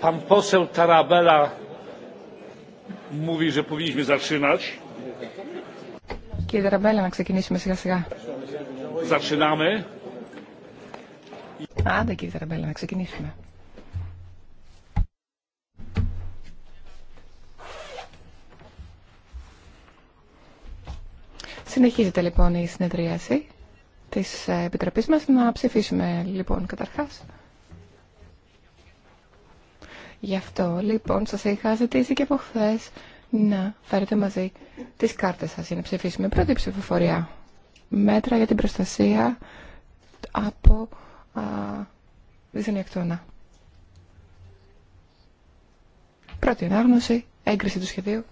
Pan poseł Tarabella mówi, że powinniśmy zaczynać. Κύριε Ταραμπέλα, να ξεκινήσουμε σιγά σιγά. Zaczynamy. Άντε κύριε Ταραμπέλα, να ξεκινήσουμε. Συνεχίζεται λοιπόν η συνεδρίαση της Επιτροπής μας να ψηφίσουμε λοιπόν καταρχάς. Γι' αυτό λοιπόν σας είχα ζητήσει και από χθε να φέρετε μαζί τις κάρτες σας για να ψηφίσουμε πρώτη ψηφοφορία. Μέτρα για την προστασία από α, δυσανιακτώνα. Πρώτη ανάγνωση, έγκριση του σχεδίου.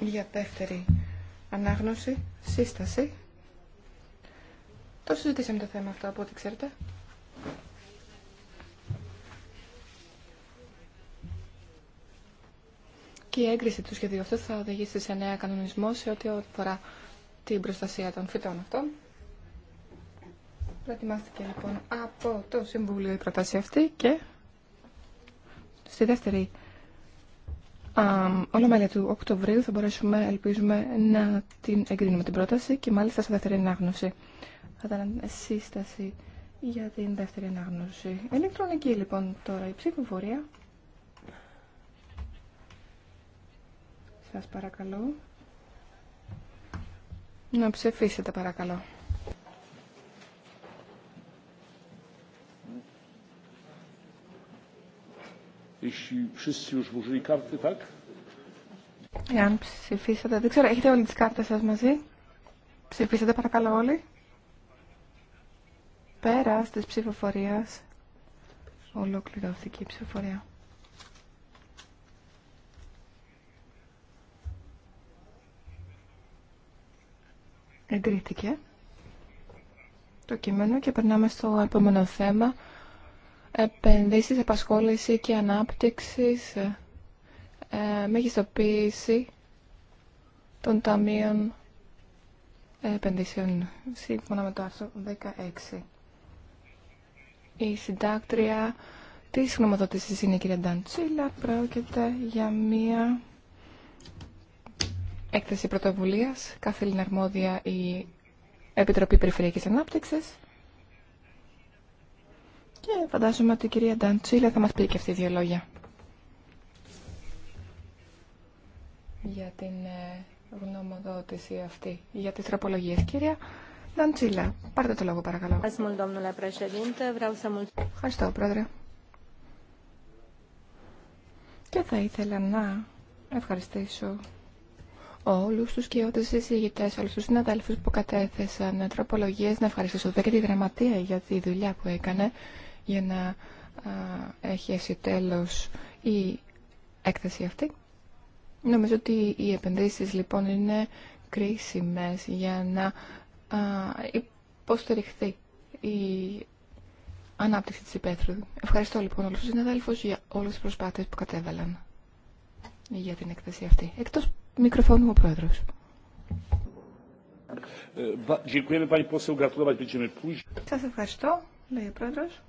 Για δεύτερη ανάγνωση, σύσταση. Το συζητήσαμε το θέμα αυτό από ό,τι ξέρετε. Και η έγκριση του σχεδίου αυτού θα οδηγήσει σε νέα κανονισμό σε ό,τι αφορά την προστασία των φυτών αυτών. Προετοιμάστηκε λοιπόν από το Συμβούλιο η προτάση αυτή και στη δεύτερη όλα μέλη του Οκτωβρίου θα μπορέσουμε, ελπίζουμε, να την εγκρίνουμε την πρόταση και μάλιστα σε δεύτερη ανάγνωση. Θα ήταν σύσταση για την δεύτερη ενάγνωση. Ηλεκτρονική λοιπόν τώρα η ψηφοφορία. Σας παρακαλώ. Να ψηφίσετε παρακαλώ. Jeśli wszyscy już Εάν ψηφίσατε, δεν ξέρω, έχετε όλοι τις κάρτες σας μαζί. Ψηφίσατε παρακαλώ όλοι. Πέρα της ψηφοφορίας, ολοκληρώθηκε η ψηφοφορία. Εγκρίθηκε το κείμενο και περνάμε στο επόμενο θέμα επενδύσεις, απασχόληση και Ανάπτυξη ε, μεγιστοποίηση των ταμείων επενδύσεων, σύμφωνα με το άρθρο 16. Η συντάκτρια της γνωμοδότησης είναι η κυρία Νταντσίλα, πρόκειται για μία έκθεση πρωτοβουλίας, κάθε αρμόδια η Επιτροπή περιφερειακή Ανάπτυξης. Και φαντάζομαι ότι η κυρία Νταντσίλα θα μας πει και αυτή δύο λόγια. Για την ε, γνωμοδότηση αυτή, για τις τροπολογίες. Κυρία Νταντσίλα, πάρτε το λόγο παρακαλώ. Ευχαριστώ, πρόεδρε. Και θα ήθελα να ευχαριστήσω όλου του κοιότε συζητητέ, όλου του συναδέλφου που κατέθεσαν τροπολογίε, να ευχαριστήσω εδώ και τη γραμματεία για τη δουλειά που έκανε για να έχει έσει τέλος η έκθεση αυτή. Νομίζω ότι οι επενδύσεις λοιπόν είναι κρίσιμες για να υποστηριχθεί η ανάπτυξη της υπαίθρου. Ευχαριστώ λοιπόν όλους τους συναδέλφους για όλες τις προσπάθειες που κατέβαλαν για την έκθεση αυτή. Εκτός μικροφώνου ο Πρόεδρος. Ε, Σας ευχαριστώ, λέει ο Πρόεδρος.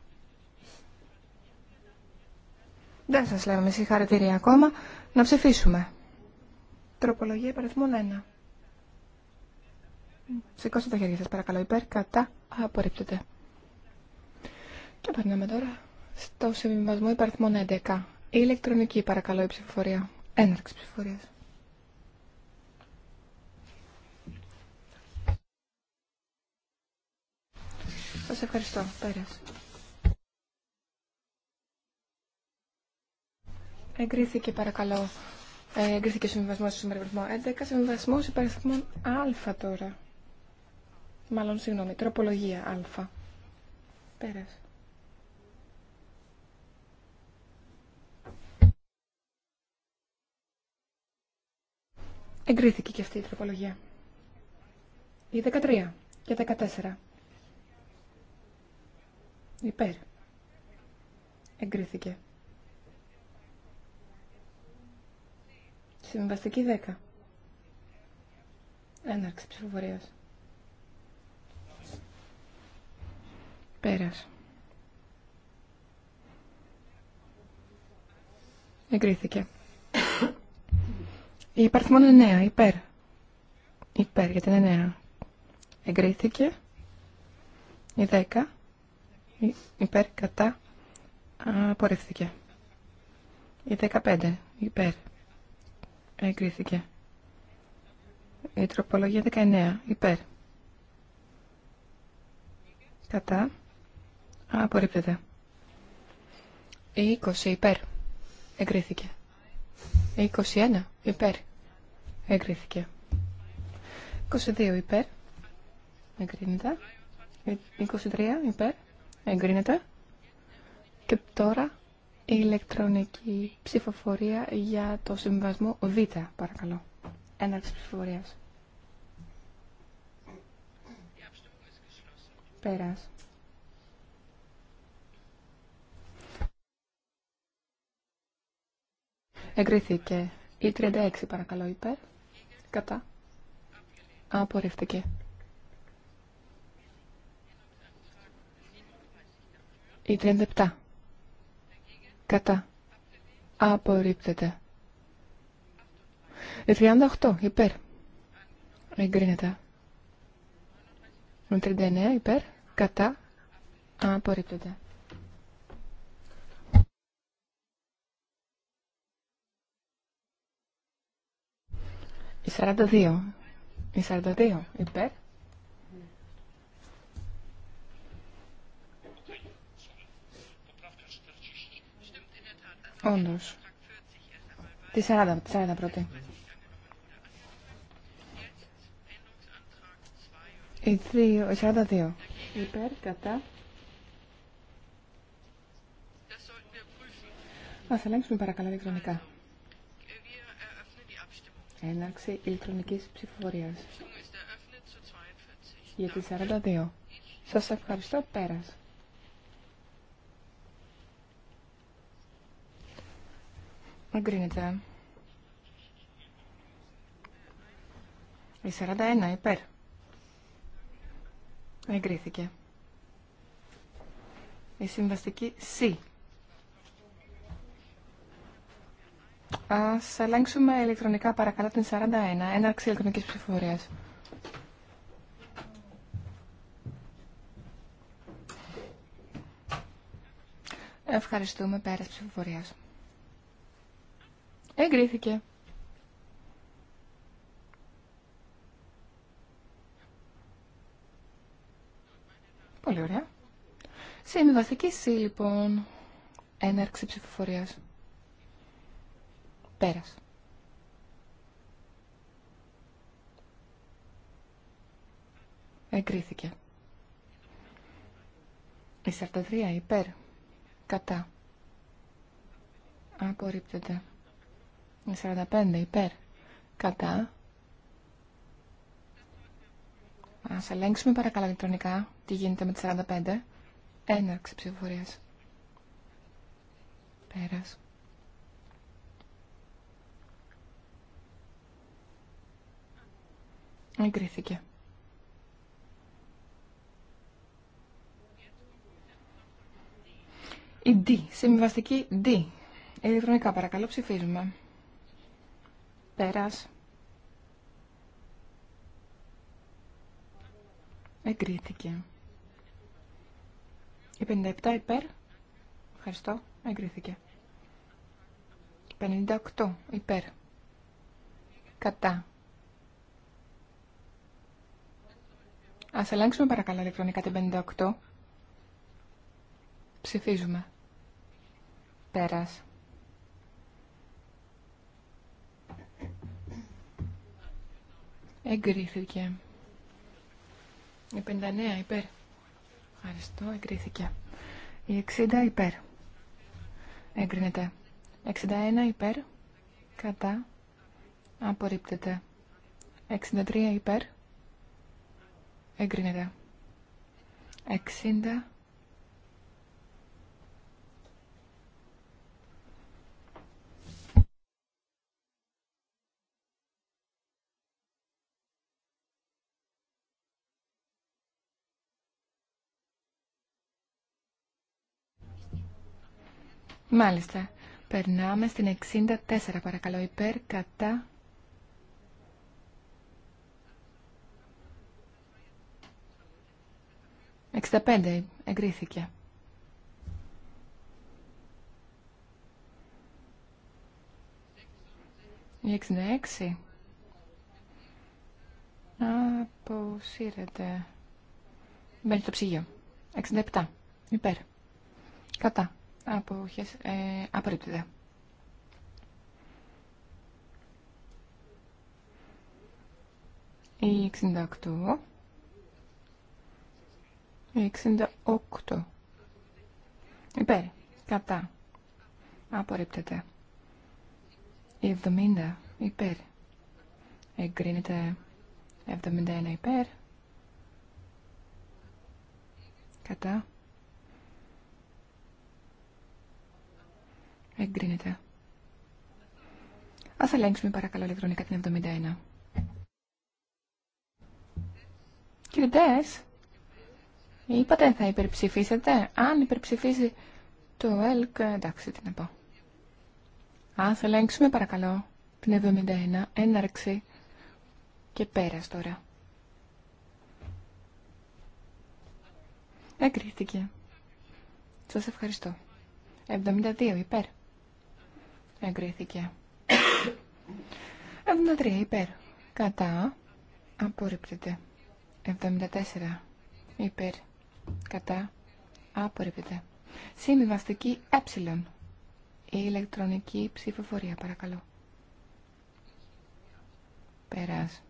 Δεν σας λέμε συγχαρητήρια ακόμα. Να ψηφίσουμε. Τροπολογία υπαριθμών 1. Σηκώστε τα χέρια σας παρακαλώ υπέρ, κατά, απορρίπτεται. Και περνάμε τώρα στο συμβιβασμό υπαριθμών 11. Η ηλεκτρονική παρακαλώ η ψηφοφορία. Έναρξη ψηφοφορίας. Σας ευχαριστώ. Πέρασε. Εγκρίθηκε παρακαλώ. Ε, εγκρίθηκε ο συμβιβασμό του 11. Συμβιβασμό Α τώρα. Μάλλον συγγνώμη, τροπολογία Α. Πέρασε. Εγκρίθηκε και αυτή η τροπολογία. Η 13 και 14. Υπέρ. Εγκρίθηκε. Συμβαστική 10. Έναρξη ψηφοφορία. Πέρας. Εγκρίθηκε. Η υπαρθμόν 9, υπέρ. Υπέρ για την 9. Εγκρίθηκε. Η 10. Η υπέρ, κατά. Απορρίφθηκε. Η 15. Υπέρ. Εγκρίθηκε. Η τροπολογία 19. Υπέρ. Κατά. Απορρίπτεται. Η 20. Υπέρ. Εγκρίθηκε. Η 21. Υπέρ. Εγκρίθηκε. 22. Υπέρ. Εγκρίνεται. 23. Υπέρ. Εγκρίνεται. Και τώρα ηλεκτρονική ψηφοφορία για το συμβασμό Β, παρακαλώ. Έναρξη ψηφοφορίας. Πέρας. Εγκρίθηκε. Η 36 παρακαλώ υπέρ. Κατά. Απορρίφθηκε. Η 37 Κατά. Απορρίπτεται. 38 υπέρ. Εγκρίνεται. 39 υπέρ. Κατά. Απορρίπτεται. 42. Η 42 υπέρ. Όντως. Τη 40, τη 40 πρώτη. Η 42. Υπέρ, κατά. Ας ελέγξουμε παρακαλώ ηλεκτρονικά. Έναρξη ηλεκτρονικής ψηφοφορίας. Για τη 42. Σας ευχαριστώ. πέρασε. Εγκρίνεται. Η 41 υπέρ. Εγκρίθηκε. Η συμβαστική C. Ας ελέγξουμε ηλεκτρονικά παρακαλώ την 41. Έναρξη ηλεκτρονικής ψηφοφορίας. Ευχαριστούμε πέρας ψηφοφορίας. Εγκρίθηκε. Πολύ ωραία. Συμβιβαστική Συ, λοιπόν, έναρξη ψηφοφορίας. Πέρας. Εγκρίθηκε. Η 43 υπέρ. Κατά. Απορρίπτεται. 45 υπέρ. Κατά. Α ελέγξουμε παρακαλώ ηλεκτρονικά τι γίνεται με τη 45. Έναρξη ψηφοφορία. Πέρας. Εγκρίθηκε. Η D, συμβιβαστική D. Ηλεκτρονικά παρακαλώ ψηφίζουμε. Πέρας. Εγκρίθηκε. Η 57 υπέρ. Ευχαριστώ. Εγκρίθηκε. 58 υπέρ. Κατά. Ας ελέγξουμε παρακαλώ ηλεκτρονικά την 58. Ψηφίζουμε. Πέρας. Εγκρίθηκε. Η 59 υπέρ. Ευχαριστώ. Εγκρίθηκε. Η 60 υπέρ. Εγκρίνεται. 61 υπέρ. Κατά. Απορρίπτεται. 63 υπέρ. Εγκρίνεται. 60 Μάλιστα. Περνάμε στην 64 παρακαλώ. Υπέρ, κατά. Εξταπέντε εγκρίθηκε. Η 66. Αποσύρεται. Μπαίνει το ψυγείο. 67. Υπέρ. Κατά χες, ε, απορρίπτεται. Η 68. Η 68. Υπέρ. Κατά. Απορρίπτεται. Η 70. Υπέρ. Εγκρίνεται 71 υπέρ. Κατά. Εγκρίνεται. Ας ελέγξουμε παρακαλώ ηλεκτρονικά την 71. Κύριε Ντές, είπατε θα υπερψηφίσετε. Αν υπερψηφίσει το ΕΛΚ, εντάξει τι να πω. Ας ελέγξουμε παρακαλώ την 71, έναρξη και πέρας τώρα. Εγκρίθηκε. Σας ευχαριστώ. 72 υπέρ. Εγκρίθηκε. 73 υπέρ. Κατά. Απορρίπτεται. 74 υπέρ. Κατά. Απορρίπτεται. Συμβιβαστική ε. Η ηλεκτρονική ψηφοφορία παρακαλώ. Πέρας.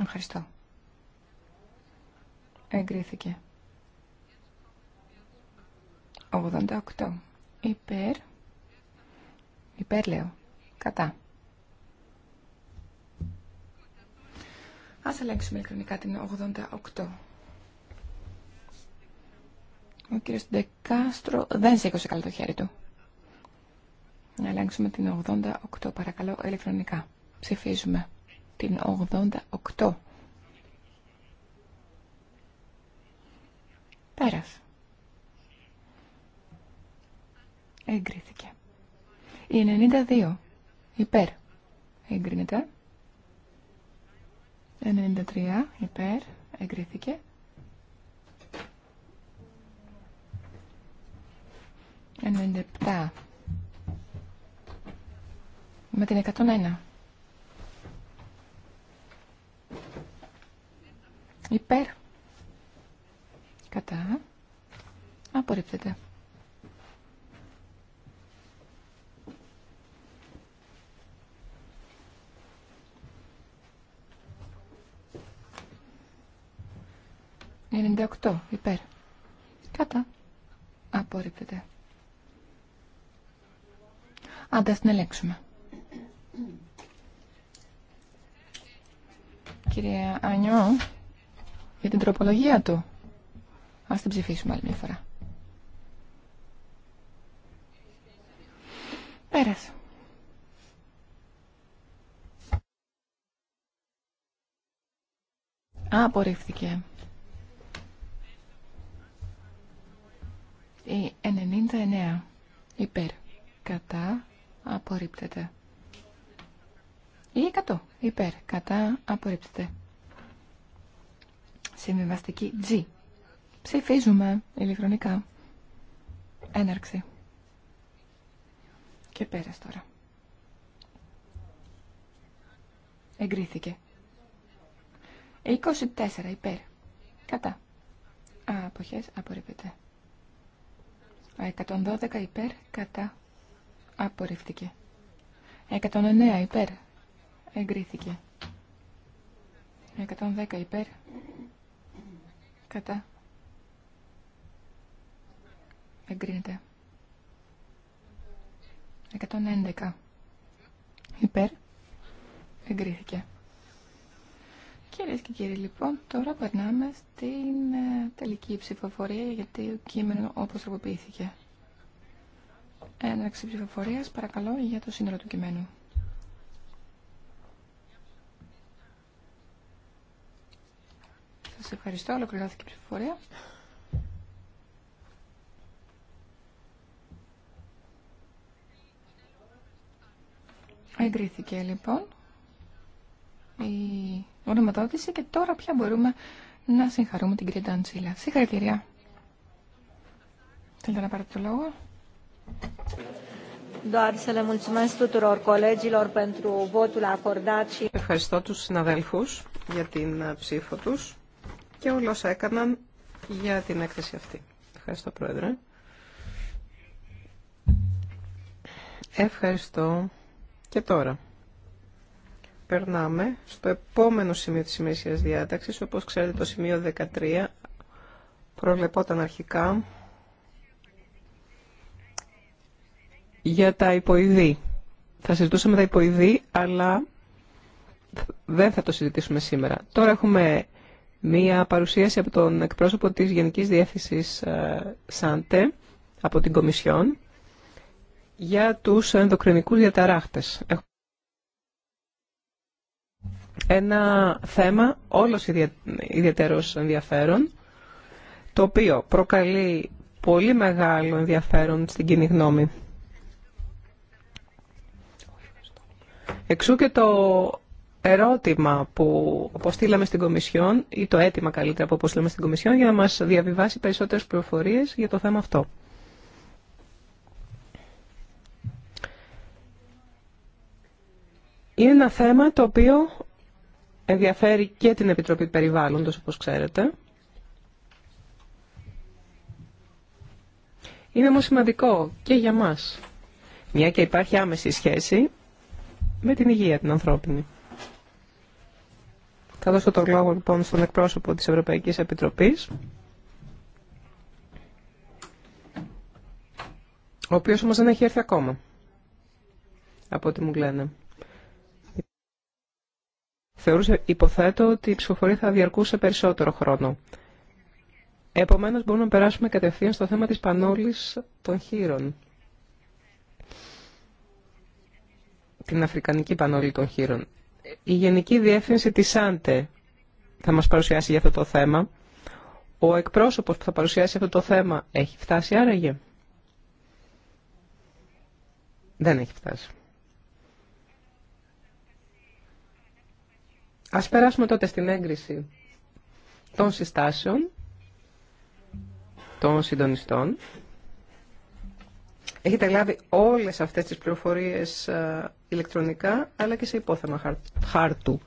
Ευχαριστώ. Εγκρίθηκε. 88. Υπέρ. Υπέρ Κατά. Ας ελέγξουμε ηλεκτρονικά την 88. Ο κύριος Ντεκάστρο δεν σήκωσε καλά το χέρι του. Να ελέγξουμε την 88 παρακαλώ ηλεκτρονικά. Ψηφίζουμε την 88. Πέρας. Εγκρίθηκε. Η 92 υπέρ εγκρίνεται. 93 υπέρ εγκρίθηκε. 97. με την 101. Υπέρ. Κατά. Απορρίπτεται. 98 υπέρ. Κατά. Απορρίπτεται. Άντε, την ελέγξουμε. Κυρία Ανιώ, για την τροπολογία του. Ας την ψηφίσουμε άλλη μια φορά. Πέρασε. Απορρίφθηκε. Η 99 υπέρ κατά απορρίπτεται. Ή 100 υπέρ κατά απορρίπτεται. Συμβιβαστική G. Ψηφίζουμε ηλεκτρονικά. Έναρξη. Και πέρας τώρα. Εγκρίθηκε. 24 υπέρ. Κατά. Αποχές απορρίπτεται. 112 υπέρ κατά απορρίφθηκε. 109 υπέρ εγκρίθηκε. 110 υπέρ κατά εγκρίνεται. 111 υπέρ εγκρίθηκε. Κυρίε και κύριοι, λοιπόν, τώρα περνάμε στην ε, τελική ψηφοφορία γιατί το κείμενο όπω τροποποιήθηκε. Έναρξη ψηφοφορία, παρακαλώ, για το σύνολο του κειμένου. Σα ευχαριστώ. Ολοκληρώθηκε η ψηφοφορία. Εγκρίθηκε λοιπόν η και τώρα πια μπορούμε να συγχαρούμε την κυρία Νταντσίλα. Συγχαρητήρια. Θέλετε να πάρετε το λόγο. Ευχαριστώ τους συναδέλφους για την ψήφο τους και όλα όσα έκαναν για την έκθεση αυτή. Ευχαριστώ, Πρόεδρε. Ευχαριστώ και τώρα περνάμε στο επόμενο σημείο της ημερησίας διάταξης. Όπως ξέρετε το σημείο 13 προβλεπόταν αρχικά για τα υποειδή. Θα συζητούσαμε τα υποειδή, αλλά δεν θα το συζητήσουμε σήμερα. Τώρα έχουμε μία παρουσίαση από τον εκπρόσωπο της Γενικής Διεύθυνσης ε, ΣΑΝΤΕ, από την Κομισιόν, για τους ενδοκρινικούς διαταράχτες ένα θέμα όλος ιδιαίτερος ενδιαφέρον, το οποίο προκαλεί πολύ μεγάλο ενδιαφέρον στην κοινή γνώμη. Εξού και το ερώτημα που αποστήλαμε στην Κομισιόν, ή το αίτημα καλύτερα που αποστήλαμε στην Κομισιόν, για να μας διαβιβάσει περισσότερες πληροφορίες για το θέμα αυτό. Είναι ένα θέμα το οποίο ενδιαφέρει και την Επιτροπή Περιβάλλοντος, όπως ξέρετε. Είναι όμως σημαντικό και για μας, μια και υπάρχει άμεση σχέση με την υγεία την ανθρώπινη. Θα δώσω τον λόγο λοιπόν στον εκπρόσωπο της Ευρωπαϊκής Επιτροπής, ο οποίος όμως δεν έχει έρθει ακόμα, από ό,τι μου λένε θεωρούσε, υποθέτω, ότι η ψηφοφορία θα διαρκούσε περισσότερο χρόνο. Επομένως, μπορούμε να περάσουμε κατευθείαν στο θέμα της πανόλης των χείρων. Την Αφρικανική πανόλη των χείρων. Η Γενική Διεύθυνση της ΣΑΝΤΕ θα μας παρουσιάσει για αυτό το θέμα. Ο εκπρόσωπος που θα παρουσιάσει αυτό το θέμα έχει φτάσει άραγε. Δεν έχει φτάσει. Ας περάσουμε τότε στην έγκριση των συστάσεων των συντονιστών. Έχετε λάβει όλες αυτές τις πληροφορίες ε, ηλεκτρονικά, αλλά και σε υπόθεμα χάρτου.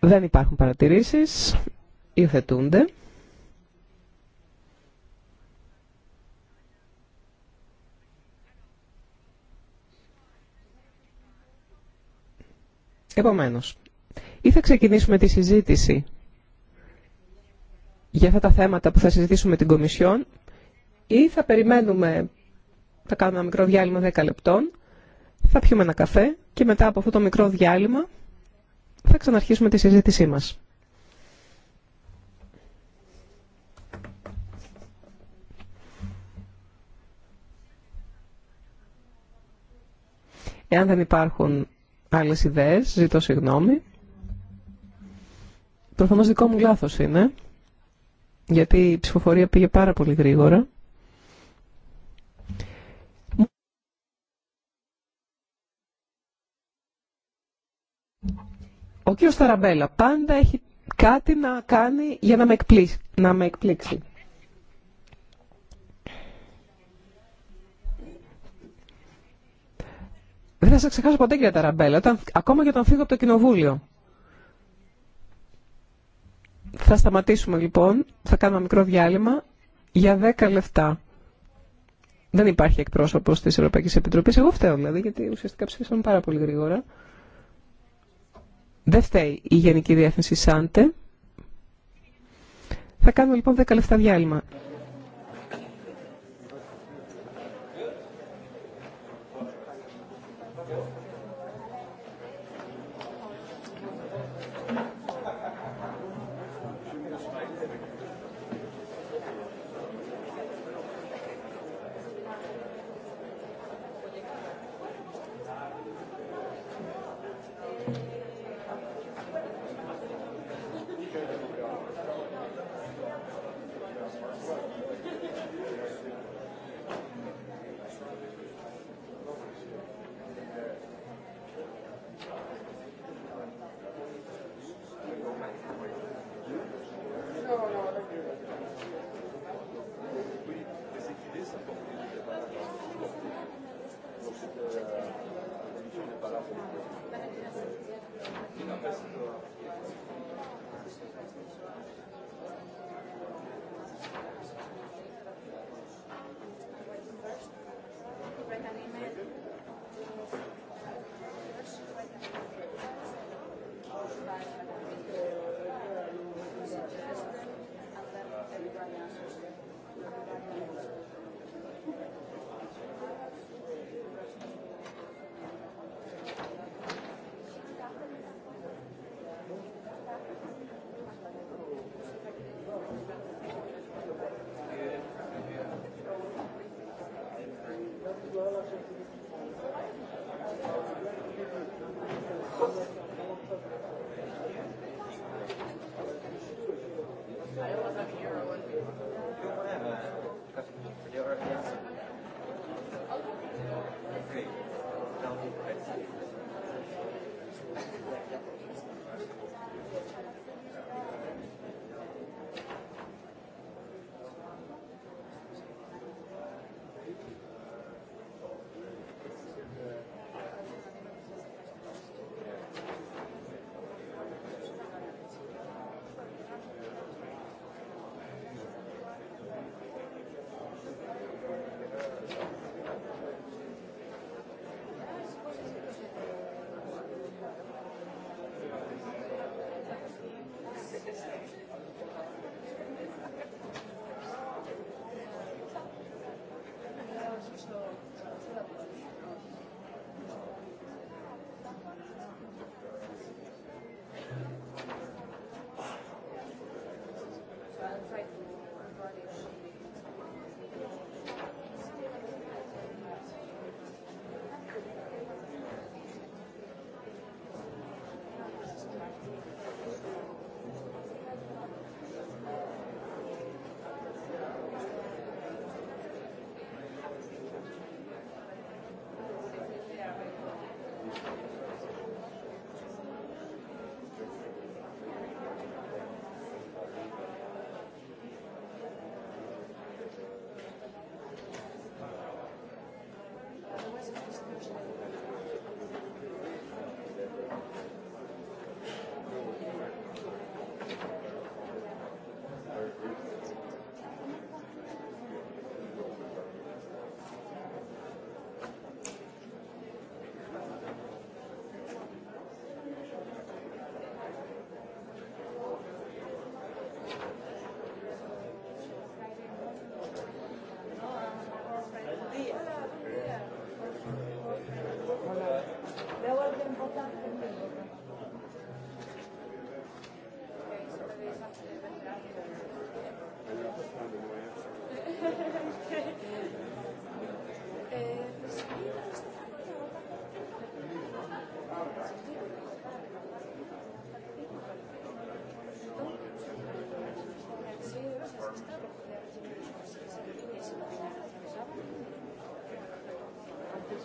Δεν υπάρχουν παρατηρήσεις, υιοθετούνται. Επομένως, ή θα ξεκινήσουμε τη συζήτηση για αυτά τα θέματα που θα συζητήσουμε την Κομισιόν ή θα περιμένουμε, θα κάνουμε ένα μικρό διάλειμμα 10 λεπτών, θα πιούμε ένα καφέ και μετά από αυτό το μικρό διάλειμμα θα ξαναρχίσουμε τη συζήτησή μας. Εάν δεν υπάρχουν άλλες ιδέες, ζητώ συγγνώμη. Προφανώς δικό μου λάθος είναι, γιατί η ψηφοφορία πήγε πάρα πολύ γρήγορα. Ο κύριος Ταραμπέλα πάντα έχει κάτι να κάνει για να με εκπλήξει. Να με εκπλήξει. Δεν θα σα ξεχάσω ποτέ, κύριε Ταραμπέλα, όταν, ακόμα και όταν φύγω από το κοινοβούλιο. Θα σταματήσουμε λοιπόν, θα κάνουμε μικρό διάλειμμα για 10 λεπτά. Δεν υπάρχει εκπρόσωπο τη Ευρωπαϊκή Επιτροπή. Εγώ φταίω δηλαδή, γιατί ουσιαστικά ψήφισαμε πάρα πολύ γρήγορα. Δεν φταίει η Γενική Διεύθυνση Σάντε. Θα κάνουμε λοιπόν 10 λεπτά διάλειμμα.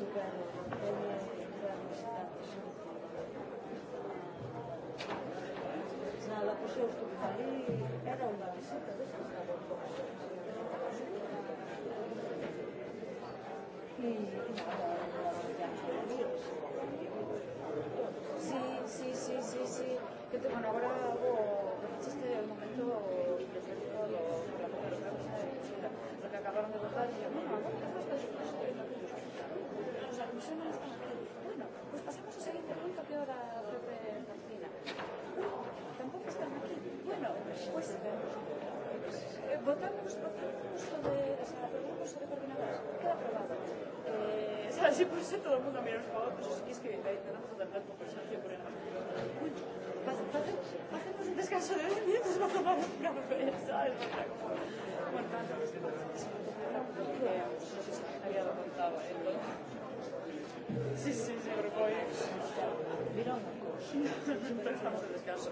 Να la Sí, sí, sí, sí, sí. Yo tengo bueno, ahora hago, es el momento lo, que acabaron de votar, y bueno, Si por eso todo el mundo mira pues Es que, es que la por el descanso de tomar un café, ¿sabes? Sí, sí, voy. estamos descanso.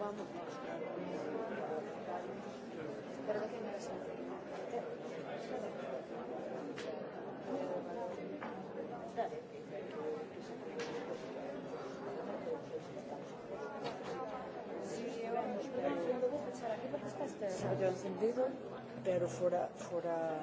vamos. Pero fuera, fuera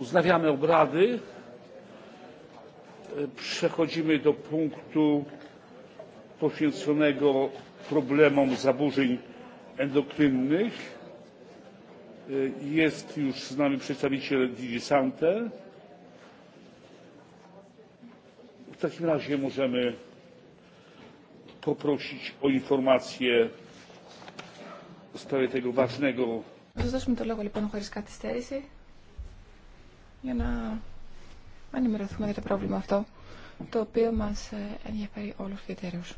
Uznawiamy obrady. Przechodzimy do punktu poświęconego problemom zaburzeń endokrynnych. Jest już z nami przedstawiciel Digisante. Sante. W takim razie możemy poprosić o informację w sprawie tego ważnego θα σας δώσουμε το λόγο λοιπόν χωρίς καθυστέρηση για να ενημερωθούμε για το πρόβλημα αυτό το οποίο μας ε, ενδιαφέρει όλους εταιρεούς.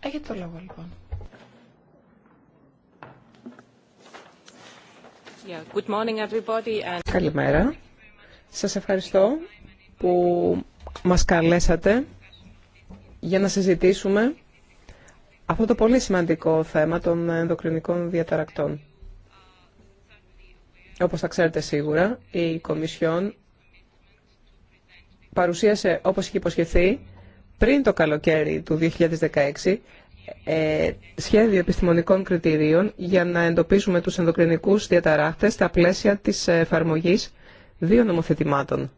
Έχετε το λόγο λοιπόν. Καλημέρα. Σας ευχαριστώ που μας καλέσατε για να συζητήσουμε αυτό το πολύ σημαντικό θέμα των ενδοκρινικών διαταρακτών. Όπως θα ξέρετε σίγουρα, η Κομισιόν παρουσίασε, όπως είχε υποσχεθεί, πριν το καλοκαίρι του 2016, ε, σχέδιο επιστημονικών κριτηρίων για να εντοπίσουμε τους ενδοκρινικούς διαταράχτες στα πλαίσια της εφαρμογής δύο νομοθετημάτων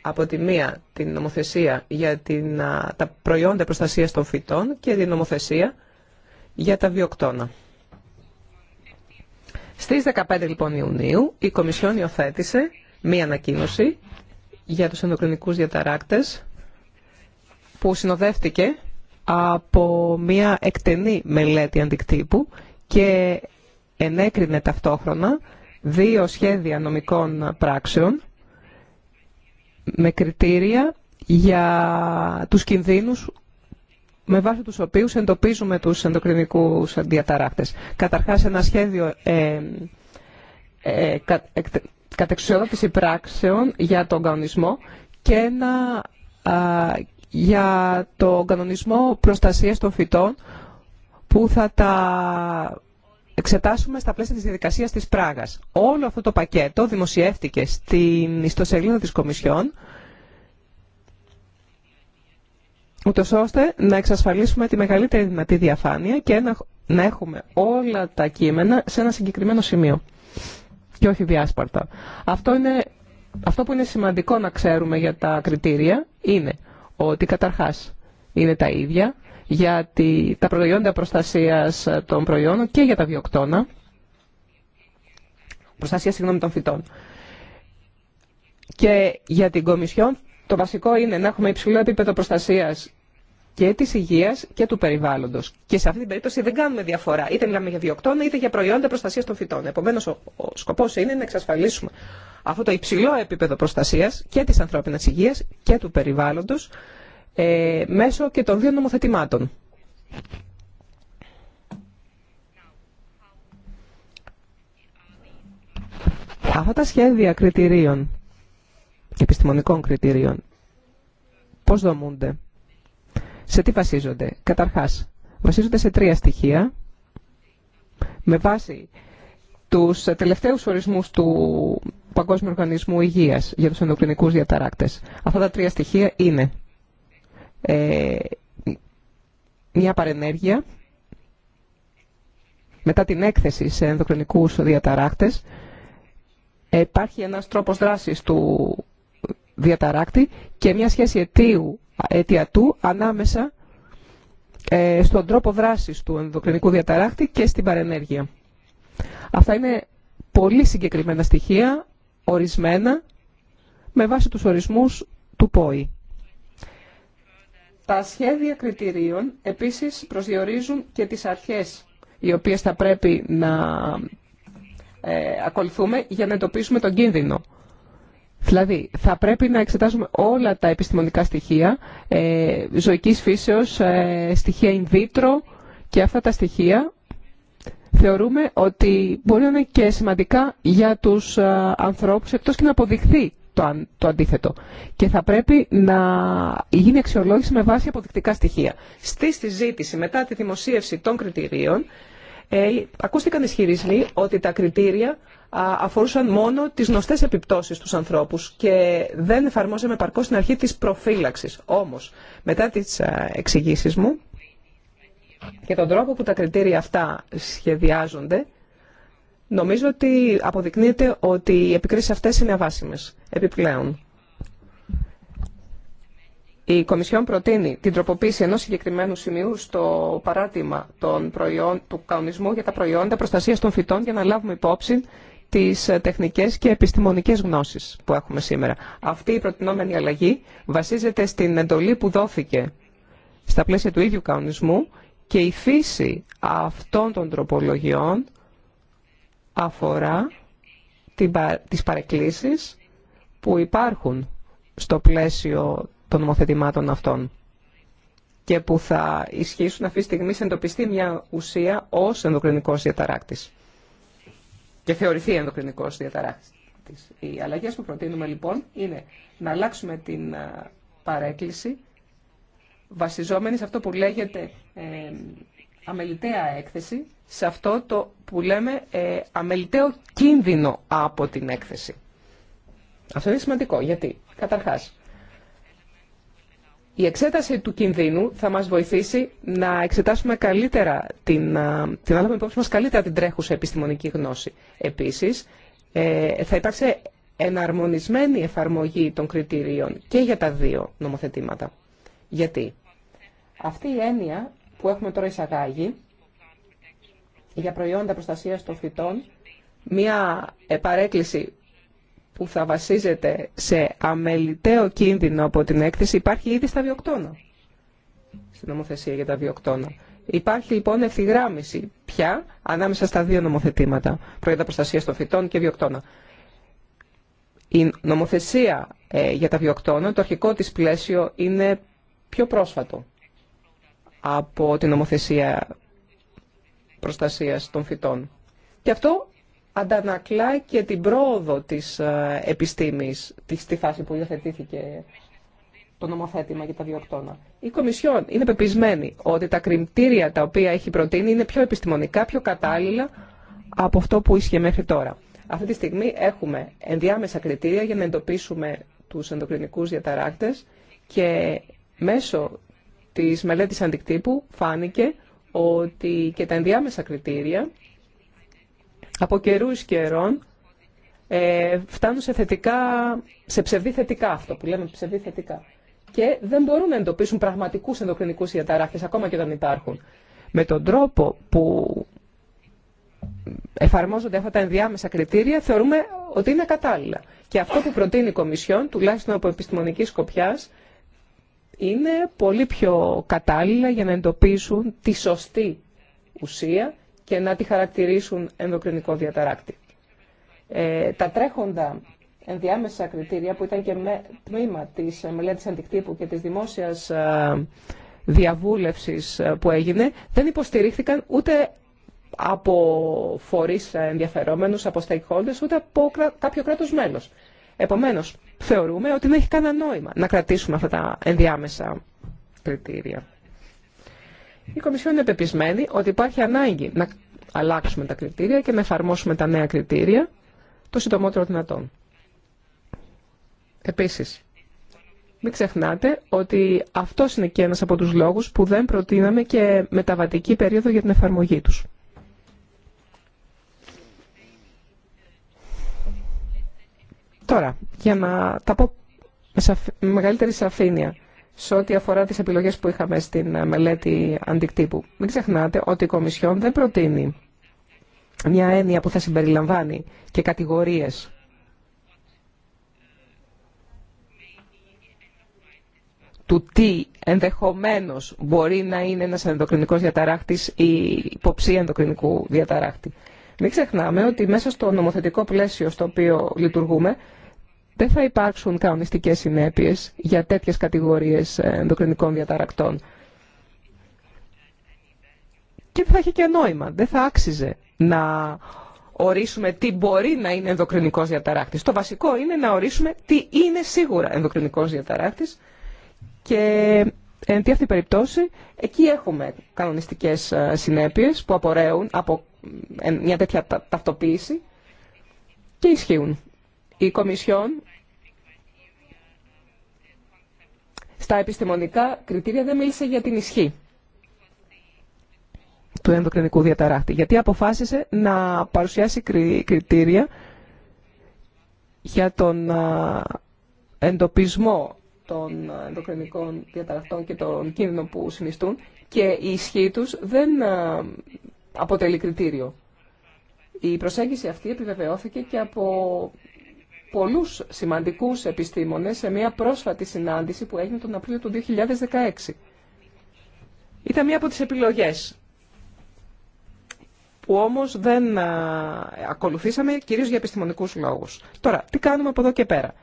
από τη μία την νομοθεσία για την, τα προϊόντα προστασίας των φυτών και την νομοθεσία για τα βιοκτώνα. Στις 15 λοιπόν Ιουνίου η Κομισιόν υιοθέτησε μία ανακοίνωση για τους ενδοκρινικούς διαταράκτες που συνοδεύτηκε από μία εκτενή μελέτη αντικτύπου και ενέκρινε ταυτόχρονα δύο σχέδια νομικών πράξεων με κριτήρια για τους κινδύνους με βάση τους οποίους εντοπίζουμε τους ενδοκρινικούς διαταράκτες. Καταρχάς ένα σχέδιο ε, ε, κα, πράξεων για τον κανονισμό και ένα για τον κανονισμό προστασίας των φυτών που θα τα εξετάσουμε στα πλαίσια της διαδικασίας της Πράγας. Όλο αυτό το πακέτο δημοσιεύτηκε στην ιστοσελίδα της Κομισιόν, ούτως ώστε να εξασφαλίσουμε τη μεγαλύτερη δυνατή διαφάνεια και να, έχουμε όλα τα κείμενα σε ένα συγκεκριμένο σημείο και όχι διάσπαρτα. Αυτό, είναι, αυτό που είναι σημαντικό να ξέρουμε για τα κριτήρια είναι ότι καταρχάς είναι τα ίδια για τα προϊόντα προστασίας των προϊόντων και για τα βιοκτώνα, προστασία συγγνώμη των φυτών. Και για την Κομισιόν το βασικό είναι να έχουμε υψηλό επίπεδο προστασίας και της υγείας και του περιβάλλοντος. Και σε αυτή την περίπτωση δεν κάνουμε διαφορά. Είτε μιλάμε για βιοκτώνα είτε για προϊόντα προστασίας των φυτών. Επομένως ο, ο σκοπός είναι να εξασφαλίσουμε αυτό το υψηλό επίπεδο προστασίας και της ανθρώπινας υγείας και του περιβάλλοντος ε, μέσω και των δύο νομοθετημάτων. Αυτά τα σχέδια κριτηρίων επιστημονικών κριτηρίων πώς δομούνται, σε τι βασίζονται. Καταρχάς, βασίζονται σε τρία στοιχεία με βάση τους τελευταίους ορισμούς του Παγκόσμιου Οργανισμού Υγείας για τους ενδοκρινικούς διαταράκτες. Αυτά τα τρία στοιχεία είναι ε, μια παρενέργεια μετά την έκθεση σε ενδοκρινικούς διαταράκτες. Ε, υπάρχει ένας τρόπος δράσης του διαταράκτη και μια σχέση αιτίου, αιτιατού ανάμεσα ε, στον τρόπο δράσης του ενδοκρινικού διαταράκτη και στην παρενέργεια. Αυτά είναι πολύ συγκεκριμένα στοιχεία, ορισμένα, με βάση τους ορισμούς του ΠΟΗ. Τα σχέδια κριτηρίων επίσης προσδιορίζουν και τις αρχές οι οποίες θα πρέπει να ε, ακολουθούμε για να εντοπίσουμε τον κίνδυνο. Δηλαδή, θα πρέπει να εξετάζουμε όλα τα επιστημονικά στοιχεία, ε, ζωικής φύσεως, ε, στοιχεία in vitro και αυτά τα στοιχεία θεωρούμε ότι μπορεί να είναι και σημαντικά για τους ε, ανθρώπους, εκτός και να αποδειχθεί το, αντίθετο. Και θα πρέπει να γίνει αξιολόγηση με βάση αποδεικτικά στοιχεία. Στη συζήτηση μετά τη δημοσίευση των κριτηρίων, ε, ακούστηκαν ισχυρισμοί ότι τα κριτήρια αφορούσαν μόνο τι γνωστέ επιπτώσει στου ανθρώπου και δεν εφαρμόζαμε παρκώ την αρχή τη προφύλαξη. Όμω, μετά τι ε, εξηγήσει μου και τον τρόπο που τα κριτήρια αυτά σχεδιάζονται, Νομίζω ότι αποδεικνύεται ότι οι επικρίσεις αυτές είναι αβάσιμες. Επιπλέον, η Κομισιόν προτείνει την τροποποίηση ενός συγκεκριμένου σημείου στο παράτημα των προϊόν, του κανονισμού για τα προϊόντα προστασίας των φυτών για να λάβουμε υπόψη τις τεχνικές και επιστημονικές γνώσεις που έχουμε σήμερα. Αυτή η προτινόμενη αλλαγή βασίζεται στην εντολή που δόθηκε στα πλαίσια του ίδιου καονισμού και η φύση αυτών των τροπολογιών αφορά τις παρεκκλήσεις που υπάρχουν στο πλαίσιο των νομοθετημάτων αυτών και που θα ισχύσουν αυτή τη στιγμή σε εντοπιστεί μια ουσία ως ενδοκρινικός διαταράκτης και θεωρηθεί ενδοκρινικός διαταράκτης. Οι αλλαγές που προτείνουμε λοιπόν είναι να αλλάξουμε την παρέκκληση βασιζόμενη σε αυτό που λέγεται ε, αμεληταία έκθεση σε αυτό το που λέμε ε, αμεληταίο κίνδυνο από την έκθεση. Αυτό είναι σημαντικό. Γιατί, καταρχάς, η εξέταση του κινδύνου θα μας βοηθήσει να εξετάσουμε καλύτερα την, την άλλα υπόψη μας καλύτερα την τρέχουσα επιστημονική γνώση. Επίσης, ε, θα υπάρξει εναρμονισμένη εφαρμογή των κριτηρίων και για τα δύο νομοθετήματα. Γιατί αυτή η έννοια που έχουμε τώρα εισαγάγει για προϊόντα προστασία των φυτών, μια παρέκκληση που θα βασίζεται σε αμεληταίο κίνδυνο από την έκθεση υπάρχει ήδη στα βιοκτώνα, στη νομοθεσία για τα βιοκτώνα. Υπάρχει λοιπόν ευθυγράμμιση πια ανάμεσα στα δύο νομοθετήματα, προϊόντα προστασία των φυτών και βιοκτώνα. Η νομοθεσία ε, για τα βιοκτώνα, το αρχικό της πλαίσιο είναι πιο πρόσφατο από την νομοθεσία προστασίας των φυτών. Και αυτό αντανακλά και την πρόοδο της ε, επιστήμης στη φάση που υιοθετήθηκε το νομοθέτημα για τα διοκτώνα. Η Κομισιόν είναι πεπισμένη ότι τα κριτήρια τα οποία έχει προτείνει είναι πιο επιστημονικά, πιο κατάλληλα από αυτό που ίσχυε μέχρι τώρα. Αυτή τη στιγμή έχουμε ενδιάμεσα κριτήρια για να εντοπίσουμε τους ενδοκρινικούς διαταράκτες και μέσω της μελέτης αντικτύπου φάνηκε ότι και τα ενδιάμεσα κριτήρια από καιρού καιρών ε, φτάνουν σε, θετικά, σε ψευδή θετικά αυτό που λέμε ψευδή θετικά. Και δεν μπορούν να εντοπίσουν πραγματικούς ενδοκρινικούς διαταράχτες ακόμα και όταν υπάρχουν. Με τον τρόπο που εφαρμόζονται αυτά τα ενδιάμεσα κριτήρια θεωρούμε ότι είναι κατάλληλα. Και αυτό που προτείνει η Κομισιόν, τουλάχιστον από επιστημονική σκοπιάς, είναι πολύ πιο κατάλληλα για να εντοπίσουν τη σωστή ουσία και να τη χαρακτηρίσουν ενδοκρινικό διαταράκτη. Ε, τα τρέχοντα ενδιάμεσα κριτήρια που ήταν και τμήμα της ε, μελέτης αντικτύπου και της δημόσιας ε, διαβούλευσης που έγινε δεν υποστηρίχθηκαν ούτε από φορείς ενδιαφερόμενους, από stakeholders, ούτε από κάποιο κράτος μέλος. Επομένως, θεωρούμε ότι δεν έχει κανένα νόημα να κρατήσουμε αυτά τα ενδιάμεσα κριτήρια. Η Κομισιόν είναι πεπισμένη ότι υπάρχει ανάγκη να αλλάξουμε τα κριτήρια και να εφαρμόσουμε τα νέα κριτήρια το συντομότερο δυνατόν. Επίσης, μην ξεχνάτε ότι αυτό είναι και ένας από τους λόγους που δεν προτείναμε και μεταβατική περίοδο για την εφαρμογή τους. Τώρα, για να τα πω με μεγαλύτερη σαφήνεια σε ό,τι αφορά τις επιλογές που είχαμε στην ε, μελέτη αντικτύπου. Μην ξεχνάτε ότι η Κομισιόν δεν προτείνει μια έννοια που θα συμπεριλαμβάνει και κατηγορίες του τι ενδεχομένως μπορεί να είναι ένας ενδοκρινικός διαταράχτης ή υποψή ενδοκρινικού διαταράχτη. Μην ξεχνάμε ότι μέσα στο νομοθετικό πλαίσιο στο οποίο λειτουργούμε δεν θα υπάρξουν κανονιστικές συνέπειες για τέτοιες κατηγορίες ενδοκρινικών διαταρακτών. Και θα έχει και νόημα. Δεν θα άξιζε να ορίσουμε τι μπορεί να είναι ενδοκρινικός διαταράκτης. Το βασικό είναι να ορίσουμε τι είναι σίγουρα ενδοκρινικός διαταράκτης και εν τη αυτή περιπτώσει εκεί έχουμε κανονιστικές ε, συνέπειες που απορρέουν από ε, μια τέτοια ταυτοποίηση και ισχύουν. Η Κομισιόν στα επιστημονικά κριτήρια δεν μίλησε για την ισχύ του ενδοκρινικού διαταράχτη, γιατί αποφάσισε να παρουσιάσει κριτήρια για τον εντοπισμό των ενδοκρινικών διαταραχτών και των κίνδυνων που συνιστούν και η ισχύ τους δεν αποτελεί κριτήριο. Η προσέγγιση αυτή επιβεβαιώθηκε και από πολλούς σημαντικούς επιστήμονες σε μια πρόσφατη συνάντηση που έγινε τον Απρίλιο του 2016. Ήταν μία από τις επιλογές που όμως δεν ακολουθήσαμε κυρίως για επιστημονικούς λόγους. Τώρα, τι κάνουμε από εδώ και πέρα.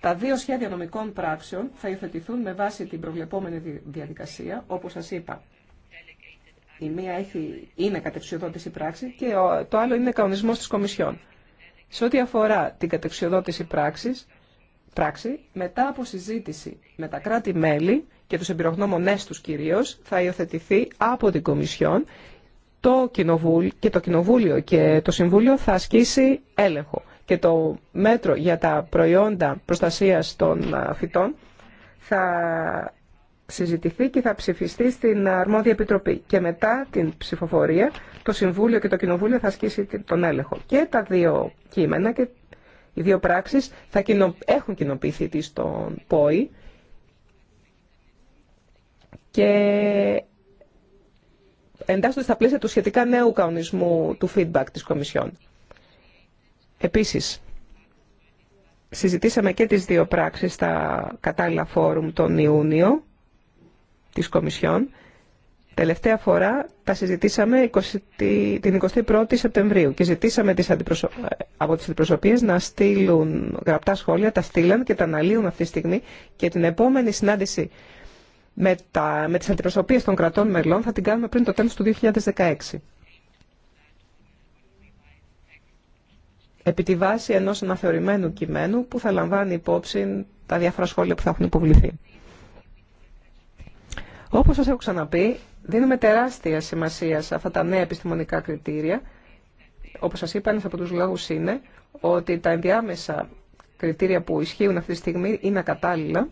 Τα δύο σχέδια νομικών πράξεων θα υιοθετηθούν με βάση την προβλεπόμενη διαδικασία, όπως σας είπα. Η μία έχει, είναι κατευσιοδότηση πράξη και το άλλο είναι κανονισμός της Κομισιόν. Σε ό,τι αφορά την κατεξιοδότηση πράξης, πράξη, μετά από συζήτηση με τα κράτη-μέλη και τους εμπειρογνώμονές τους κυρίως, θα υιοθετηθεί από την Κομισιόν το κοινοβούλιο, και το Κοινοβούλιο και το Συμβούλιο θα ασκήσει έλεγχο. Και το μέτρο για τα προϊόντα προστασίας των φυτών θα συζητηθεί και θα ψηφιστεί στην αρμόδια επιτροπή. Και μετά την ψηφοφορία, το Συμβούλιο και το Κοινοβούλιο θα ασκήσει τον έλεγχο. Και τα δύο κείμενα και οι δύο πράξεις θα έχουν κοινοποιηθεί στον ΠΟΗ και εντάσσονται στα πλαίσια του σχετικά νέου κανονισμού του feedback της Κομισιόν. Επίσης, συζητήσαμε και τις δύο πράξεις στα κατάλληλα φόρουμ τον Ιούνιο της Κομισιόν. Τελευταία φορά τα συζητήσαμε την 21η Σεπτεμβρίου και ζητήσαμε τις από τις αντιπροσωπείες να στείλουν γραπτά σχόλια, τα στείλαν και τα αναλύουν αυτή τη στιγμή και την επόμενη συνάντηση με, τα... με τις αντιπροσωπείες των κρατών μελών θα την κάνουμε πριν το τέλος του 2016. επί τη βάση ενός αναθεωρημένου κειμένου που θα λαμβάνει υπόψη τα διάφορα σχόλια που θα έχουν υποβληθεί. Όπως σας έχω ξαναπεί, δίνουμε τεράστια σημασία σε αυτά τα νέα επιστημονικά κριτήρια. Όπως σας είπα, ένας από τους λόγους είναι ότι τα ενδιάμεσα κριτήρια που ισχύουν αυτή τη στιγμή είναι ακατάλληλα.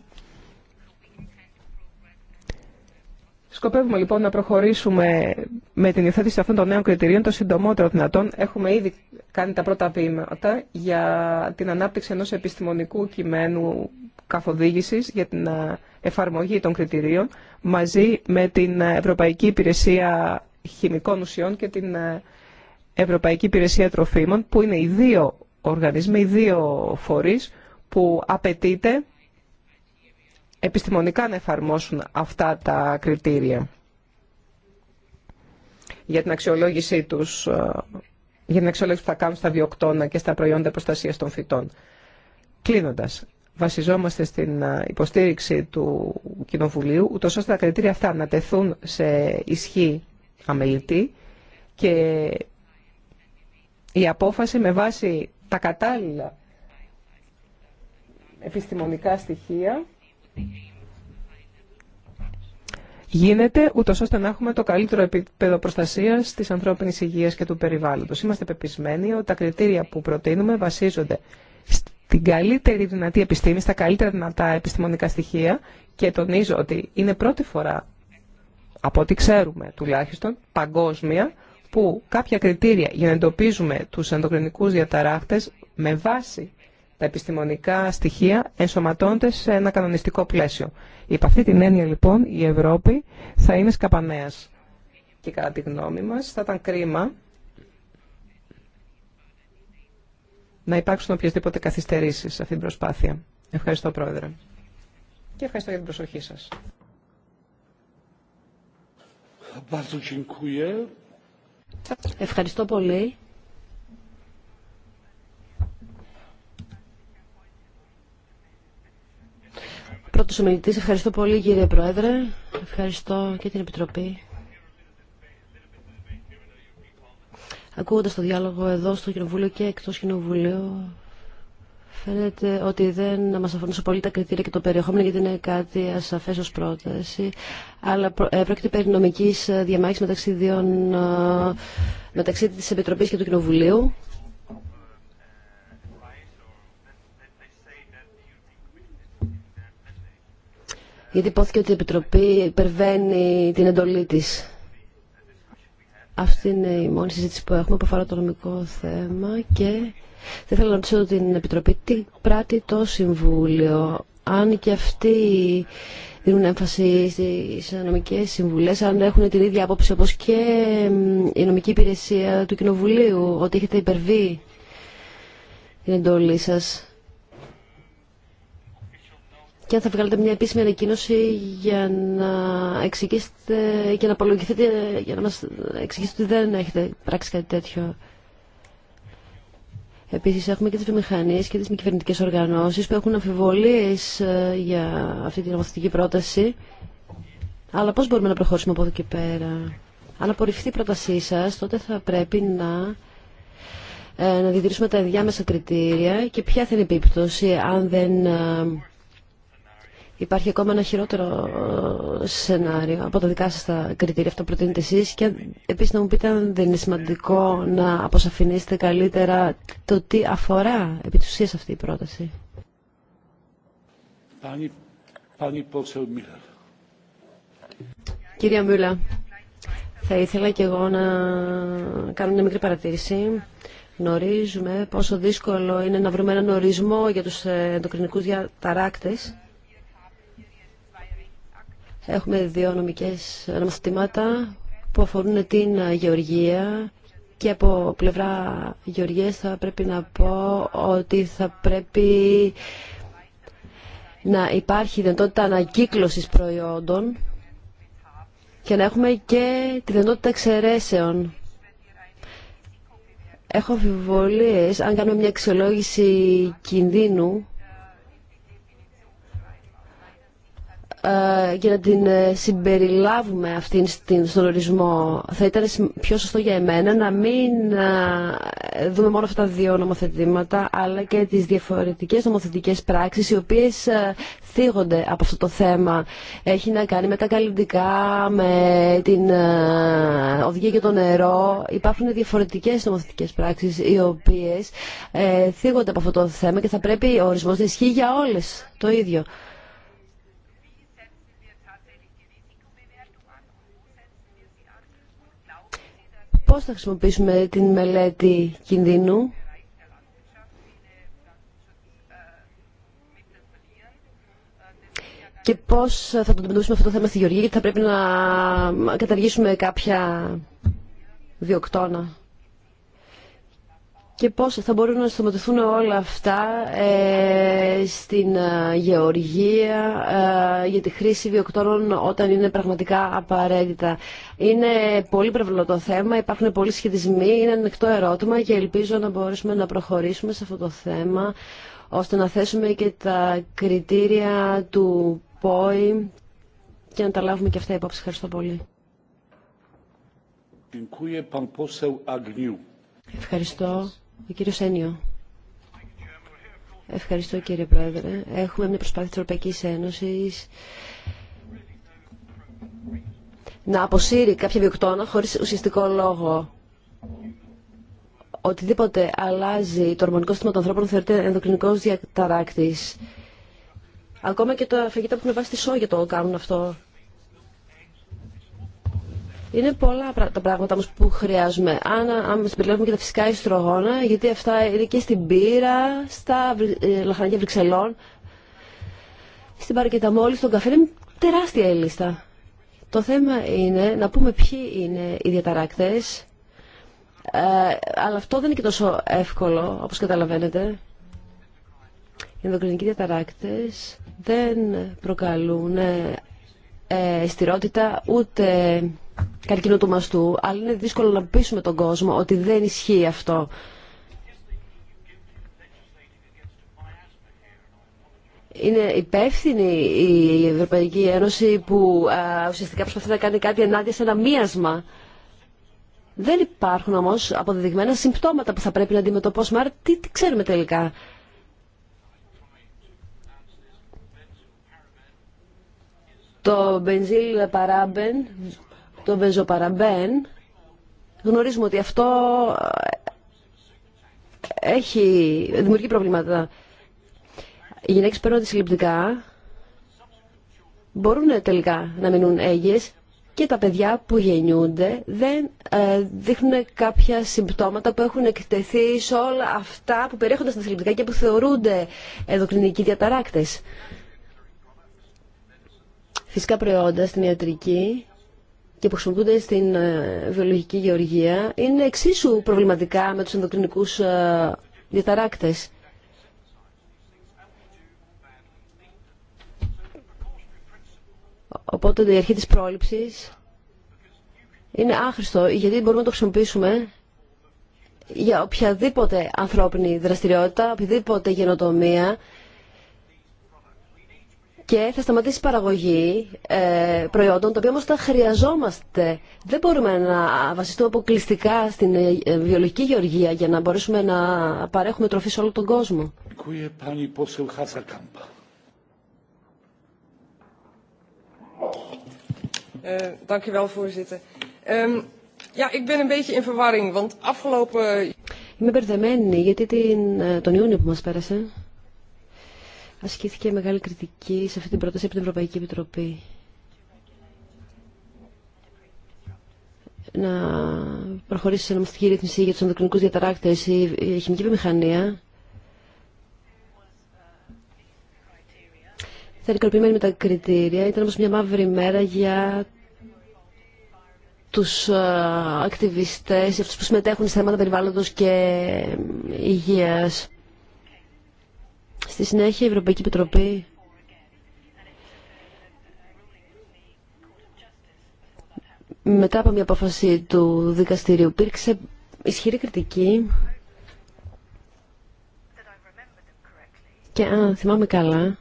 Σκοπεύουμε λοιπόν να προχωρήσουμε με την υιοθέτηση αυτών των νέων κριτηρίων το συντομότερο δυνατόν. Έχουμε ήδη κάνει τα πρώτα βήματα για την ανάπτυξη ενός επιστημονικού κειμένου καθοδήγησης για την ε, εφαρμογή των κριτηρίων μαζί με την ε, Ευρωπαϊκή Υπηρεσία Χημικών Ουσιών και την ε, Ευρωπαϊκή Υπηρεσία Τροφίμων που είναι οι δύο οργανισμοί, οι δύο φορείς που απαιτείται επιστημονικά να εφαρμόσουν αυτά τα κριτήρια για την αξιολόγησή τους, για την αξιολόγηση που θα κάνουν στα βιοκτώνα και στα προϊόντα προστασίας των φυτών. Κλείνοντας, βασιζόμαστε στην υποστήριξη του Κοινοβουλίου, ούτως ώστε τα κριτήρια αυτά να τεθούν σε ισχύ αμελητή και η απόφαση με βάση τα κατάλληλα επιστημονικά στοιχεία γίνεται ούτω ώστε να έχουμε το καλύτερο επίπεδο προστασία τη ανθρώπινη υγεία και του περιβάλλοντος. Είμαστε πεπισμένοι ότι τα κριτήρια που προτείνουμε βασίζονται την καλύτερη δυνατή επιστήμη, στα καλύτερα δυνατά επιστημονικά στοιχεία και τονίζω ότι είναι πρώτη φορά, από ό,τι ξέρουμε τουλάχιστον, παγκόσμια, που κάποια κριτήρια για να εντοπίζουμε τους ενδοκρινικούς διαταράχτες με βάση τα επιστημονικά στοιχεία ενσωματώνται σε ένα κανονιστικό πλαίσιο. Υπ' αυτή την έννοια λοιπόν η Ευρώπη θα είναι σκαπανέας. Και κατά τη γνώμη μας θα ήταν κρίμα να υπάρξουν οποιασδήποτε καθυστερήσεις σε αυτή την προσπάθεια. Ευχαριστώ, Πρόεδρε. Και ευχαριστώ για την προσοχή σα. Ευχαριστώ πολύ. Πρώτος ομιλητής, ευχαριστώ πολύ κύριε Πρόεδρε. Ευχαριστώ και την Επιτροπή. ακούγοντας το διάλογο εδώ στο Κοινοβούλιο και εκτός Κοινοβουλίου φαίνεται ότι δεν μας αφορούν σε πολύ τα κριτήρια και το περιεχόμενο γιατί είναι κάτι ασαφές ως πρόταση αλλά ε, πρόκειται περί νομικής ε, διαμάχης μεταξύ, διών, ε, μεταξύ της Επιτροπής και του Κοινοβουλίου γιατί υπόθηκε ότι η Επιτροπή υπερβαίνει την εντολή της αυτή είναι η μόνη συζήτηση που έχουμε που αφορά το νομικό θέμα και θα ήθελα να ρωτήσω την Επιτροπή τι πράττει το Συμβούλιο. Αν και αυτοί δίνουν έμφαση στις νομικές συμβουλές, αν έχουν την ίδια άποψη όπως και η νομική υπηρεσία του Κοινοβουλίου, ότι έχετε υπερβεί την εντολή σας και αν θα βγάλετε μια επίσημη ανακοίνωση για να εξηγήσετε και να απολογηθείτε, για να μας εξηγήσετε ότι δεν έχετε πράξει κάτι τέτοιο. Επίσης έχουμε και τις βιομηχανίες και τις μη κυβερνητικέ οργανώσεις που έχουν αμφιβολίες ε, για αυτή την νομοθετική πρόταση. Αλλά πώς μπορούμε να προχωρήσουμε από εδώ και πέρα. Αν απορριφθεί η πρότασή σας, τότε θα πρέπει να ε, να διατηρήσουμε τα ενδιάμεσα κριτήρια και ποια θα είναι η επίπτωση αν δεν ε, Υπάρχει ακόμα ένα χειρότερο ε, σενάριο από τα δικά σα τα κριτήρια, αυτό προτείνετε και επίσης να μου πείτε αν δεν είναι σημαντικό να αποσαφηνίσετε καλύτερα το τι αφορά επί τη ουσία αυτή η πρόταση. Κυρία Μούλα, θα ήθελα και εγώ να κάνω μια μικρή παρατήρηση. Γνωρίζουμε πόσο δύσκολο είναι να βρούμε έναν ορισμό για τους ε, ενδοκρινικούς διαταράκτες Έχουμε δύο νομικές νομοθετήματα που αφορούν την γεωργία και από πλευρά γεωργίας θα πρέπει να πω ότι θα πρέπει να υπάρχει δυνατότητα ανακύκλωσης προϊόντων και να έχουμε και τη δυνατότητα εξαιρέσεων. Έχω αμφιβολίες αν κάνουμε μια αξιολόγηση κινδύνου και ε, να την ε, συμπεριλάβουμε αυτήν στον ορισμό. Θα ήταν πιο σωστό για εμένα να μην ε, δούμε μόνο αυτά τα δύο νομοθετήματα, αλλά και τις διαφορετικές νομοθετικές πράξεις, οι οποίες θίγονται από αυτό το θέμα. Έχει να κάνει με τα καλλιντικά, με την οδηγία και το νερό. Υπάρχουν διαφορετικές νομοθετικές πράξεις, οι οποίες θίγονται από αυτό το θέμα και θα πρέπει ο ορισμός να ισχύει για όλες το ίδιο. πώς θα χρησιμοποιήσουμε την μελέτη κινδύνου. Και πώς θα το αντιμετωπίσουμε αυτό το θέμα στη Γεωργία, γιατί θα πρέπει να καταργήσουμε κάποια διοκτώνα και πώς θα μπορούν να σταματηθούν όλα αυτά ε, στην ε, γεωργία ε, για τη χρήση βιοκτώνων όταν είναι πραγματικά απαραίτητα. Είναι πολύ πρεβλό το θέμα, υπάρχουν πολλοί σχετισμοί, είναι ανοιχτό ερώτημα και ελπίζω να μπορέσουμε να προχωρήσουμε σε αυτό το θέμα ώστε να θέσουμε και τα κριτήρια του ΠΟΗ και να τα λάβουμε και αυτά υπόψη. Ευχαριστώ πολύ. Ευχαριστώ. Ο Ευχαριστώ κύριε Πρόεδρε. Έχουμε μια προσπάθεια της Ευρωπαϊκής Ένωσης να αποσύρει κάποια βιοκτώνα χωρίς ουσιαστικό λόγο. Οτιδήποτε αλλάζει το ορμονικό σύστημα των ανθρώπων θεωρείται ενδοκρινικός διαταράκτης. Ακόμα και τα φαγητά που έχουν βάσει τη σόγια το κάνουν αυτό. Είναι πολλά τα πράγματα όμως που χρειάζομαι. Αν, αν συμπεριλάβουμε και τα φυσικά ιστρογόνα, γιατί αυτά είναι και στην πύρα, στα ε, λαχανάκια Βρυξελών, στην παρακεταμόλη, στον καφέ, είναι τεράστια η λίστα. Το θέμα είναι να πούμε ποιοι είναι οι διαταράκτες, ε, αλλά αυτό δεν είναι και τόσο εύκολο, όπως καταλαβαίνετε. Οι ενδοκρινικοί διαταράκτες δεν προκαλούν ε, στηρότητα ούτε καρκίνο του μαστού, αλλά είναι δύσκολο να πείσουμε τον κόσμο ότι δεν ισχύει αυτό. Είναι υπεύθυνη η Ευρωπαϊκή Ένωση που α, ουσιαστικά προσπαθεί να κάνει κάτι ενάντια σε ένα μίασμα. Δεν υπάρχουν όμως αποδεδειγμένα συμπτώματα που θα πρέπει να αντιμετωπίσουμε. Άρα τι, τι ξέρουμε τελικά. το μπενζίλ παράμπεν, το μπενζοπαραμπέν, γνωρίζουμε ότι αυτό ε, έχει, δημιουργεί προβλήματα. Οι γυναίκες παίρνουν συλληπτικά μπορούν τελικά να μείνουν έγιες και τα παιδιά που γεννιούνται δεν ε, δείχνουν κάποια συμπτώματα που έχουν εκτεθεί σε όλα αυτά που περιέχονται στα συλληπτικά και που θεωρούνται ενδοκρινικοί διαταράκτες φυσικά προϊόντα στην ιατρική και που χρησιμοποιούνται στην ε, βιολογική γεωργία είναι εξίσου προβληματικά με τους ενδοκρινικούς ε, διαταράκτες. Οπότε η αρχή της πρόληψης είναι άχρηστο γιατί μπορούμε να το χρησιμοποιήσουμε για οποιαδήποτε ανθρώπινη δραστηριότητα, οποιαδήποτε γενοτομία και θα σταματήσει η παραγωγή ε, προϊόντων, τα οποία όμω τα χρειαζόμαστε. Δεν μπορούμε να βασιστούμε αποκλειστικά στην ε, βιολογική γεωργία για να μπορέσουμε να παρέχουμε τροφή σε όλο τον κόσμο. Ε, ehm, Είμαι μπερδεμένη γιατί την, τον Ιούνιο που μας πέρασε ασκήθηκε μεγάλη κριτική σε αυτή την πρόταση από την Ευρωπαϊκή Επιτροπή. Να προχωρήσει σε νομοθετική ρύθμιση για τους ενδοκρινικούς διαταράκτες η χημική βιομηχανία θα ικανοποιημένη με τα κριτήρια. Ήταν όμως μια μαύρη μέρα για τους ακτιβιστές, αυτούς που συμμετέχουν σε θέματα περιβάλλοντος και υγείας. Στη συνέχεια η Ευρωπαϊκή Επιτροπή μετά από μια απόφαση του δικαστηρίου πήρξε ισχυρή κριτική και αν θυμάμαι καλά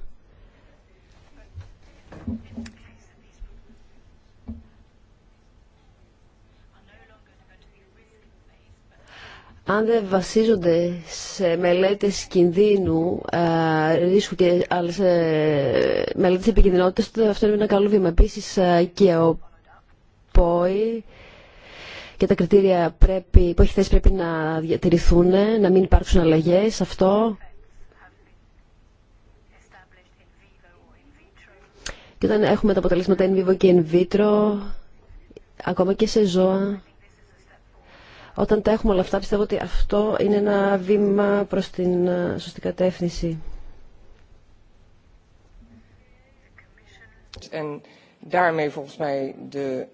αν δεν βασίζονται σε μελέτες κινδύνου ε, ρίσκου και άλλε μελέτε επικινδυνότητε, αυτό είναι ένα καλό βήμα. Επίση ε, και ο ΠΟΗ και τα κριτήρια πρέπει, που έχει θέσει πρέπει να διατηρηθούν, να μην υπάρξουν αλλαγέ. Αυτό. Και όταν έχουμε τα αποτελέσματα in vivo και in vitro, ακόμα και σε ζώα, όταν τα έχουμε όλα αυτά, πιστεύω ότι αυτό είναι ένα βήμα προς την ε, σωστή κατεύθυνση. En daarmee volgens mij de...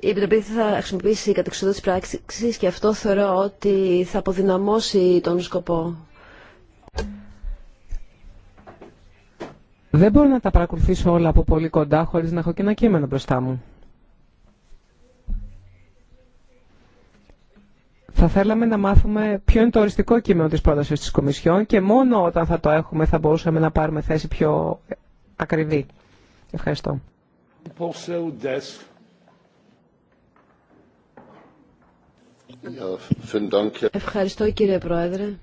Η Επιτροπή θα χρησιμοποιήσει κατεξοδότηση πράξη και αυτό θεωρώ ότι θα αποδυναμώσει τον σκοπό. Δεν μπορώ να τα παρακολουθήσω όλα από πολύ κοντά χωρί να έχω και ένα κείμενο μπροστά μου. Θα θέλαμε να μάθουμε ποιο είναι το οριστικό κείμενο της πρότασης της Κομισιόν και μόνο όταν θα το έχουμε θα μπορούσαμε να πάρουμε θέση πιο ακριβή. Ευχαριστώ. Ευχαριστώ κύριε Πρόεδρε.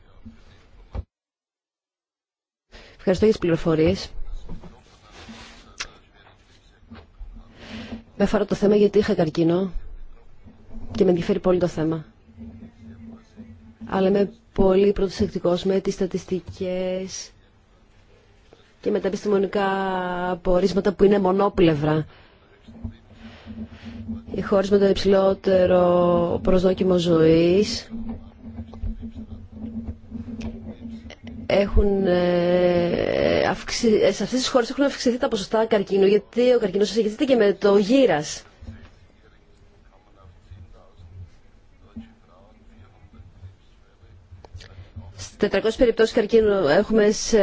Ευχαριστώ για τις πληροφορίες. Με αφορά το θέμα γιατί είχα καρκίνο και με ενδιαφέρει πολύ το θέμα αλλά είμαι πολύ προσεκτικός με τις στατιστικές και με τα επιστημονικά πορίσματα που είναι μονόπλευρα. Οι χώρες με το υψηλότερο προσδόκιμο ζωής έχουν ε, ε, σε αυτές τις χώρες έχουν αυξηθεί τα ποσοστά καρκίνου γιατί ο καρκίνος συζητείται και με το γύρας. 400 περιπτώσει καρκίνου έχουμε σε 10.000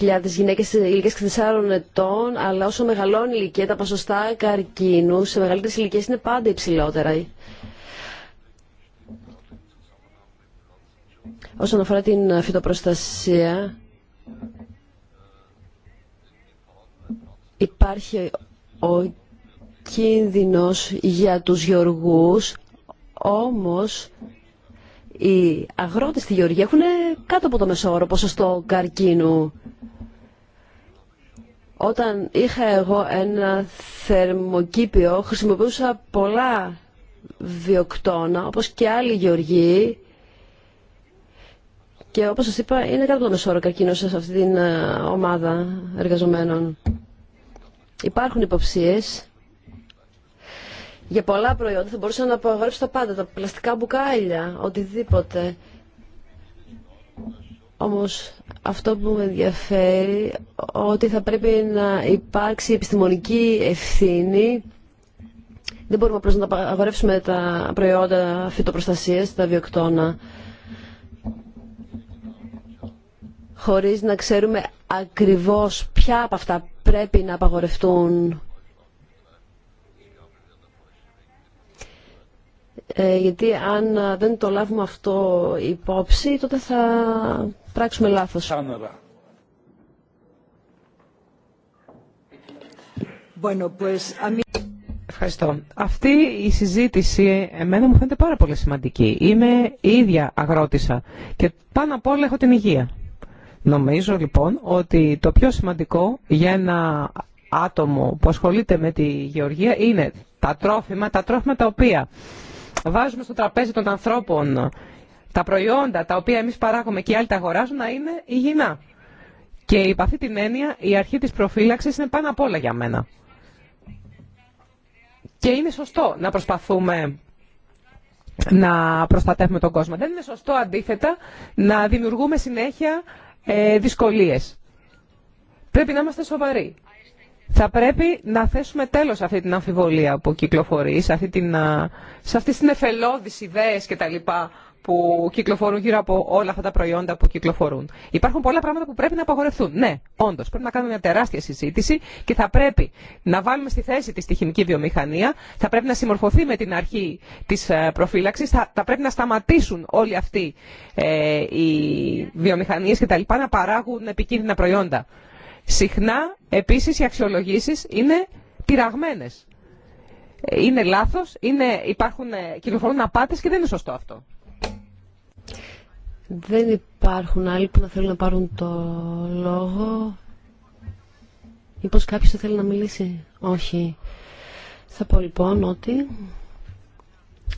ε, γυναίκες και 4 ετών, αλλά όσο μεγαλώνει η ηλικία, τα ποσοστά καρκίνου σε μεγαλύτερε ηλικίε είναι πάντα υψηλότερα. Όσον αφορά την φυτοπροστασία, υπάρχει ο κίνδυνος για τους γεωργούς, όμως οι αγρότες στη Γεωργία έχουν κάτω από το μεσόωρο ποσοστό καρκίνου. Όταν είχα εγώ ένα θερμοκήπιο χρησιμοποιούσα πολλά βιοκτώνα όπως και άλλοι γεωργοί και όπως σας είπα είναι κάτω από το μεσόωρο καρκίνο σε αυτή την ε, ομάδα εργαζομένων. Υπάρχουν υποψίες για πολλά προϊόντα θα μπορούσα να απαγορεύσω τα πάντα, τα πλαστικά μπουκάλια, οτιδήποτε. Όμως αυτό που με ενδιαφέρει ότι θα πρέπει να υπάρξει επιστημονική ευθύνη δεν μπορούμε απλώς να απαγορεύσουμε τα προϊόντα φυτοπροστασίας, τα βιοκτώνα χωρίς να ξέρουμε ακριβώς ποια από αυτά πρέπει να απαγορευτούν Ε, γιατί αν ε, δεν το λάβουμε αυτό υπόψη, τότε θα πράξουμε λάθος. Ευχαριστώ. Αυτή η συζήτηση εμένα μου φαίνεται πάρα πολύ σημαντική. Είμαι η ίδια αγρότησα και πάνω απ' όλα έχω την υγεία. Νομίζω λοιπόν ότι το πιο σημαντικό για ένα άτομο που ασχολείται με τη γεωργία είναι τα τρόφιμα, τα τρόφιμα τα οποία βάζουμε στο τραπέζι των ανθρώπων τα προϊόντα τα οποία εμείς παράγουμε και οι άλλοι τα αγοράζουν να είναι υγιεινά. Και υπ' αυτή την έννοια η αρχή της προφύλαξης είναι πάνω απ' όλα για μένα. Και είναι σωστό να προσπαθούμε να προστατεύουμε τον κόσμο. Δεν είναι σωστό αντίθετα να δημιουργούμε συνέχεια ε, δυσκολίες. Πρέπει να είμαστε σοβαροί. Θα πρέπει να θέσουμε τέλος αυτή την αμφιβολία που κυκλοφορεί, σε αυτή την, σε αυτή την εφελώδης ιδέες που κυκλοφορούν γύρω από όλα αυτά τα προϊόντα που κυκλοφορούν. Υπάρχουν πολλά πράγματα που πρέπει να απαγορευτούν. Ναι, όντω, πρέπει να κάνουμε μια τεράστια συζήτηση και θα πρέπει να βάλουμε στη θέση της τη χημική βιομηχανία, θα πρέπει να συμμορφωθεί με την αρχή της ε, προφύλαξης, θα, πρέπει να σταματήσουν όλοι αυτοί ε, οι βιομηχανίε κτλ. να παράγουν επικίνδυνα προϊόντα. Συχνά, επίσης, οι αξιολογήσεις είναι πειραγμένες. Είναι λάθος, είναι, υπάρχουν, ε, κυκλοφορούν απάτες και δεν είναι σωστό αυτό. Δεν υπάρχουν άλλοι που να θέλουν να πάρουν το λόγο. Μήπως κάποιος θα θέλει να μιλήσει. Όχι. Θα πω λοιπόν ότι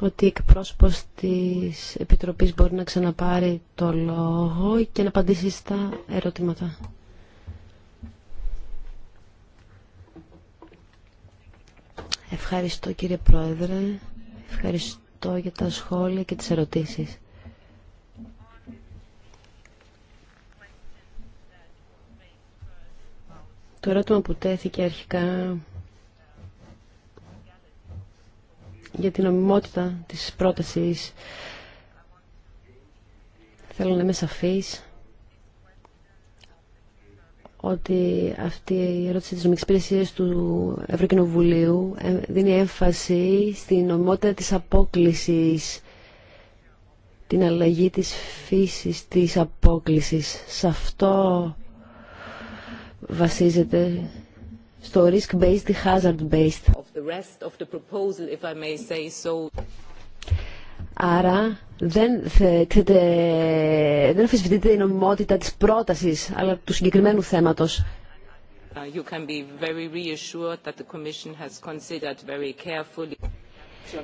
ότι εκπρόσωπος της Επιτροπής μπορεί να ξαναπάρει το λόγο και να απαντήσει στα ερωτήματα. Ευχαριστώ κύριε Πρόεδρε. Ευχαριστώ για τα σχόλια και τις ερωτήσεις. Το ερώτημα που τέθηκε αρχικά για την ομιμότητα της πρότασης θέλω να είμαι σαφής ότι αυτή η ερώτηση της νομικής υπηρεσίας του Ευρωκοινοβουλίου ε, δίνει έμφαση στην ομότητα της απόκλησης, την αλλαγή της φύσης της απόκλησης. Σε αυτό βασίζεται στο risk-based, hazard-based. Άρα δεν, ξέρετε, δεν η νομιμότητα της πρότασης, αλλά του συγκεκριμένου θέματος. Uh,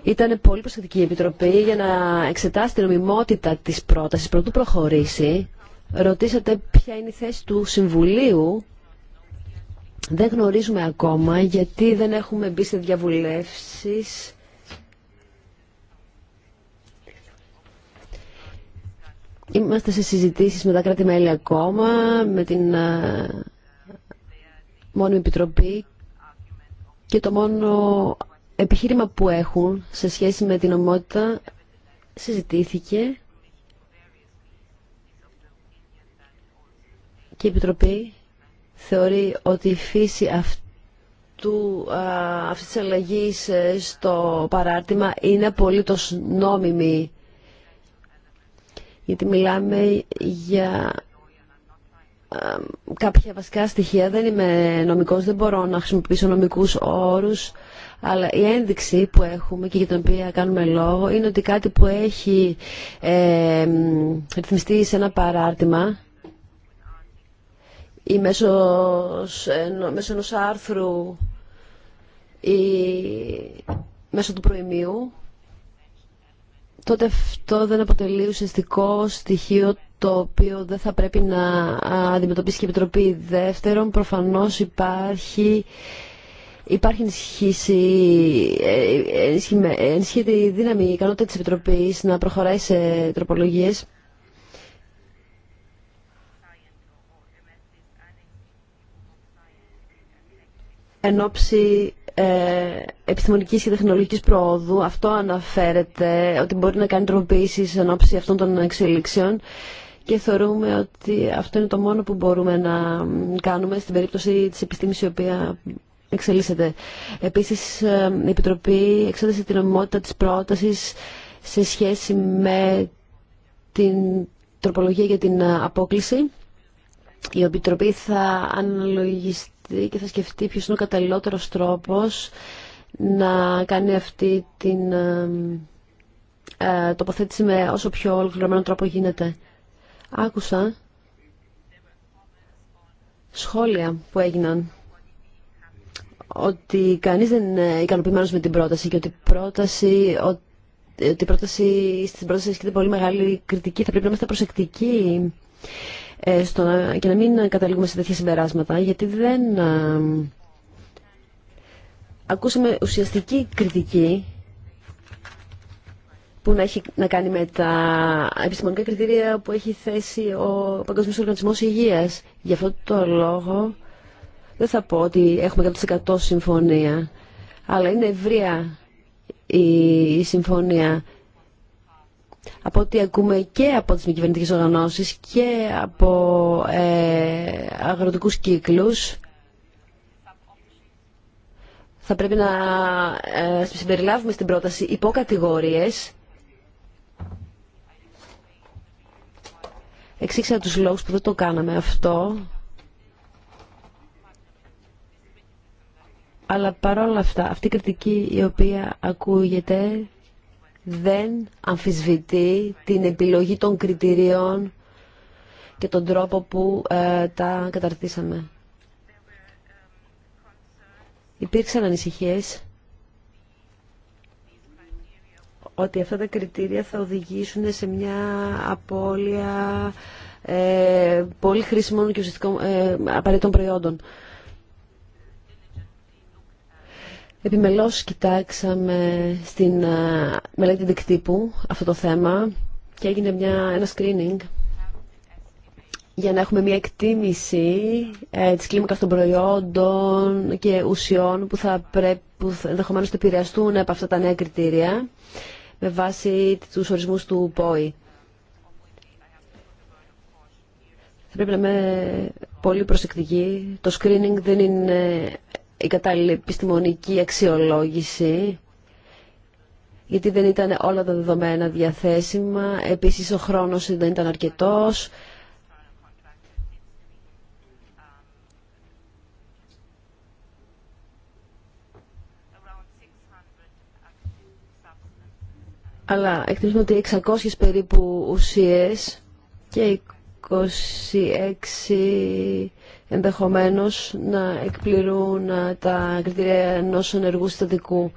Ήταν πολύ προσεκτική η Επιτροπή για να εξετάσει την νομιμότητα της πρότασης. Πρωτού προχωρήσει, ρωτήσατε ποια είναι η θέση του Συμβουλίου. Δεν γνωρίζουμε ακόμα γιατί δεν έχουμε μπει σε διαβουλεύσεις Είμαστε σε συζητήσεις με τα κράτη-μέλη ακόμα, με την ε, μόνιμη επιτροπή και το μόνο επιχείρημα που έχουν σε σχέση με την ομότητα συζητήθηκε και η Επιτροπή θεωρεί ότι η φύση αυτού, αυτής της αλλαγής ε, στο παράρτημα είναι απολύτως νόμιμη γιατί μιλάμε για κάποια βασικά στοιχεία. Δεν είμαι νομικός, δεν μπορώ να χρησιμοποιήσω νομικούς όρους, αλλά η ένδειξη που έχουμε και για την οποία κάνουμε λόγο είναι ότι κάτι που έχει ε, ρυθμιστεί σε ένα παράρτημα ή μέσω, ε, μέσω ενός άρθρου ή μέσω του προημίου τότε αυτό δεν αποτελεί ουσιαστικό στοιχείο το οποίο δεν θα πρέπει να αντιμετωπίσει και η Επιτροπή. Δεύτερον, προφανώς υπάρχει Υπάρχει ενισχύση, ε, ενισχύεται η δύναμη, η ικανότητα της Επιτροπής να προχωράει σε τροπολογίες. Εν ε, επιστημονικής και τεχνολογικής προόδου. Αυτό αναφέρεται ότι μπορεί να κάνει τροποποίησεις εν ώψη αυτών των εξελίξεων και θεωρούμε ότι αυτό είναι το μόνο που μπορούμε να κάνουμε στην περίπτωση της επιστήμης η οποία εξελίσσεται. Επίσης, ε, η Επιτροπή εξέτασε την ομιμότητα της πρότασης σε σχέση με την τροπολογία για την απόκληση. Η Επιτροπή θα αναλογιστεί και θα σκεφτεί ποιος είναι ο καταλληλότερος τρόπος να κάνει αυτή την ε, τοποθέτηση με όσο πιο ολοκληρωμένο τρόπο γίνεται. Άκουσα σχόλια που έγιναν ότι κανείς δεν είναι ικανοποιημένος με την πρόταση και ότι η πρόταση, ότι η πρόταση στην πρόταση ασκείται πολύ μεγάλη κριτική. Θα πρέπει να είμαστε προσεκτικοί ε, και να μην καταλήγουμε σε τέτοια συμπεράσματα, γιατί δεν... Ε, ακούσαμε ουσιαστική κριτική που να έχει να κάνει με τα επιστημονικά κριτήρια που έχει θέσει ο Παγκοσμίος Οργανισμός Υγείας. Γι' αυτό το λόγο δεν θα πω ότι έχουμε 100% συμφωνία, αλλά είναι ευρεία η συμφωνία από ό,τι ακούμε και από τις μη κυβερνητικές οργανώσεις και από ε, αγροτικούς κύκλους θα πρέπει να ε, συμπεριλάβουμε στην πρόταση υποκατηγορίες Εξήξα τους λόγους που δεν το κάναμε αυτό αλλά παρόλα αυτά αυτή η κριτική η οποία ακούγεται δεν αμφισβητεί την επιλογή των κριτηρίων και τον τρόπο που ε, τα καταρτήσαμε. Υπήρξαν ανησυχίες ότι αυτά τα κριτήρια θα οδηγήσουν σε μια απώλεια ε, πολύ χρήσιμων και ουσιαστικών ε, απαραίτητων προϊόντων. Επιμελώς κοιτάξαμε στην μελέτη δικτύπου αυτό το θέμα και έγινε μια, ένα screening για να έχουμε μια εκτίμηση ε, της κλίμακας των προϊόντων και ουσιών που θα πρέπει που θα, ενδεχομένως θα επηρεαστούν από αυτά τα νέα κριτήρια με βάση τους ορισμούς του ΠΟΗ. Θα πρέπει να είμαι πολύ προσεκτική. Το screening δεν είναι η κατάλληλη επιστημονική αξιολόγηση γιατί δεν ήταν όλα τα δεδομένα διαθέσιμα. Επίσης ο χρόνος δεν ήταν αρκετός. Αλλά εκτιμήσουμε ότι 600 περίπου ουσίες και 26 ενδεχομένως να εκπληρούν ε, τα κριτήρια ενός ενεργού συστατικού.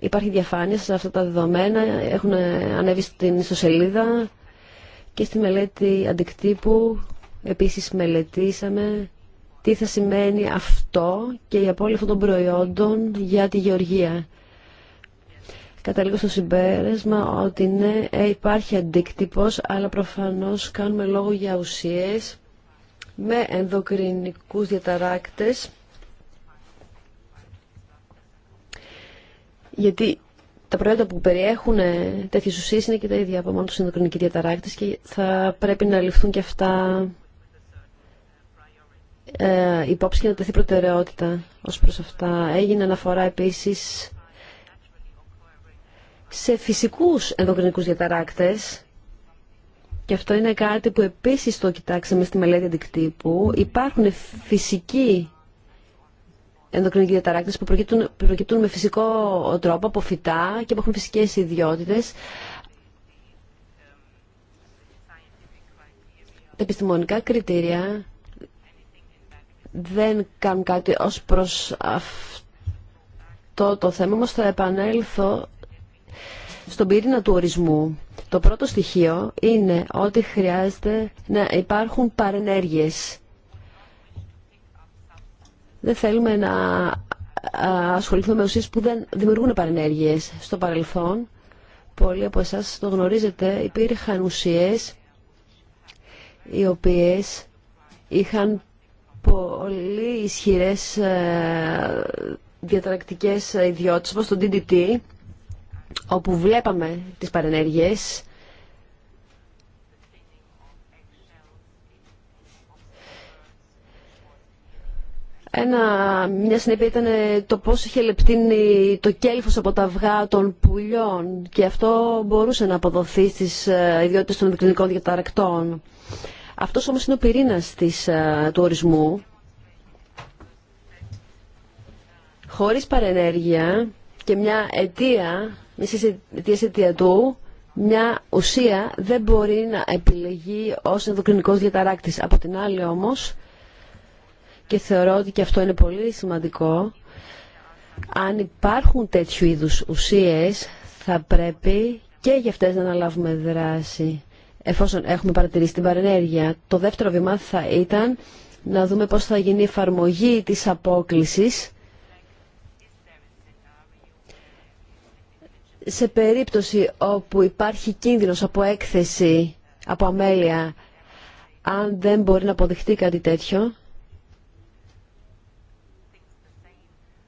Υπάρχει διαφάνεια σε αυτά τα δεδομένα, έχουν ε, ανέβει στην ιστοσελίδα και στη μελέτη αντικτύπου επίσης μελετήσαμε τι θα σημαίνει αυτό και η απόλυτη των προϊόντων για τη γεωργία. Καταλήγω στο συμπέρασμα ότι ναι, ε, υπάρχει αντίκτυπος, αλλά προφανώς κάνουμε λόγο για ουσίες με ενδοκρινικούς διαταράκτες, γιατί τα προϊόντα που περιέχουν ε, τέτοιε ουσίε είναι και τα ίδια από μόνο του ενδοκρινικοί διαταράκτε και θα πρέπει να ληφθούν και αυτά ε, υπόψη και να τεθεί προτεραιότητα ως προς αυτά. Έγινε αναφορά επίσης σε φυσικούς ενδοκρινικούς διαταράκτες και αυτό είναι κάτι που επίσης το κοιτάξαμε στη μελέτη αντικτύπου υπάρχουν φυσικοί ενδοκρινικοί διαταράκτες που προκύπτουν, με φυσικό τρόπο από φυτά και που έχουν φυσικές ιδιότητες τα επιστημονικά κριτήρια δεν κάνουν κάτι ως προς αυτό το θέμα, όμως θα επανέλθω στον πυρήνα του ορισμού. Το πρώτο στοιχείο είναι ότι χρειάζεται να υπάρχουν παρενέργειες. Δεν θέλουμε να ασχοληθούμε με ουσίες που δεν δημιουργούν παρενέργειες. Στο παρελθόν, πολλοί από εσάς το γνωρίζετε, υπήρχαν ουσίες οι οποίες είχαν πολύ ισχυρές ε, διατρακτικές ιδιότητες, όπως το DDT, όπου βλέπαμε τις παρενέργειες Ένα, μια συνέπεια ήταν ε, το πώς είχε λεπτύνει το κέλφος από τα αυγά των πουλιών και αυτό μπορούσε να αποδοθεί στις ε, ιδιότητες των ενδοκρινικών διαταρακτών. Αυτός όμως είναι ο πυρήνας της, ε, του ορισμού. Χωρίς παρενέργεια και μια αιτία αιτία του, μια ουσία δεν μπορεί να επιλεγεί ως ενδοκρινικός διαταράκτης. Από την άλλη όμως, και θεωρώ ότι και αυτό είναι πολύ σημαντικό, αν υπάρχουν τέτοιου είδους ουσίες, θα πρέπει και για αυτές να αναλάβουμε δράση, εφόσον έχουμε παρατηρήσει την παρενέργεια. Το δεύτερο βήμα θα ήταν να δούμε πώς θα γίνει η εφαρμογή της απόκλησης σε περίπτωση όπου υπάρχει κίνδυνος από έκθεση, από αμέλεια, αν δεν μπορεί να αποδειχτεί κάτι τέτοιο.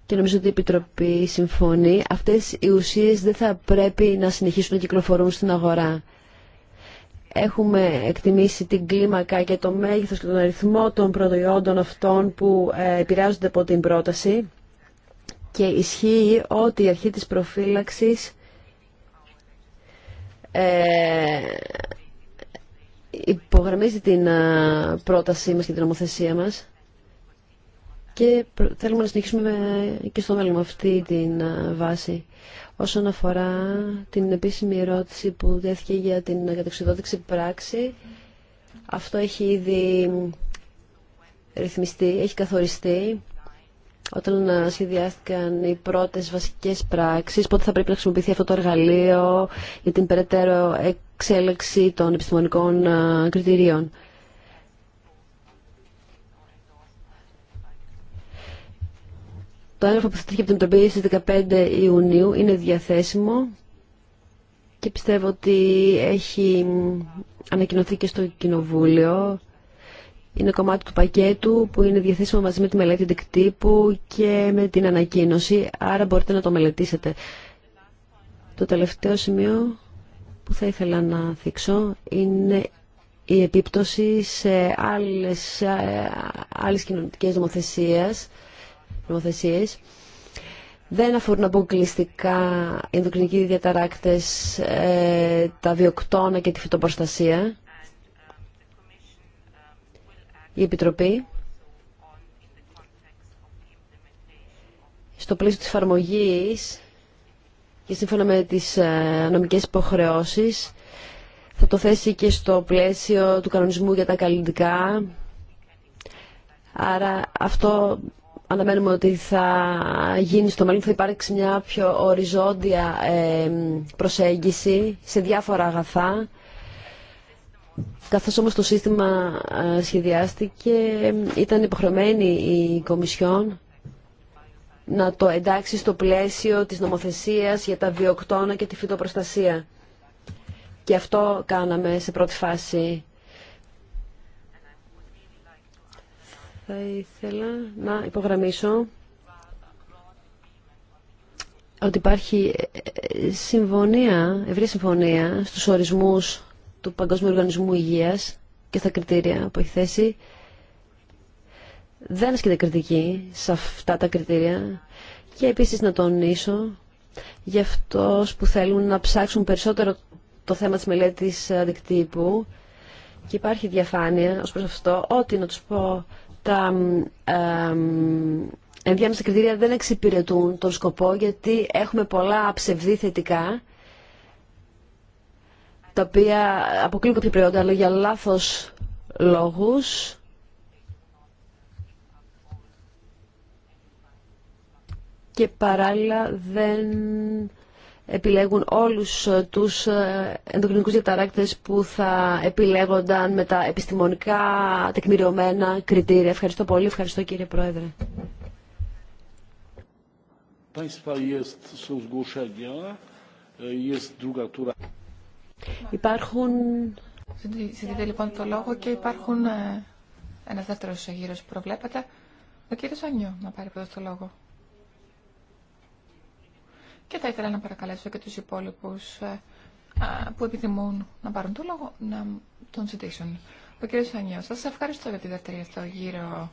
Και νομίζω ότι η Επιτροπή συμφωνεί. Αυτές οι ουσίες δεν θα πρέπει να συνεχίσουν να κυκλοφορούν στην αγορά. Έχουμε εκτιμήσει την κλίμακα και το μέγεθος και τον αριθμό των προϊόντων αυτών που ε, επηρεάζονται από την πρόταση και ισχύει ότι η αρχή της προφύλαξης ε, υπογραμμίζει την ε, πρότασή μας και την νομοθεσία μας και θέλουμε να συνεχίσουμε και στο μέλλον με αυτή την ε, βάση. Όσον αφορά την επίσημη ερώτηση που διέθηκε για την κατεξοδότηση πράξη, αυτό έχει ήδη ρυθμιστεί, έχει καθοριστεί όταν ε, σχεδιάστηκαν οι πρώτες βασικές πράξεις, πότε θα πρέπει να χρησιμοποιηθεί αυτό το εργαλείο για την περαιτέρω εξέλιξη των επιστημονικών ε, κριτηρίων. Το έγγραφο που θέτηκε από την Επιτροπή στις 15 Ιουνίου είναι διαθέσιμο και πιστεύω ότι έχει ανακοινωθεί και στο Κοινοβούλιο είναι κομμάτι του πακέτου που είναι διαθέσιμο μαζί με τη μελέτη δικτύπου και με την ανακοίνωση, άρα μπορείτε να το μελετήσετε. Το τελευταίο σημείο που θα ήθελα να θίξω είναι η επίπτωση σε άλλες, ε, άλλες κοινωνικές νομοθεσίες, νομοθεσίες. Δεν αφορούν αποκλειστικά ενδοκρινικοί διαταράκτες, ε, τα βιοκτώνα και τη φυτοπροστασία η Επιτροπή στο πλαίσιο της εφαρμογή και σύμφωνα με τις ε, νομικές υποχρεώσεις θα το θέσει και στο πλαίσιο του κανονισμού για τα καλλιντικά. Άρα αυτό αναμένουμε ότι θα γίνει στο μέλλον, θα υπάρξει μια πιο οριζόντια ε, προσέγγιση σε διάφορα αγαθά Καθώς όμως το σύστημα ε, σχεδιάστηκε, ήταν υποχρεωμένη η Κομισιόν να το εντάξει στο πλαίσιο της νομοθεσίας για τα βιοκτώνα και τη φυτοπροστασία. Και αυτό κάναμε σε πρώτη φάση. Θα ήθελα να υπογραμμίσω ότι υπάρχει ε, ε, συμφωνία, ευρύ συμφωνία στους ορισμούς του Παγκόσμιου Οργανισμού Υγείας και στα κριτήρια που έχει θέσει, δεν ασκείται κριτική σε αυτά τα κριτήρια και επίσης να τονίσω για αυτός που θέλουν να ψάξουν περισσότερο το θέμα της μελέτης αντικτύπου και υπάρχει διαφάνεια ως προς αυτό ότι να τους πω τα ενδιάμεσα κριτήρια δεν εξυπηρετούν τον σκοπό γιατί έχουμε πολλά ψευδή θετικά τα οποία αποκλείουν κάποια προϊόντα, αλλά για λάθος λόγους. Και παράλληλα δεν επιλέγουν όλους τους ενδοκρινικούς διαταράκτες που θα επιλέγονταν με τα επιστημονικά τεκμηριωμένα κριτήρια. Ευχαριστώ πολύ. Ευχαριστώ κύριε Πρόεδρε. Państwa jest, Υπάρχουν... Ζητείτε λοιπόν το λόγο και υπάρχουν ε, ένα δεύτερος γύρος που προβλέπετε. Ο κύριος Ανιού να πάρει πρώτα το λόγο. Και θα ήθελα να παρακαλέσω και τους υπόλοιπους ε, που επιθυμούν να πάρουν το λόγο να τον ζητήσουν. Ο κύριο Ανιού, σας ευχαριστώ για τη δεύτερη αυτό γύρο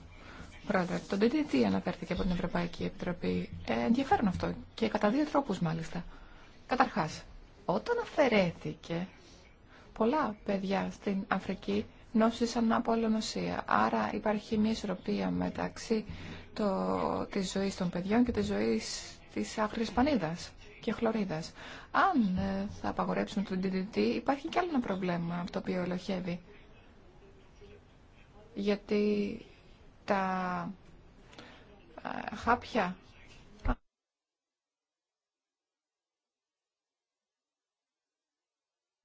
πρόεδρε. Το DDT αναφέρθηκε από την Ευρωπαϊκή Επιτροπή. Ε, ενδιαφέρον αυτό και κατά δύο τρόπους μάλιστα. Καταρχάς, όταν αφαιρέθηκε, πολλά παιδιά στην Αφρική νόσησαν από αλλονοσία. Άρα υπάρχει μια ισορροπία μεταξύ το, της ζωής των παιδιών και της ζωής της άγρης πανίδας και χλωρίδας. Αν ε, θα απαγορέψουν τον DDT υπάρχει κι άλλο ένα πρόβλημα από το οποίο ελοχεύει. Γιατί τα ε, χάπια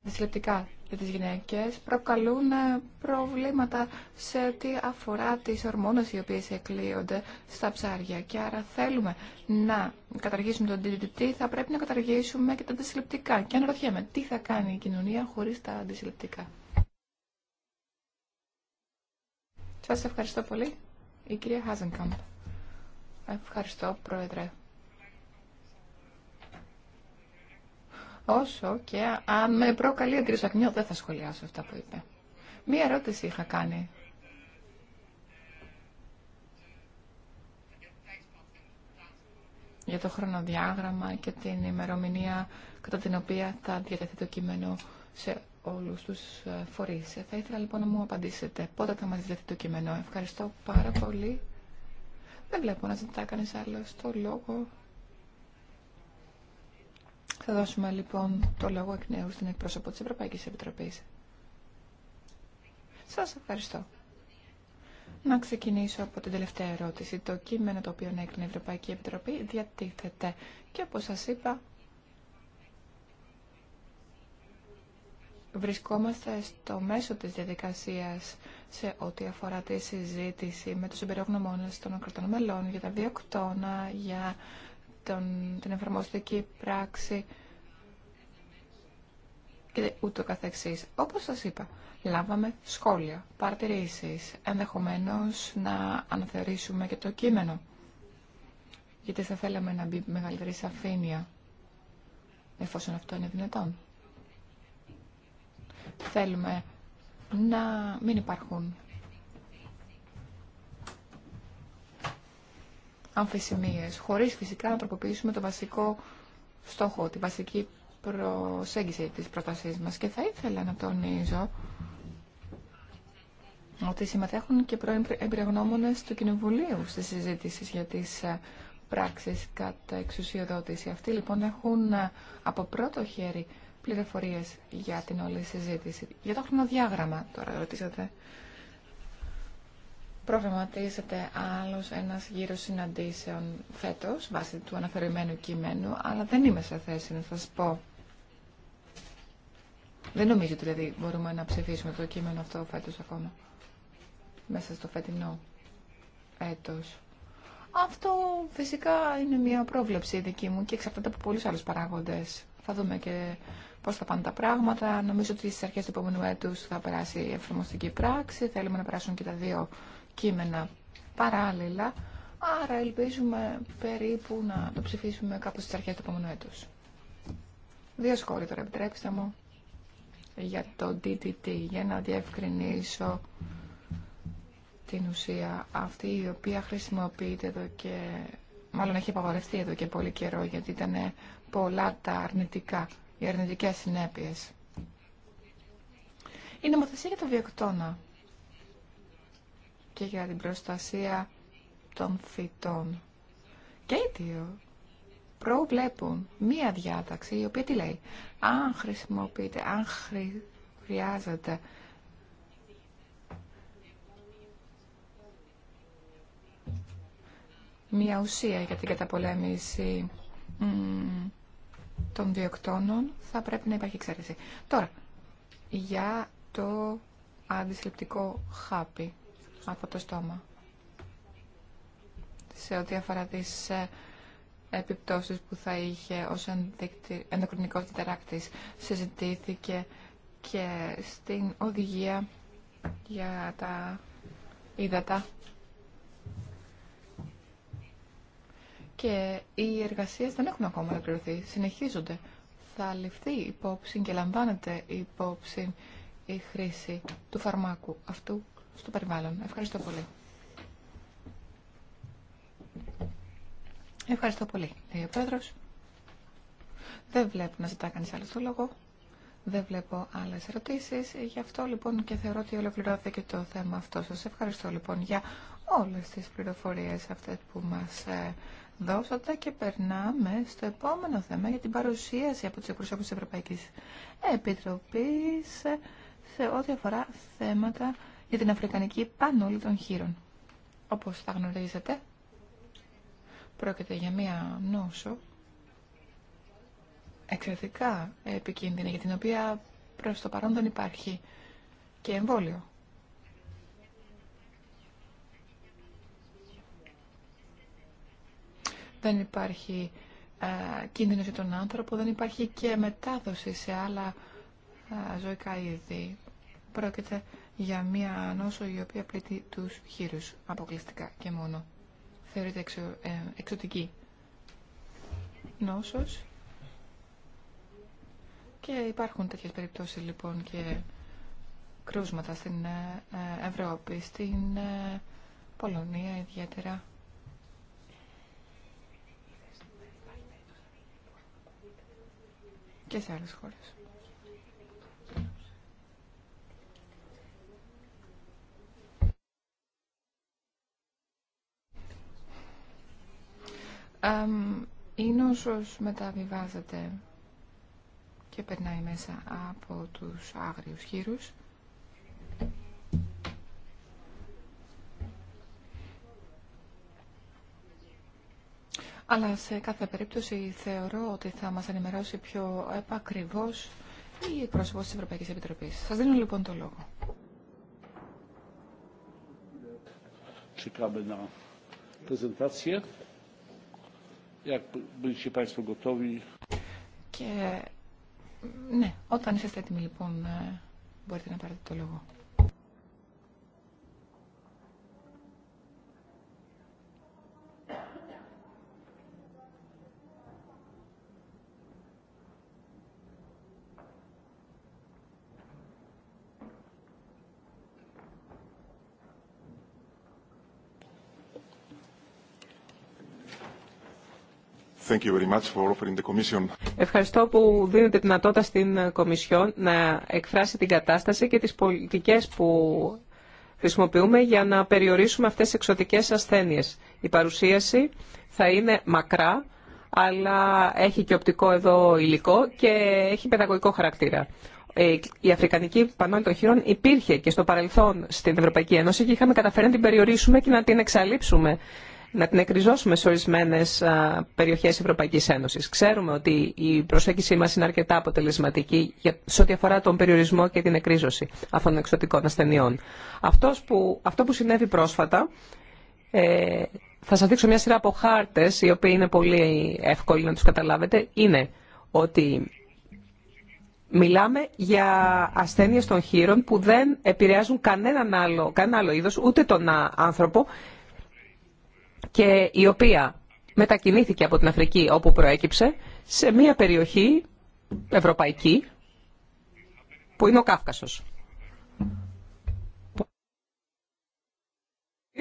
δυσλεπτικά για τις γυναίκες προκαλούν ε, προβλήματα σε ό,τι αφορά τις ορμόνες οι οποίες εκλείονται στα ψάρια και άρα θέλουμε να καταργήσουμε τον DDT θα πρέπει να καταργήσουμε και τα αντισυλληπτικά και αναρωτιέμαι τι θα κάνει η κοινωνία χωρίς τα αντισυλληπτικά. Σας ευχαριστώ πολύ. Η κυρία Χάζενκαμπ. Ευχαριστώ, Πρόεδρε. όσο και αν με προκαλεί ο κ. Σακνιό δεν θα σχολιάσω αυτά που είπε. Μία ερώτηση είχα κάνει. για το χρονοδιάγραμμα και την ημερομηνία κατά την οποία θα διατεθεί το κείμενο σε όλους τους ε, φορείς. Θα ήθελα λοιπόν να μου απαντήσετε πότε θα μας διατεθεί το κείμενο. Ευχαριστώ πάρα πολύ. Δεν βλέπω να ζητά κανείς άλλο το λόγο. Θα δώσουμε λοιπόν το λόγο εκ νέου στην εκπρόσωπο της Ευρωπαϊκής Επιτροπής. Σας ευχαριστώ. Να ξεκινήσω από την τελευταία ερώτηση. Το κείμενο το οποίο έκανε η Ευρωπαϊκή Επιτροπή διατίθεται και όπως σας είπα βρισκόμαστε στο μέσο της διαδικασίας σε ό,τι αφορά τη συζήτηση με τους εμπειρογνωμόνες των κρατών μελών για τα βιοκτώνα, για τον, την εφαρμοστική πράξη και ούτω καθεξής. Όπως σας είπα, λάβαμε σχόλια, παρατηρήσεις, ενδεχομένως να αναθεωρήσουμε και το κείμενο, γιατί θα θέλαμε να μπει μεγαλύτερη σαφήνεια, εφόσον αυτό είναι δυνατόν. Θέλουμε να μην υπάρχουν αμφισημίες, χωρίς φυσικά να τροποποιήσουμε το βασικό στόχο, τη βασική προσέγγιση της πρότασής μας. Και θα ήθελα να τονίζω ότι συμμετέχουν και πρώην εμπειρογνώμονες του Κοινοβουλίου στη συζήτηση για τις ε, πράξεις κατά εξουσιοδότηση. Αυτοί λοιπόν έχουν ε, από πρώτο χέρι πληροφορίες για την όλη συζήτηση. Για το χρονοδιάγραμμα τώρα ρωτήσατε προγραμματίζεται άλλος ένας γύρο συναντήσεων φέτος βάσει του αναφερειμένου κειμένου, αλλά δεν είμαι σε θέση να σας πω. Δεν νομίζω ότι δηλαδή μπορούμε να ψηφίσουμε το κείμενο αυτό φέτος ακόμα, μέσα στο φετινό έτος. Αυτό φυσικά είναι μια πρόβλεψη δική μου και εξαρτάται από πολλούς άλλους παράγοντες. Θα δούμε και πώς θα πάνε τα πράγματα. Νομίζω ότι στις αρχές του επόμενου έτους θα περάσει η εφαρμοστική πράξη. Θέλουμε να περάσουν και τα δύο κείμενα παράλληλα, άρα ελπίζουμε περίπου να το ψηφίσουμε κάπως στις αρχές του επόμενου έτους. Δύο σχόλια τώρα, επιτρέψτε μου, για το DTT, για να διευκρινίσω την ουσία αυτή η οποία χρησιμοποιείται εδώ και μάλλον έχει απαγορευτεί εδώ και πολύ καιρό γιατί ήταν πολλά τα αρνητικά, οι αρνητικές συνέπειες. Η νομοθεσία για το βιοκτώνα και για την προστασία των φυτών. Και οι δύο προβλέπουν μία διάταξη η οποία τι λέει. Αν χρησιμοποιείται, αν χρειάζεται μία ουσία για την καταπολέμηση των διοκτώνων θα πρέπει να υπάρχει εξαίρεση. Τώρα, για το αντισληπτικό χάπι από το στόμα σε ό,τι αφορά τις ε, επιπτώσεις που θα είχε ως ενδοκρινικός τερακτής, συζητήθηκε και στην οδηγία για τα ύδατα και οι εργασίες δεν έχουν ακόμα ολοκληρωθεί, συνεχίζονται θα ληφθεί υπόψη και λαμβάνεται υπόψη η χρήση του φαρμάκου αυτού στο περιβάλλον. Ευχαριστώ πολύ. Ευχαριστώ πολύ, λέει ο Δεν βλέπω να ζητά κανείς άλλο το λόγο. Δεν βλέπω άλλες ερωτήσεις. Γι' αυτό λοιπόν και θεωρώ ότι ολοκληρώθηκε το θέμα αυτό. Σας ευχαριστώ λοιπόν για όλες τις πληροφορίες αυτές που μας ε, δώσατε και περνάμε στο επόμενο θέμα για την παρουσίαση από τις εκπροσώπους της Ευρωπαϊκής Επιτροπής ε, σε ό,τι αφορά θέματα για την Αφρικανική Πανόλη των Χείρων. Όπως θα γνωρίζετε, πρόκειται για μία νόσο εξαιρετικά επικίνδυνη, για την οποία προς το παρόν δεν υπάρχει και εμβόλιο. Δεν υπάρχει ε, κίνδυνος για τον άνθρωπο, δεν υπάρχει και μετάδοση σε άλλα ε, ζωικά είδη. Πρόκειται για μία νόσο η οποία πλήττει τους χείρους αποκλειστικά και μόνο. Θεωρείται ε, εξωτική νόσος και υπάρχουν τέτοιες περιπτώσεις λοιπόν και κρούσματα στην ε, ε, Ευρώπη, στην Πολωνία ιδιαίτερα. και σε άλλες χώρες. Η νόσος μεταβιβάζεται και περνάει μέσα από τους άγριους χείρους. Αλλά σε κάθε περίπτωση θεωρώ ότι θα μας ενημερώσει πιο επακριβώς η εκπρόσωπος της Ευρωπαϊκής Επιτροπής. Σας δίνω λοιπόν το λόγο. Και ναι, όταν είστε έτοιμοι λοιπόν ε, μπορείτε να πάρετε το λόγο. Ευχαριστώ που δίνετε δυνατότητα στην Κομισιόν να εκφράσει την κατάσταση και τις πολιτικές που χρησιμοποιούμε για να περιορίσουμε αυτές τις εξωτικές ασθένειες. Η παρουσίαση θα είναι μακρά, αλλά έχει και οπτικό εδώ υλικό και έχει παιδαγωγικό χαρακτήρα. Ε, η Αφρικανική Πανόλη των Χειρών υπήρχε και στο παρελθόν στην Ευρωπαϊκή Ένωση και είχαμε καταφέρει να την περιορίσουμε και να την εξαλείψουμε να την εκριζώσουμε σε ορισμένε περιοχέ Ευρωπαϊκή Ένωση. Ξέρουμε ότι η προσέγγιση μα είναι αρκετά αποτελεσματική σε ό,τι αφορά τον περιορισμό και την εκρίζωση αυτών των εξωτικών ασθενειών. Αυτός που, αυτό που συνέβη πρόσφατα. Ε, θα σας δείξω μια σειρά από χάρτες, οι οποίοι είναι πολύ εύκολοι να τους καταλάβετε, είναι ότι Μιλάμε για ασθένειες των χείρων που δεν επηρεάζουν κανέναν άλλο, κανένα άλλο είδος, ούτε τον άνθρωπο και η οποία μετακινήθηκε από την Αφρική όπου προέκυψε σε μια περιοχή ευρωπαϊκή που είναι ο Κάφκασος.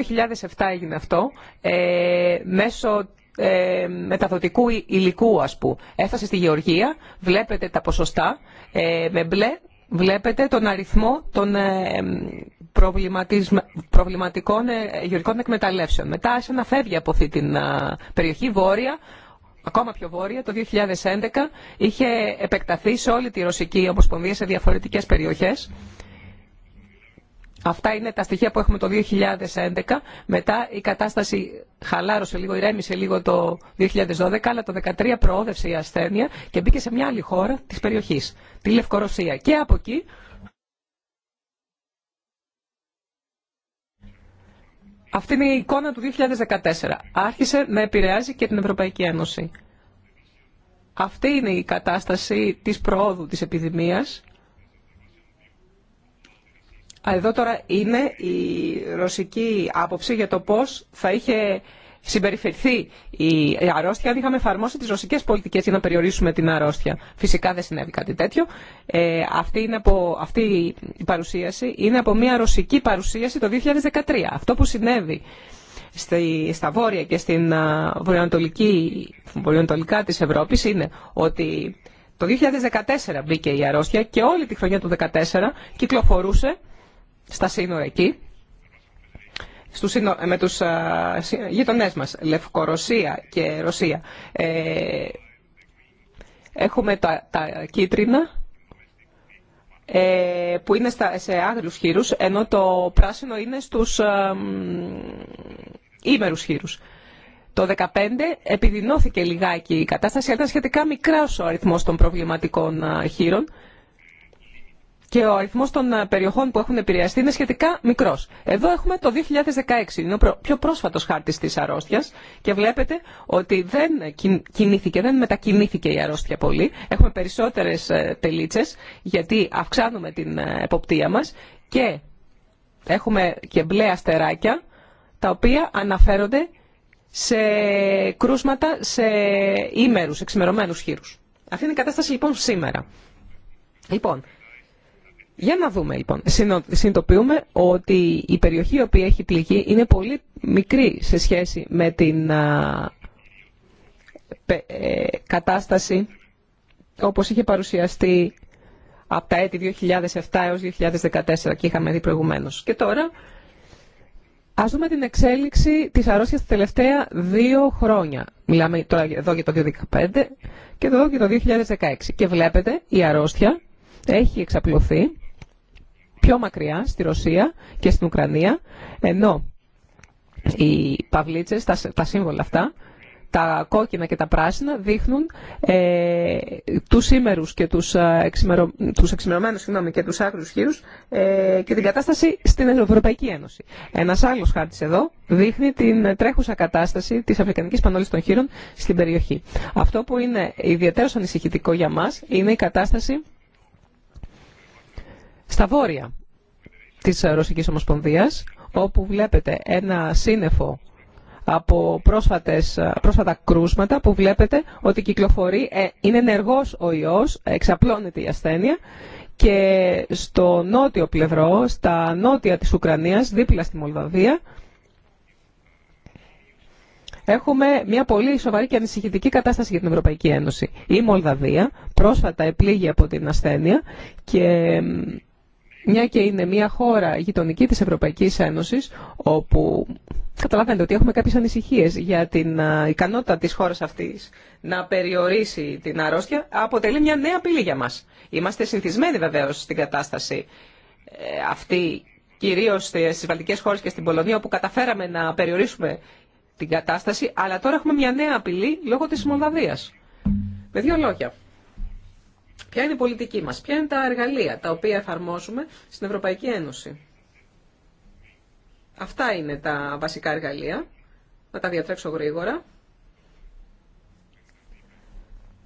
2007 έγινε αυτό ε, μέσω ε, μεταδοτικού υλικού ας πούμε. Έφτασε στη Γεωργία, βλέπετε τα ποσοστά ε, με μπλε Βλέπετε τον αριθμό των ε, προβληματικών ε, γεωργικών εκμεταλλεύσεων. Μετά άρχισε να φεύγει από αυτή την ε, περιοχή βόρεια, ακόμα πιο βόρεια, το 2011 είχε επεκταθεί σε όλη τη Ρωσική Ομοσπονδία σε διαφορετικές περιοχές Αυτά είναι τα στοιχεία που έχουμε το 2011. Μετά η κατάσταση χαλάρωσε λίγο, ηρέμησε λίγο το 2012, αλλά το 2013 προόδευσε η ασθένεια και μπήκε σε μια άλλη χώρα τη περιοχή. τη Λευκορωσία. Και από εκεί Αυτή είναι η εικόνα του 2014. Άρχισε να επηρεάζει και την Ευρωπαϊκή Ένωση. Αυτή είναι η κατάσταση της προόδου της επιδημίας εδώ τώρα είναι η ρωσική άποψη για το πώς θα είχε συμπεριφερθεί η αρρώστια αν είχαμε εφαρμόσει τις ρωσικές πολιτικές για να περιορίσουμε την αρρώστια. Φυσικά δεν συνέβη κάτι τέτοιο. Ε, αυτή, είναι από, αυτή η παρουσίαση είναι από μια ρωσική παρουσίαση το 2013. Αυτό που συνέβη στη, στα βόρεια και στην βορειοανατολικά της Ευρώπης είναι ότι το 2014 μπήκε η αρρώστια και όλη τη χρονιά του 2014 κυκλοφορούσε στα σύνορα εκεί, στους, με τους γειτονές μας, Λευκορωσία και Ρωσία. Ε, έχουμε τα, τα κίτρινα ε, που είναι στα, σε άγριους χείρους, ενώ το πράσινο είναι στους α, ήμερους χείρους. Το 2015 επιδεινώθηκε λιγάκι η κατάσταση, αλλά ήταν σχετικά μικρά ο αριθμός των προβληματικών χείρων και ο αριθμό των ε, περιοχών που έχουν επηρεαστεί είναι σχετικά μικρός. Εδώ έχουμε το 2016, είναι ο πιο πρόσφατος χάρτης της αρρώστια και βλέπετε ότι δεν κινήθηκε, δεν μετακινήθηκε η αρρώστια πολύ. Έχουμε περισσότερες τελίτσες ε, γιατί αυξάνουμε την ε, εποπτεία μας και έχουμε και μπλε αστεράκια τα οποία αναφέρονται σε κρούσματα σε ήμερους, εξημερωμένους χείρους. Αυτή είναι η κατάσταση λοιπόν σήμερα. Λοιπόν, για να δούμε λοιπόν. Συνειδητοποιούμε ότι η περιοχή η οποία έχει πληγεί είναι πολύ μικρή σε σχέση με την ε, κατάσταση όπως είχε παρουσιαστεί από τα έτη 2007 έως 2014 και είχαμε δει προηγουμένως. Και τώρα ας δούμε την εξέλιξη της αρρώστιας τα τελευταία δύο χρόνια. Μιλάμε τώρα εδώ για το 2015 και εδώ για το 2016. Και βλέπετε η αρρώστια έχει εξαπλωθεί πιο μακριά στη Ρωσία και στην Ουκρανία, ενώ οι παυλίτσες, τα, τα σύμβολα αυτά, τα κόκκινα και τα πράσινα δείχνουν ε, τους ήμερους και τους, εξημερω, τους εξημερωμένους συγγνώμη, και τους άγριους χείρους ε, και την κατάσταση στην Ευρωπαϊκή Ένωση. Ένας άλλος χάρτης εδώ δείχνει την τρέχουσα κατάσταση της Αφρικανικής Πανόλης των Χείρων στην περιοχή. Αυτό που είναι ιδιαίτερος ανησυχητικό για μας είναι η κατάσταση στα βόρεια της Ρωσικής Ομοσπονδίας, όπου βλέπετε ένα σύννεφο από πρόσφατες, πρόσφατα κρούσματα που βλέπετε ότι κυκλοφορεί, ε, είναι ενεργός ο ιός, εξαπλώνεται η ασθένεια και στο νότιο πλευρό, στα νότια της Ουκρανίας, δίπλα στη Μολδαβία, έχουμε μια πολύ σοβαρή και ανησυχητική κατάσταση για την Ευρωπαϊκή Ένωση. Η Μολδαβία πρόσφατα επλήγει από την ασθένεια και μια και είναι μια χώρα γειτονική της Ευρωπαϊκής Ένωσης, όπου καταλαβαίνετε ότι έχουμε κάποιες ανησυχίες για την ικανότητα της χώρας αυτής να περιορίσει την αρρώστια, αποτελεί μια νέα απειλή για μας. Είμαστε συνηθισμένοι βεβαίως στην κατάσταση ε, αυτή, κυρίως στις βαλτικές χώρες και στην Πολωνία, όπου καταφέραμε να περιορίσουμε την κατάσταση, αλλά τώρα έχουμε μια νέα απειλή λόγω της Μολδαβίας. Με δύο λόγια. Ποια είναι η πολιτική μας, ποια είναι τα εργαλεία τα οποία εφαρμόζουμε στην Ευρωπαϊκή Ένωση. Αυτά είναι τα βασικά εργαλεία. Να τα διατρέξω γρήγορα.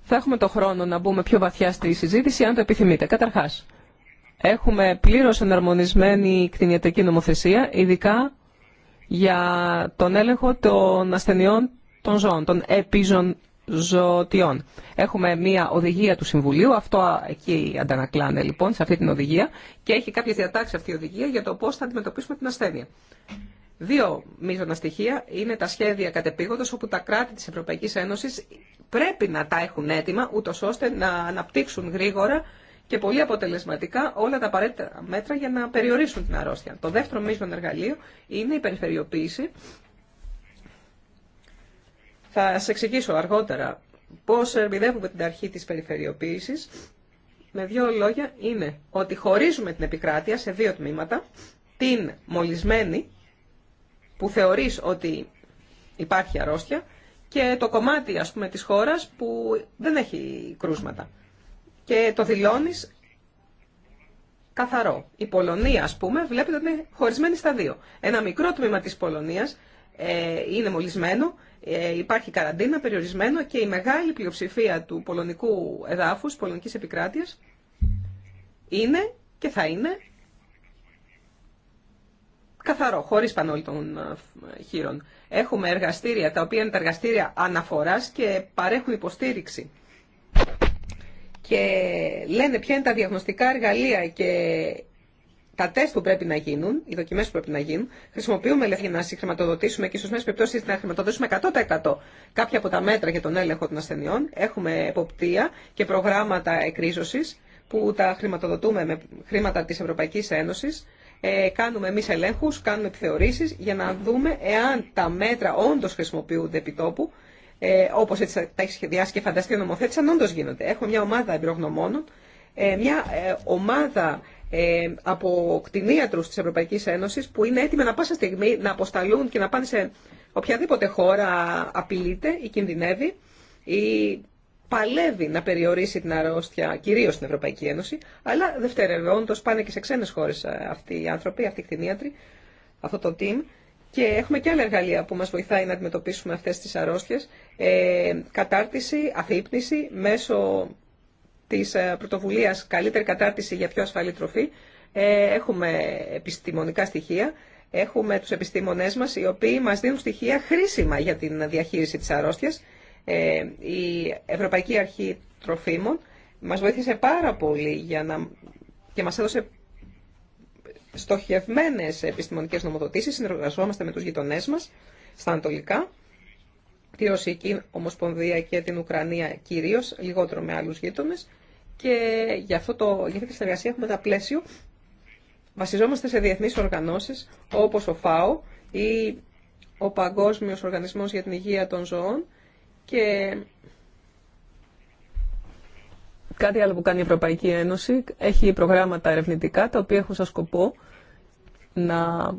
Θα έχουμε το χρόνο να μπούμε πιο βαθιά στη συζήτηση, αν το επιθυμείτε. Καταρχάς, έχουμε πλήρως εναρμονισμένη κτηνιατρική νομοθεσία, ειδικά για τον έλεγχο των ασθενειών των ζώων, των επιζων, Ζωτιών. Έχουμε μία οδηγία του Συμβουλίου, αυτό εκεί αντανακλάνε λοιπόν σε αυτή την οδηγία και έχει κάποιες διατάξεις αυτή η οδηγία για το πώς θα αντιμετωπίσουμε την ασθένεια. Δύο μείζωνα στοιχεία είναι τα σχέδια κατεπήγοντος όπου τα κράτη της Ευρωπαϊκής Ένωσης πρέπει να τα έχουν έτοιμα ούτως ώστε να αναπτύξουν γρήγορα και πολύ αποτελεσματικά όλα τα απαραίτητα μέτρα για να περιορίσουν την αρρώστια. Το δεύτερο μείζωνα εργαλείο είναι η περιφερειοποίηση θα σας εξηγήσω αργότερα πώς ερμηνεύουμε την αρχή της περιφερειοποίησης. Με δύο λόγια είναι ότι χωρίζουμε την επικράτεια σε δύο τμήματα. Την μολυσμένη, που θεωρείς ότι υπάρχει αρρώστια, και το κομμάτι ας πούμε, της χώρας που δεν έχει κρούσματα. Και το δηλώνεις καθαρό. Η Πολωνία, ας πούμε, βλέπετε ότι είναι χωρισμένη στα δύο. Ένα μικρό τμήμα της Πολωνίας ε, είναι μολυσμένο ε, υπάρχει καραντίνα περιορισμένο και η μεγάλη πλειοψηφία του πολωνικού εδάφους, πολωνικής επικράτειας, είναι και θα είναι καθαρό, χωρίς πανόλη των ε, χείρων. Έχουμε εργαστήρια, τα οποία είναι τα εργαστήρια αναφοράς και παρέχουν υποστήριξη. Και λένε ποια είναι τα διαγνωστικά εργαλεία και τα τεστ που πρέπει να γίνουν, οι δοκιμέ που πρέπει να γίνουν, χρησιμοποιούμε για να συγχρηματοδοτήσουμε και σε ορισμένε περιπτώσει να χρηματοδοτήσουμε 100% κάποια από τα μέτρα για τον έλεγχο των ασθενειών. Έχουμε εποπτεία και προγράμματα εκρίζωση που τα χρηματοδοτούμε με χρήματα τη Ευρωπαϊκή Ένωση. Ε, κάνουμε εμεί ελέγχου, κάνουμε επιθεωρήσει για να δούμε εάν τα μέτρα όντω χρησιμοποιούνται επί τόπου, ε, όπω έτσι τα έχει σχεδιάσει και φανταστεί ο νομοθέτη, αν όντω γίνονται. Έχουμε μια ομάδα εμπειρογνωμόνων ε, μια ε, ομάδα ε, από κτηνίατρους της Ευρωπαϊκής Ένωσης που είναι έτοιμοι να πάσα στιγμή να αποσταλούν και να πάνε σε οποιαδήποτε χώρα απειλείται ή κινδυνεύει ή παλεύει να περιορίσει την αρρώστια κυρίως στην Ευρωπαϊκή Ένωση αλλά δευτερευόντως πάνε και σε ξένες χώρες ε, αυτοί οι άνθρωποι, αυτοί οι κτηνίατροι, αυτό το team και έχουμε και άλλα εργαλεία που μας βοηθάει να αντιμετωπίσουμε αυτές τις αρρώστιες, ε, κατάρτιση, αφύπνιση, μέσω Τη ε, πρωτοβουλία «Καλύτερη κατάρτιση για πιο ασφαλή τροφή» ε, έχουμε επιστημονικά στοιχεία, έχουμε τους επιστήμονές μας οι οποίοι μας δίνουν στοιχεία χρήσιμα για την διαχείριση της αρρώστιας. Ε, η Ευρωπαϊκή Αρχή Τροφίμων μας βοήθησε πάρα πολύ για να... και μας έδωσε στοχευμένες επιστημονικές νομοδοτήσει. συνεργαζόμαστε με του γειτονέ μας στα Ανατολικά τη Ρωσική Ομοσπονδία και την Ουκρανία κυρίω λιγότερο με άλλους γείτονες. Και για, αυτό το, για αυτή τη συνεργασία έχουμε τα πλαίσιο. Βασιζόμαστε σε διεθνεί οργανώσει, όπως ο ΦΑΟ ή ο Παγκόσμιος Οργανισμός για την Υγεία των Ζωών και κάτι άλλο που κάνει η Ευρωπαϊκή Ένωση έχει προγράμματα ερευνητικά τα οποία έχουν σαν σκοπό να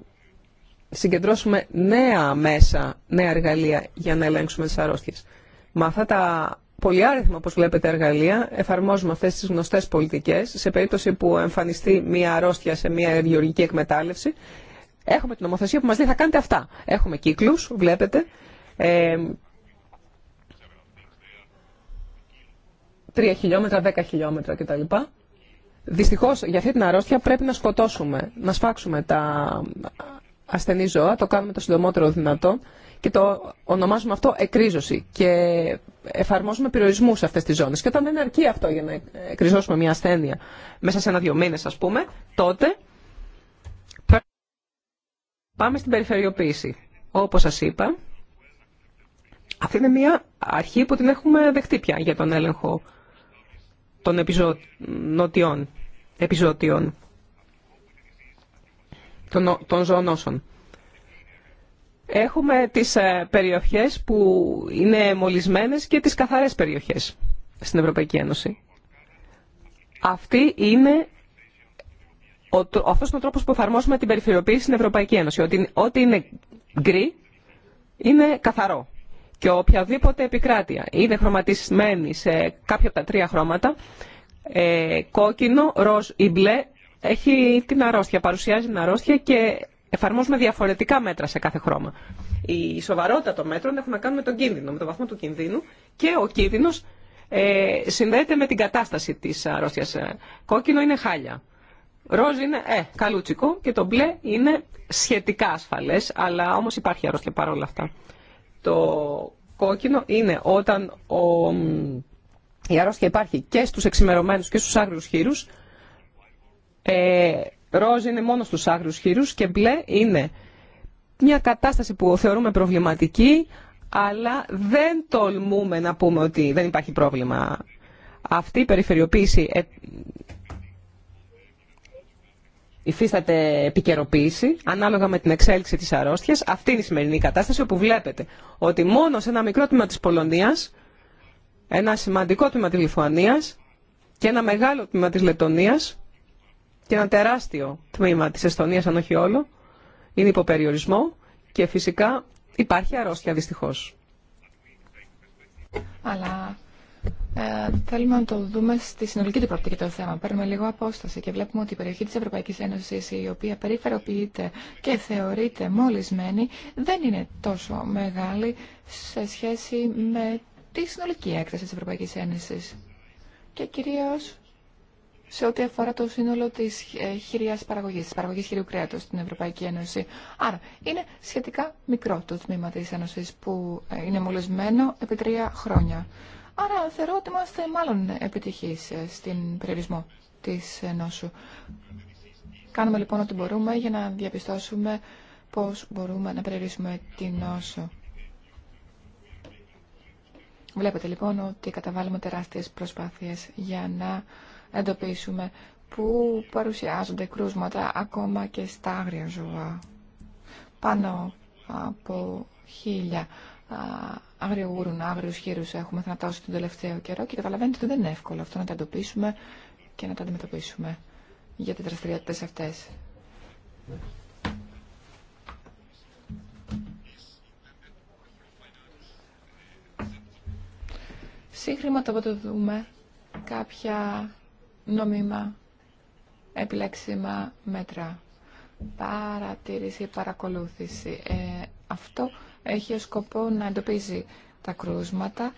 συγκεντρώσουμε νέα μέσα, νέα εργαλεία για να ελέγξουμε τις αρρώστιες. Με αυτά τα πολυάριθμα, όπως βλέπετε, εργαλεία, εφαρμόζουμε αυτές τις γνωστές πολιτικές. Σε περίπτωση που εμφανιστεί μια αρρώστια σε μια γεωργική εκμετάλλευση, έχουμε την νομοθεσία που μας λέει θα κάνετε αυτά. Έχουμε κύκλους, βλέπετε. Ε, 3 χιλιόμετρα, 10 χιλιόμετρα κτλ. Δυστυχώ για αυτή την αρρώστια πρέπει να σκοτώσουμε, να σφάξουμε τα ασθενή ζώα, το κάνουμε το συντομότερο δυνατό και το ονομάζουμε αυτό εκρίζωση και εφαρμόζουμε περιορισμού σε αυτέ τι ζώνε. Και όταν δεν αρκεί αυτό για να εκριζώσουμε μια ασθένεια μέσα σε ένα-δύο μήνε, α πούμε, τότε πάμε στην περιφερειοποίηση. Όπω σα είπα, αυτή είναι μια αρχή που την έχουμε δεχτεί πια για τον έλεγχο των επιζωτιών. επιζωτιών των, των ζωονόσων. Έχουμε τις ε, περιοχές που είναι μολυσμένες και τις καθαρές περιοχές στην Ευρωπαϊκή Ένωση. Αυτή είναι ο, αυτός είναι ο τρόπος που εφαρμόσουμε την περιφερειοποίηση στην Ευρωπαϊκή Ένωση. Ότι, ό,τι είναι γκρι είναι καθαρό. Και οποιαδήποτε επικράτεια είναι χρωματισμένη σε κάποια από τα τρία χρώματα, ε, κόκκινο, ροζ ή μπλε έχει την αρρώστια, παρουσιάζει την αρρώστια και εφαρμόζουμε διαφορετικά μέτρα σε κάθε χρώμα. Η σοβαρότητα των μέτρων έχουν να κάνουν με τον κίνδυνο, με τον βαθμό του κινδύνου και ο κίνδυνο ε, συνδέεται με την κατάσταση τη αρρώστια. Ε, κόκκινο είναι χάλια. Ροζ είναι ε, καλούτσικο και το μπλε είναι σχετικά ασφαλέ, αλλά όμω υπάρχει αρρώστια παρόλα αυτά. Το κόκκινο είναι όταν ο, η αρρώστια υπάρχει και στου εξημερωμένου και στου άγριου χείρου, ε, ροζ είναι μόνο στους άγριους χείρους και μπλε είναι μια κατάσταση που θεωρούμε προβληματική, αλλά δεν τολμούμε να πούμε ότι δεν υπάρχει πρόβλημα. Αυτή η περιφερειοποίηση ε, υφίσταται επικαιροποίηση ανάλογα με την εξέλιξη της αρρώστιας. Αυτή είναι η σημερινή κατάσταση όπου βλέπετε ότι μόνο σε ένα μικρό τμήμα της Πολωνίας, ένα σημαντικό τμήμα της Λιθουανίας και ένα μεγάλο τμήμα της Λετωνίας και ένα τεράστιο τμήμα της Εστονίας, αν όχι όλο, είναι υποπεριορισμό και φυσικά υπάρχει αρρώστια δυστυχώς. Αλλά ε, θέλουμε να το δούμε στη συνολική του προοπτική το θέμα. Παίρνουμε λίγο απόσταση και βλέπουμε ότι η περιοχή της Ευρωπαϊκής Ένωσης, η οποία περιφεροποιείται και θεωρείται μολυσμένη, δεν είναι τόσο μεγάλη σε σχέση με τη συνολική έκταση της Ευρωπαϊκής Ένωσης. Και κυρίως σε ό,τι αφορά το σύνολο τη ε, χειριάς παραγωγής, τη παραγωγή χειριού στην Ευρωπαϊκή Ένωση. Άρα είναι σχετικά μικρό το τμήμα τη Ένωση που ε, είναι μολυσμένο επί τρία χρόνια. Άρα θεωρώ ότι είμαστε μάλλον επιτυχείς ε, στην περιορισμό της νόσου. Κάνουμε λοιπόν ό,τι μπορούμε για να διαπιστώσουμε πώς μπορούμε να περιορίσουμε την νόσο. Βλέπετε λοιπόν ότι καταβάλουμε τεράστιες προσπάθειες για να εντοπίσουμε που παρουσιάζονται κρούσματα ακόμα και στα άγρια ζώα. Πάνω από χίλια αγριογούρουν, άγριους χείρους έχουμε θανατώσει τον τελευταίο καιρό και καταλαβαίνετε ότι δεν είναι εύκολο αυτό να τα εντοπίσουμε και να τα αντιμετωπίσουμε για τις δραστηριότητες αυτές. Σύγχρονα το δούμε κάποια νομίμα επιλέξιμα μέτρα. Παρατήρηση, παρακολούθηση. Ε, αυτό έχει ως σκοπό να εντοπίζει τα κρούσματα,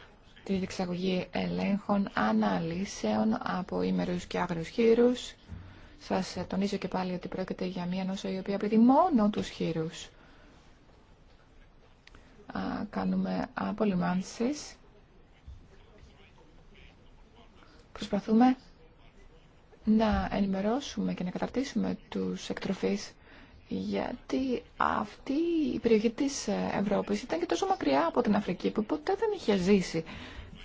τη διεξαγωγή ελέγχων, αναλύσεων από ήμερους και άγριους χείρους. Σας τονίζω και πάλι ότι πρόκειται για μία νόσο η οποία απαιτεί μόνο τους χείρους. κάνουμε απολυμάνσεις. Προσπαθούμε να ενημερώσουμε και να καταρτήσουμε τους εκτροφείς γιατί αυτή η περιοχή της Ευρώπης ήταν και τόσο μακριά από την Αφρική που ποτέ δεν είχε ζήσει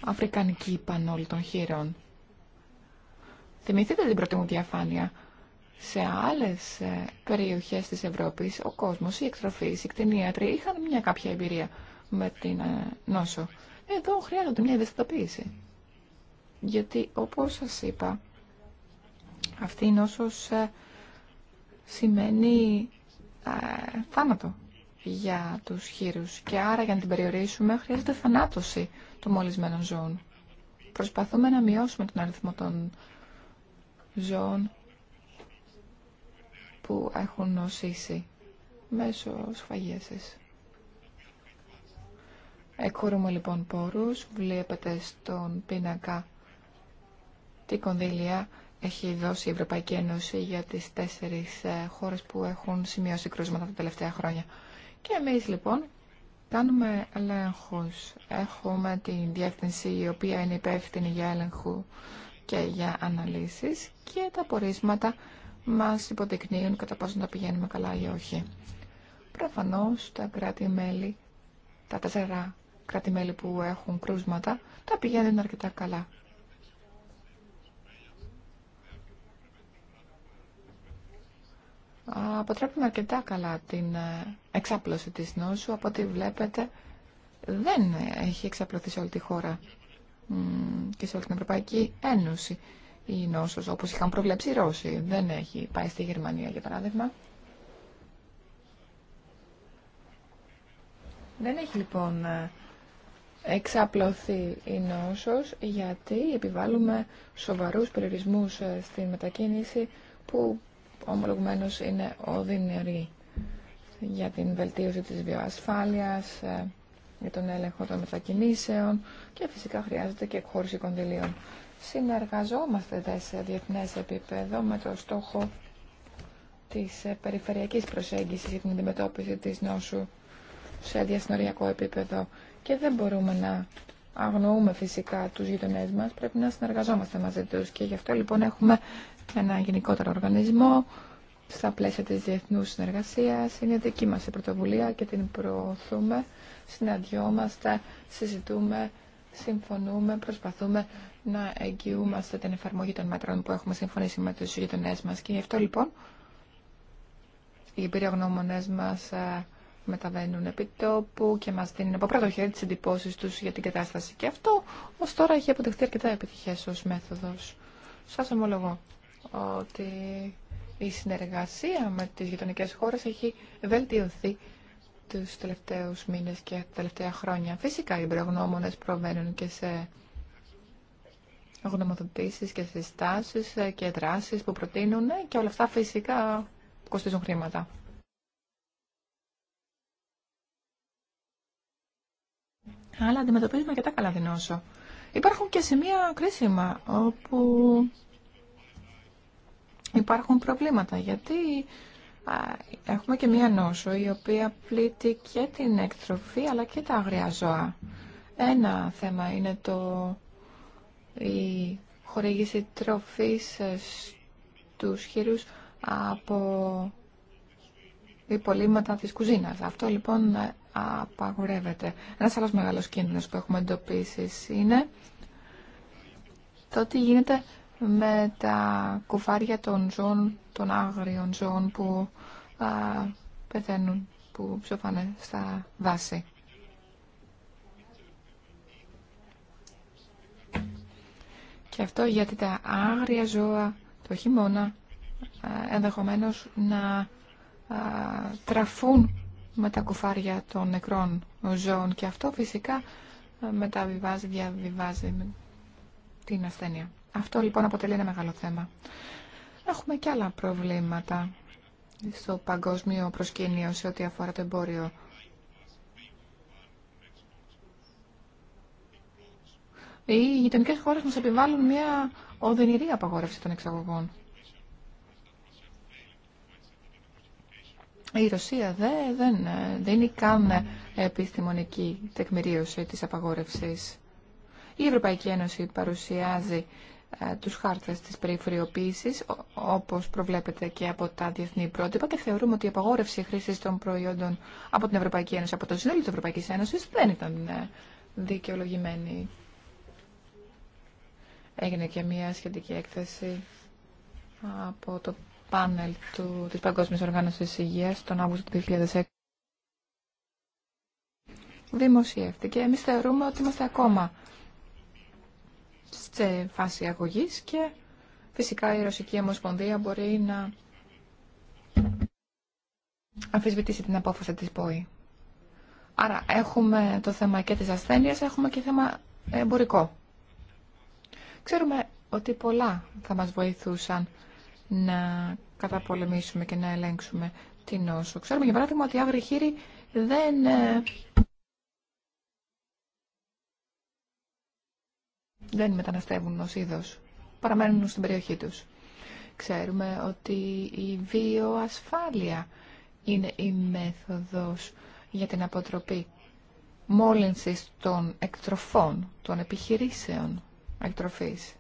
αφρικανική πανόλη των χείρων. Θυμηθείτε την πρώτη μου διαφάνεια. Σε άλλες ε, περιοχές της Ευρώπης ο κόσμος, οι εκτροφείς, οι κτηνίατροι είχαν μια κάποια εμπειρία με την ε, νόσο. Εδώ χρειάζεται μια ευαισθητοποίηση. Γιατί όπως σας είπα, αυτή η νόσος ε, σημαίνει ε, θάνατο για τους χείρους και άρα για να την περιορίσουμε χρειάζεται θανάτωση των μολυσμένων ζώων. Προσπαθούμε να μειώσουμε τον αριθμό των ζώων που έχουν νοσήσει μέσω σφαγίασης. Εκχωρούμε λοιπόν πόρους, βλέπετε στον πίνακα τη κονδύλια έχει δώσει η Ευρωπαϊκή Ένωση για τις τέσσερις ε, χώρες που έχουν σημειώσει κρούσματα τα τελευταία χρόνια. Και εμείς λοιπόν κάνουμε ελέγχους. Έχουμε την διεύθυνση η οποία είναι υπεύθυνη για έλεγχο και για αναλύσεις και τα πορίσματα μας υποδεικνύουν κατά πόσο να πηγαίνουμε καλά ή όχι. Προφανώς τα κρατη τα τέσσερα κράτη-μέλη που έχουν κρούσματα, τα πηγαίνουν αρκετά καλά. αποτρέπουμε αρκετά καλά την ε, εξάπλωση της νόσου. Από ό,τι βλέπετε δεν έχει εξαπλωθεί σε όλη τη χώρα και σε όλη την Ευρωπαϊκή Ένωση η νόσος, όπως είχαν προβλέψει οι Ρώσοι. Δεν έχει πάει στη Γερμανία, για παράδειγμα. Δεν έχει λοιπόν ε, εξαπλωθεί η νόσος γιατί επιβάλλουμε σοβαρούς περιορισμούς ε, στη μετακίνηση που ομολογουμένως είναι οδυνηρή για την βελτίωση της βιοασφάλειας, ε, για τον έλεγχο των μετακινήσεων και φυσικά χρειάζεται και εκχώρηση κονδυλίων. Συνεργαζόμαστε σε διεθνές επίπεδο με το στόχο της ε, περιφερειακής προσέγγισης για την αντιμετώπιση της νόσου σε διασυνοριακό επίπεδο και δεν μπορούμε να αγνοούμε φυσικά τους γειτονέ μας, πρέπει να συνεργαζόμαστε μαζί τους και γι' αυτό λοιπόν έχουμε ένα γενικότερο οργανισμό στα πλαίσια της διεθνούς συνεργασίας. Είναι δική μας η πρωτοβουλία και την προωθούμε, συναντιόμαστε, συζητούμε, συμφωνούμε, προσπαθούμε να εγγυούμαστε την εφαρμογή των μέτρων που έχουμε συμφωνήσει με τους γειτονές μας και γι' αυτό λοιπόν οι εμπειρογνώμονες μας ε, μεταβαίνουν επί τόπου και μας δίνουν από πρώτο χέρι τις εντυπώσεις τους για την κατάσταση. Και αυτό ως τώρα έχει αποτεχθεί αρκετά επιτυχές ως μέθοδος. Σας ομολογώ ότι η συνεργασία με τις γειτονικέ χώρες έχει βελτιωθεί τους τελευταίους μήνες και τα τελευταία χρόνια. Φυσικά οι προγνώμονες προβαίνουν και σε γνωμοδοτήσεις και συστάσεις και δράσεις που προτείνουν και όλα αυτά φυσικά κοστίζουν χρήματα. αλλά αντιμετωπίζουμε και τα καλά την Υπάρχουν και σημεία κρίσιμα όπου υπάρχουν προβλήματα, γιατί έχουμε και μία νόσο η οποία πλήττει και την εκτροφή αλλά και τα αγριά ζώα. Ένα θέμα είναι το, η χορήγηση τροφής ε, στους χείρους από υπολείμματα της κουζίνας. Αυτό λοιπόν απαγορεύεται. Ένας άλλος μεγάλος κίνδυνος που έχουμε εντοπίσει είναι το τι γίνεται με τα κουφάρια των ζώων, των άγριων ζώων που α, πεθαίνουν, που ψοφάνε στα δάση. Και αυτό γιατί τα άγρια ζώα το χειμώνα ε, ενδεχομένως να τραφούν με τα κουφάρια των νεκρών ζώων και αυτό φυσικά ε, μεταβιβάζει, διαβιβάζει την ασθένεια. Αυτό λοιπόν αποτελεί ένα μεγάλο θέμα. Έχουμε και άλλα προβλήματα στο παγκόσμιο προσκήνιο σε ό,τι αφορά το εμπόριο. Οι γειτονικέ χώρες μας επιβάλλουν μια οδυνηρή απαγόρευση των εξαγωγών. Η Ρωσία δε, δεν ε, δίνει καν ε, επιστημονική τεκμηρίωση της απαγόρευσης. Η Ευρωπαϊκή Ένωση παρουσιάζει ε, τους χάρτες της περιφερειοποίησης, όπως προβλέπεται και από τα διεθνή πρότυπα και θεωρούμε ότι η απαγόρευση χρήσης των προϊόντων από την Ευρωπαϊκή Ένωση, από το συνόλο της Ευρωπαϊκής Ένωσης, δεν ήταν δικαιολογημένη. Έγινε και μια σχετική έκθεση από το πάνελ του, της Παγκόσμιας Οργάνωσης Υγείας τον Αύγουστο του 2006 δημοσιεύτηκε. Εμείς θεωρούμε ότι είμαστε ακόμα σε φάση αγωγής και φυσικά η Ρωσική Ομοσπονδία μπορεί να αμφισβητήσει την απόφαση της ΠΟΗ. Άρα έχουμε το θέμα και της ασθένειας, έχουμε και θέμα εμπορικό. Ξέρουμε ότι πολλά θα μας βοηθούσαν να καταπολεμήσουμε και να ελέγξουμε την νόσο. Ξέρουμε για παράδειγμα ότι οι άγριοι χείροι δεν... Ε, δεν μεταναστεύουν ως είδος. Παραμένουν στην περιοχή τους. Ξέρουμε ότι η βιοασφάλεια είναι η μέθοδος για την αποτροπή μόλυνσης των εκτροφών, των επιχειρήσεων εκτροφής.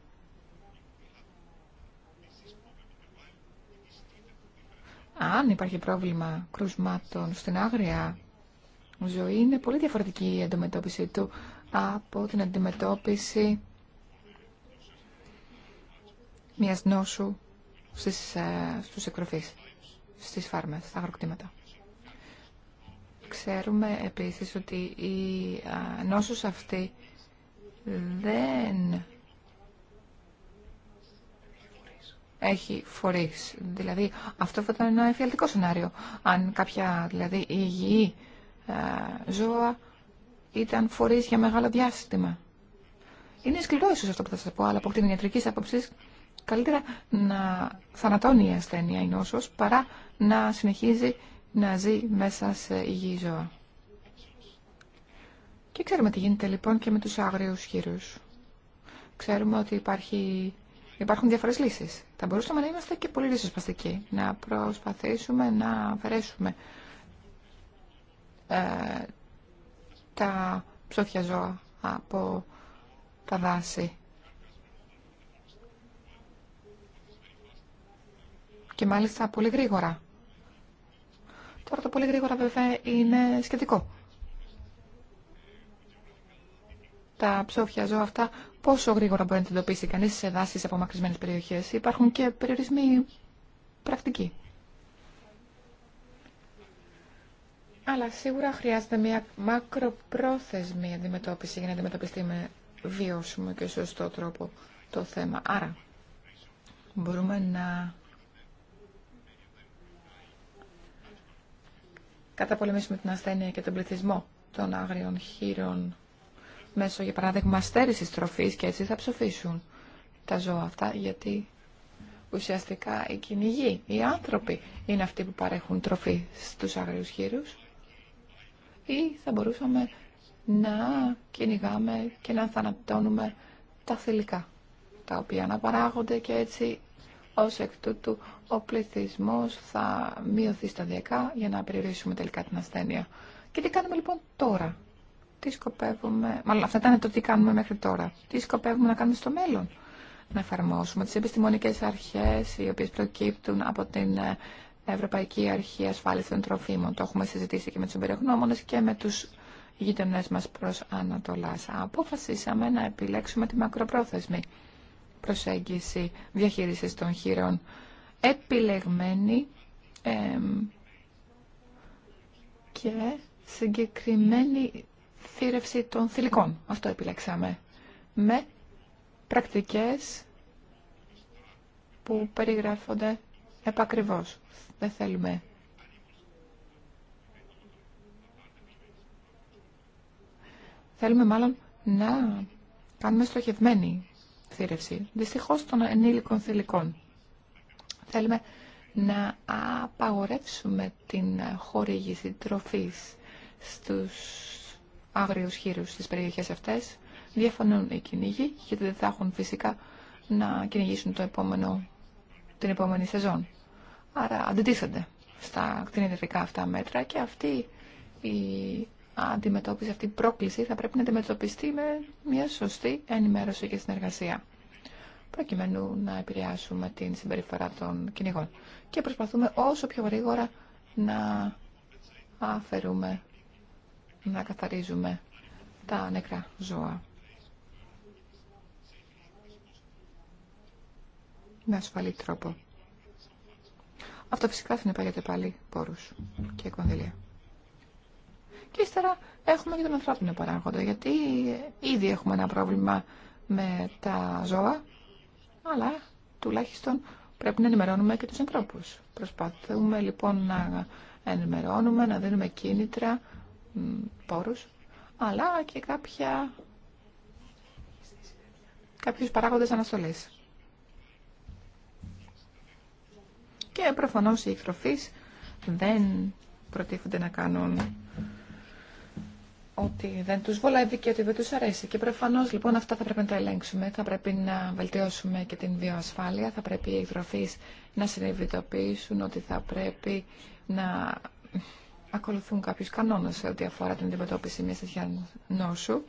Αν υπάρχει πρόβλημα κρουσμάτων στην άγρια ζωή, είναι πολύ διαφορετική η αντιμετώπιση του από την αντιμετώπιση μιας νόσου στις, ε, στους εκροφείς, στις φάρμες, στα αγροκτήματα. Ξέρουμε επίσης ότι η ε, νόσους αυτή δεν έχει φορείς. Δηλαδή, αυτό θα ήταν ένα εφιαλτικό σενάριο. Αν κάποια δηλαδή, υγιή ε, ζώα ήταν φορείς για μεγάλο διάστημα. Είναι σκληρό ίσω αυτό που θα σα πω, αλλά από την ιατρική άποψη καλύτερα να θανατώνει η ασθένεια η νόσος παρά να συνεχίζει να ζει μέσα σε υγιή ζώα. Και ξέρουμε τι γίνεται λοιπόν και με τους άγριους χείρους. Ξέρουμε ότι υπάρχει Υπάρχουν διάφορε λύσει. Θα μπορούσαμε να είμαστε και πολύ ριζοσπαστικοί. Να προσπαθήσουμε να αφαιρέσουμε ε, τα ψόφια ζώα από τα δάση. Και μάλιστα πολύ γρήγορα. Τώρα το πολύ γρήγορα βέβαια είναι σχετικό. Τα ψόφια ζώα αυτά πόσο γρήγορα μπορεί να την εντοπίσει κανεί σε δάσει σε απομακρυσμένε περιοχέ. Υπάρχουν και περιορισμοί πρακτικοί. Αλλά σίγουρα χρειάζεται μια μακροπρόθεσμη αντιμετώπιση για να αντιμετωπιστεί με βιώσιμο και σωστό τρόπο το θέμα. Άρα, μπορούμε να καταπολεμήσουμε την ασθένεια και τον πληθυσμό των άγριων χείρων μέσω, για παράδειγμα, στέρηση τροφής και έτσι θα ψοφήσουν τα ζώα αυτά, γιατί ουσιαστικά οι κυνηγοί, οι άνθρωποι είναι αυτοί που παρέχουν τροφή στους άγριου χείρου. ή θα μπορούσαμε να κυνηγάμε και να θανατώνουμε τα θηλυκά, τα οποία αναπαράγονται και έτσι ως εκ τούτου ο πληθυσμό θα μειωθεί σταδιακά για να περιορίσουμε τελικά την ασθένεια. Και τι κάνουμε λοιπόν τώρα τι σκοπεύουμε, μάλλον αυτά ήταν το τι κάνουμε μέχρι τώρα, τι σκοπεύουμε να κάνουμε στο μέλλον. Να εφαρμόσουμε τις επιστημονικές αρχές οι οποίες προκύπτουν από την ε, Ευρωπαϊκή Αρχή Ασφάλισης των Τροφίμων. Το έχουμε συζητήσει και με τους εμπεριογνώμονες και με τους γείτονές μας προς Ανατολάς. Αποφασίσαμε να επιλέξουμε τη μακροπρόθεσμη προσέγγιση διαχείρισης των χείρων επιλεγμένη ε, και συγκεκριμένη θύρευση των θηλυκών. Αυτό επιλέξαμε. Με πρακτικές που περιγράφονται επακριβώς. Δεν θέλουμε Θέλουμε μάλλον να κάνουμε στοχευμένη θύρευση. Δυστυχώς των ενήλικων θηλυκών. Θέλουμε να απαγορεύσουμε την χορήγηση τροφής στους άγριου χείρου στις περιοχέ αυτέ. Διαφωνούν οι κυνήγοι γιατί δεν θα έχουν φυσικά να κυνηγήσουν το επόμενο, την επόμενη σεζόν. Άρα αντιτίθενται στα κτηνιδευτικά αυτά μέτρα και αυτή η αντιμετώπιση, αυτή η πρόκληση θα πρέπει να αντιμετωπιστεί με μια σωστή ενημέρωση και συνεργασία προκειμένου να επηρεάσουμε την συμπεριφορά των κυνηγών. Και προσπαθούμε όσο πιο γρήγορα να αφαιρούμε να καθαρίζουμε τα νεκρά ζώα. Με ασφαλή τρόπο. Αυτό φυσικά συνεπάγεται πάλι πόρους και κονδυλία. Και ύστερα έχουμε και τον ανθρώπινο παράγοντα, γιατί ήδη έχουμε ένα πρόβλημα με τα ζώα, αλλά τουλάχιστον πρέπει να ενημερώνουμε και τους ανθρώπους. Προσπαθούμε λοιπόν να ενημερώνουμε, να δίνουμε κίνητρα, πόρους, αλλά και κάποια, κάποιους παράγοντες αναστολές. Και προφανώς οι εκτροφείς δεν προτίθονται να κάνουν ότι δεν τους βολεύει και ότι δεν τους αρέσει. Και προφανώς λοιπόν αυτά θα πρέπει να τα ελέγξουμε, θα πρέπει να βελτιώσουμε και την βιοασφάλεια, θα πρέπει οι εκτροφείς να συνειδητοποιήσουν ότι θα πρέπει να ακολουθούν κάποιου κανόνε σε ό,τι αφορά την αντιμετώπιση μια τέτοια νόσου.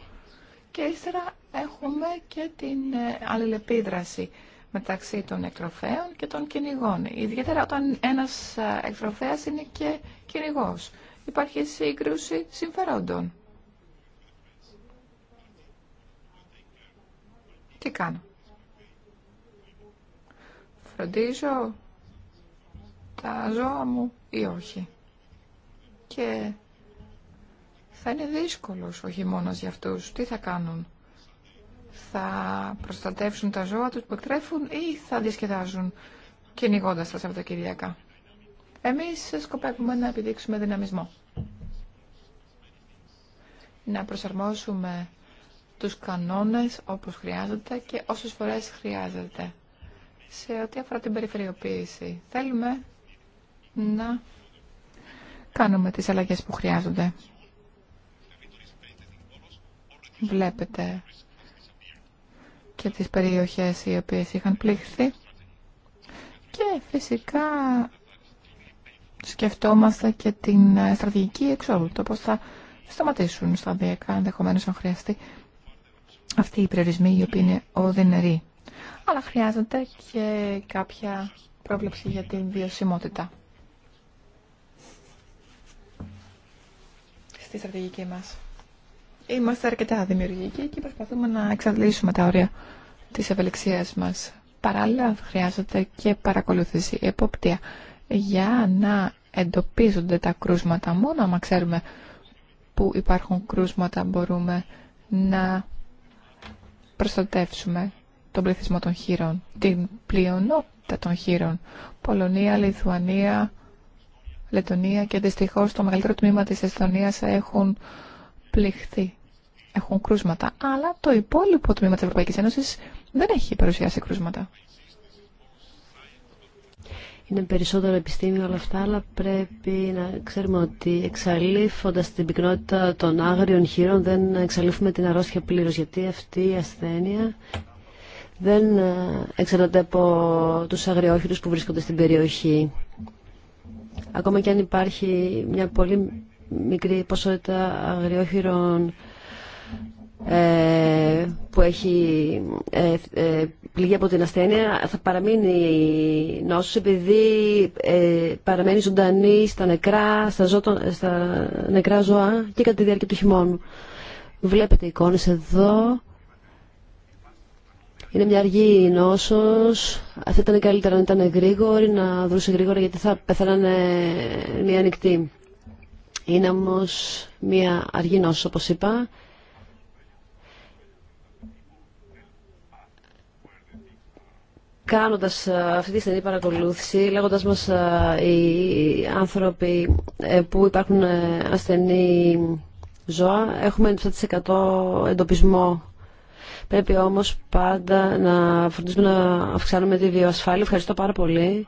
Και ύστερα έχουμε και την ε, αλληλεπίδραση μεταξύ των εκτροφέων και των κυνηγών. Ιδιαίτερα όταν ένας ε, εκτροφέας είναι και κυνηγό. Υπάρχει σύγκρουση συμφερόντων. Τι κάνω. Φροντίζω τα ζώα μου ή όχι και θα είναι δύσκολος ο χειμώνας για αυτούς. Τι θα κάνουν. Θα προστατεύσουν τα ζώα τους που εκτρέφουν ή θα διασκεδάζουν κυνηγώντα τα Σαββατοκυριακά. Εμείς σκοπεύουμε να επιδείξουμε δυναμισμό. Να προσαρμόσουμε τους κανόνες όπως χρειάζεται και όσες φορές χρειάζεται. Σε ό,τι αφορά την περιφερειοποίηση, θέλουμε να κάνουμε τις αλλαγές που χρειάζονται. Βλέπετε και τις περιοχές οι οποίες είχαν πλήχθει και φυσικά σκεφτόμαστε και την ε, στρατηγική εξόδου, το πώς θα σταματήσουν σταδιακά ενδεχομένω αν χρειαστεί αυτοί οι περιορισμοί οι οποίοι είναι οδυνεροί. Αλλά χρειάζεται και κάποια πρόβλεψη για την βιωσιμότητα. στη στρατηγική μας. Είμαστε αρκετά δημιουργικοί και προσπαθούμε να εξαντλήσουμε τα όρια της ευελιξίας μας. Παράλληλα χρειάζεται και παρακολούθηση, εποπτεία, για να εντοπίζονται τα κρούσματα. Μόνο άμα ξέρουμε που υπάρχουν κρούσματα μπορούμε να προστατεύσουμε τον πληθυσμό των χείρων, την πλειονότητα των χείρων. Πολωνία, Λιθουανία, Λετωνία και δυστυχώς το μεγαλύτερο τμήμα της Εσθονίας έχουν πληχθεί. Έχουν κρούσματα. Αλλά το υπόλοιπο τμήμα της Ευρωπαϊκής Ένωσης δεν έχει παρουσιάσει κρούσματα. Είναι περισσότερο επιστήμη όλα αυτά, αλλά πρέπει να ξέρουμε ότι εξαλείφοντας την πυκνότητα των άγριων χείρων δεν εξαλείφουμε την αρρώστια πλήρως, γιατί αυτή η ασθένεια δεν ε, εξαρτάται από τους αγριόχειρους που βρίσκονται στην περιοχή. Ακόμα και αν υπάρχει μια πολύ μικρή ποσότητα αγριόχειρων ε, που έχει ε, ε, πληγεί από την ασθένεια θα παραμείνει η νόσος επειδή παραμένει ζωντανή στα νεκρά, στα, στα νεκρά ζώα και κατά τη διάρκεια του χειμώνου. Βλέπετε εικόνες εδώ είναι μια αργή νόσος. Αυτή ήταν καλύτερα να ήταν γρήγορη, να δρούσε γρήγορα γιατί θα πεθαίνανε μια νυχτή. Είναι όμω μια αργή νόσο όπω είπα. Κάνοντα ε, αυτή τη στενή παρακολούθηση, λέγοντας μας ε, οι άνθρωποι ε, που υπάρχουν ασθενή ζώα, έχουμε 90% εντοπισμό Πρέπει όμως πάντα να φροντίζουμε να αυξάνουμε τη βιοασφάλεια. Ευχαριστώ πάρα πολύ.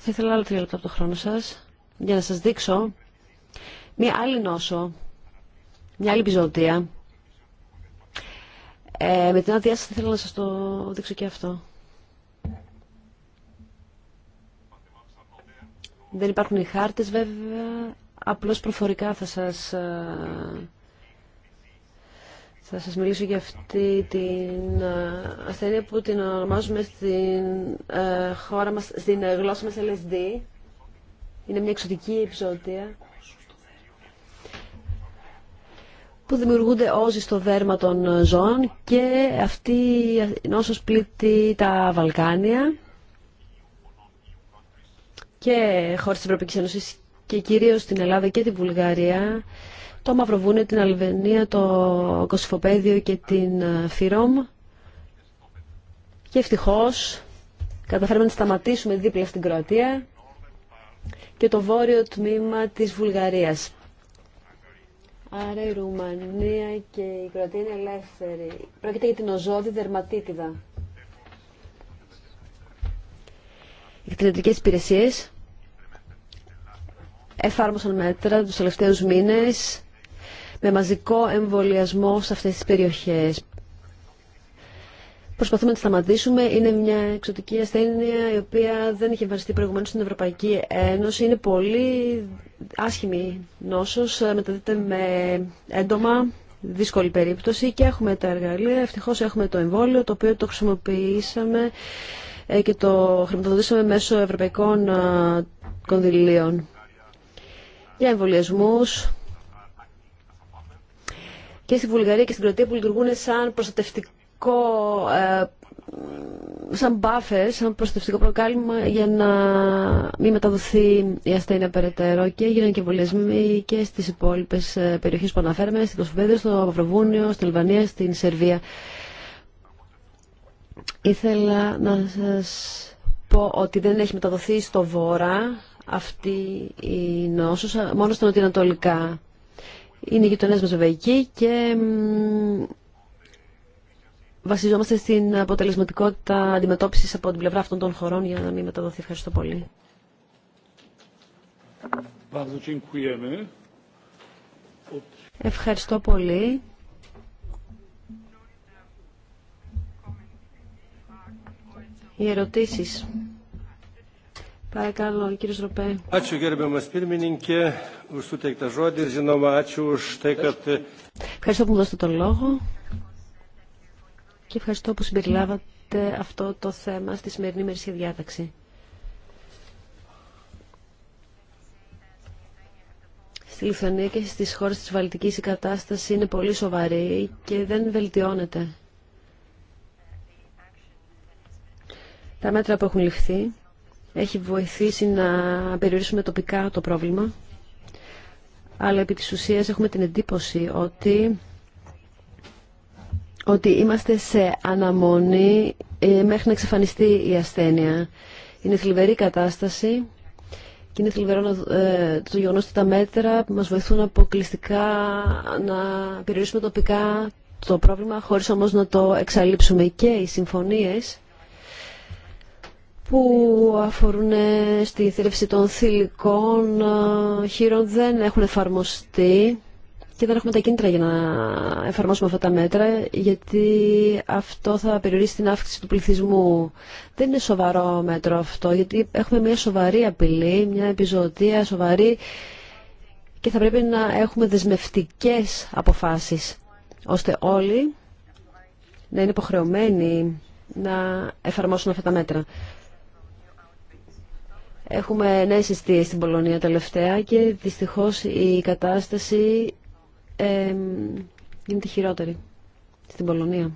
Θα ήθελα άλλο τρία λεπτά από το χρόνο σας για να σας δείξω μία άλλη νόσο, μία άλλη πιζωτία. Ε, με την άδειά σας θα ήθελα να σας το δείξω και αυτό. Δεν υπάρχουν οι χάρτες βέβαια, απλώς προφορικά θα σας ε, θα σας μιλήσω για αυτή την ε, ασθένεια που την ονομάζουμε στην ε, χώρα μας, στην ε, γλώσσα μας LSD. Είναι μια εξωτική επεισόδια που δημιουργούνται όζοι στο δέρμα των ζώων και αυτή η νόσος πλήττει τα Βαλκάνια και χώρες της Ευρωπαϊκής Ένωσης και κυρίως την Ελλάδα και την Βουλγαρία το Μαυροβούνιο, την Αλβενία, το Κωσυφοπαίδιο και την ε, Φιρόμ. Και ευτυχώ, καταφέραμε να σταματήσουμε δίπλα στην Κροατία και το βόρειο τμήμα της Βουλγαρίας. Άρα η Ρουμανία και η Κροατία είναι ελεύθερη. Πρόκειται για την οζόδη δερματίτιδα. Οι κτηνιατρικές υπηρεσίες εφάρμοσαν μέτρα τους τελευταίους μήνες με μαζικό εμβολιασμό σε αυτές τις περιοχές. Προσπαθούμε να τη σταματήσουμε. Είναι μια εξωτική ασθένεια η οποία δεν είχε εμφανιστεί προηγουμένως στην Ευρωπαϊκή Ένωση. Είναι πολύ άσχημη νόσος, μεταδίδεται με έντομα, δύσκολη περίπτωση και έχουμε τα εργαλεία. Ευτυχώς έχουμε το εμβόλιο το οποίο το χρησιμοποιήσαμε ε, και το χρηματοδοτήσαμε μέσω ευρωπαϊκών ε, κονδυλίων για εμβολιασμούς και στη Βουλγαρία και στην Κροτία που λειτουργούν σαν προστατευτικό ε, σαν buffer, σαν προστατευτικό προκάλυμα για να μην μεταδοθεί η ασθένεια περαιτέρω και έγιναν και εμβολιασμοί και στις υπόλοιπες ε, περιοχές που αναφέραμε, στην Κοσμοπέδιο, στο Παυροβούνιο, στην Αλβανία, στην Σερβία. Ήθελα να σας πω ότι δεν έχει μεταδοθεί στο βόρα αυτή η νόσος, μόνο στα νοτιοανατολικά είναι γειτονές μας και βασιζόμαστε στην αποτελεσματικότητα αντιμετώπισης από την πλευρά αυτών των χωρών για να μην μεταδοθεί. Ευχαριστώ πολύ. Ευχαριστώ πολύ. Οι ερωτήσεις. Παρακαλώ, κύριε Ροπέ. Ευχαριστώ που μου δώσετε τον λόγο και ευχαριστώ που συμπεριλάβατε αυτό το θέμα στη σημερινή μερική διάταξη. Στη Λιθουανία και στις χώρες της Βαλτικής η κατάσταση είναι πολύ σοβαρή και δεν βελτιώνεται. Τα μέτρα που έχουν ληφθεί έχει βοηθήσει να περιορίσουμε τοπικά το πρόβλημα, αλλά επί της ουσίας έχουμε την εντύπωση ότι, ότι είμαστε σε αναμονή ε, μέχρι να εξαφανιστεί η ασθένεια. Είναι θλιβερή κατάσταση και είναι θλιβερό ε, το γεγονό ότι τα μέτρα που μας βοηθούν αποκλειστικά να περιορίσουμε τοπικά το πρόβλημα, χωρίς όμως να το εξαλείψουμε και οι συμφωνίες που αφορούν ε, στη θρέψη των θηλυκών ε, χείρων δεν έχουν εφαρμοστεί και δεν έχουμε τα κίνητρα για να εφαρμόσουμε αυτά τα μέτρα, γιατί αυτό θα περιορίσει την αύξηση του πληθυσμού. Δεν είναι σοβαρό μέτρο αυτό, γιατί έχουμε μια σοβαρή απειλή, μια επιζωτία σοβαρή και θα πρέπει να έχουμε δεσμευτικές αποφάσεις, ώστε όλοι να είναι υποχρεωμένοι να εφαρμόσουν αυτά τα μέτρα. Έχουμε νέες συστήσει στην Πολωνία τελευταία και δυστυχώς η κατάσταση ε, γίνεται χειρότερη στην Πολωνία.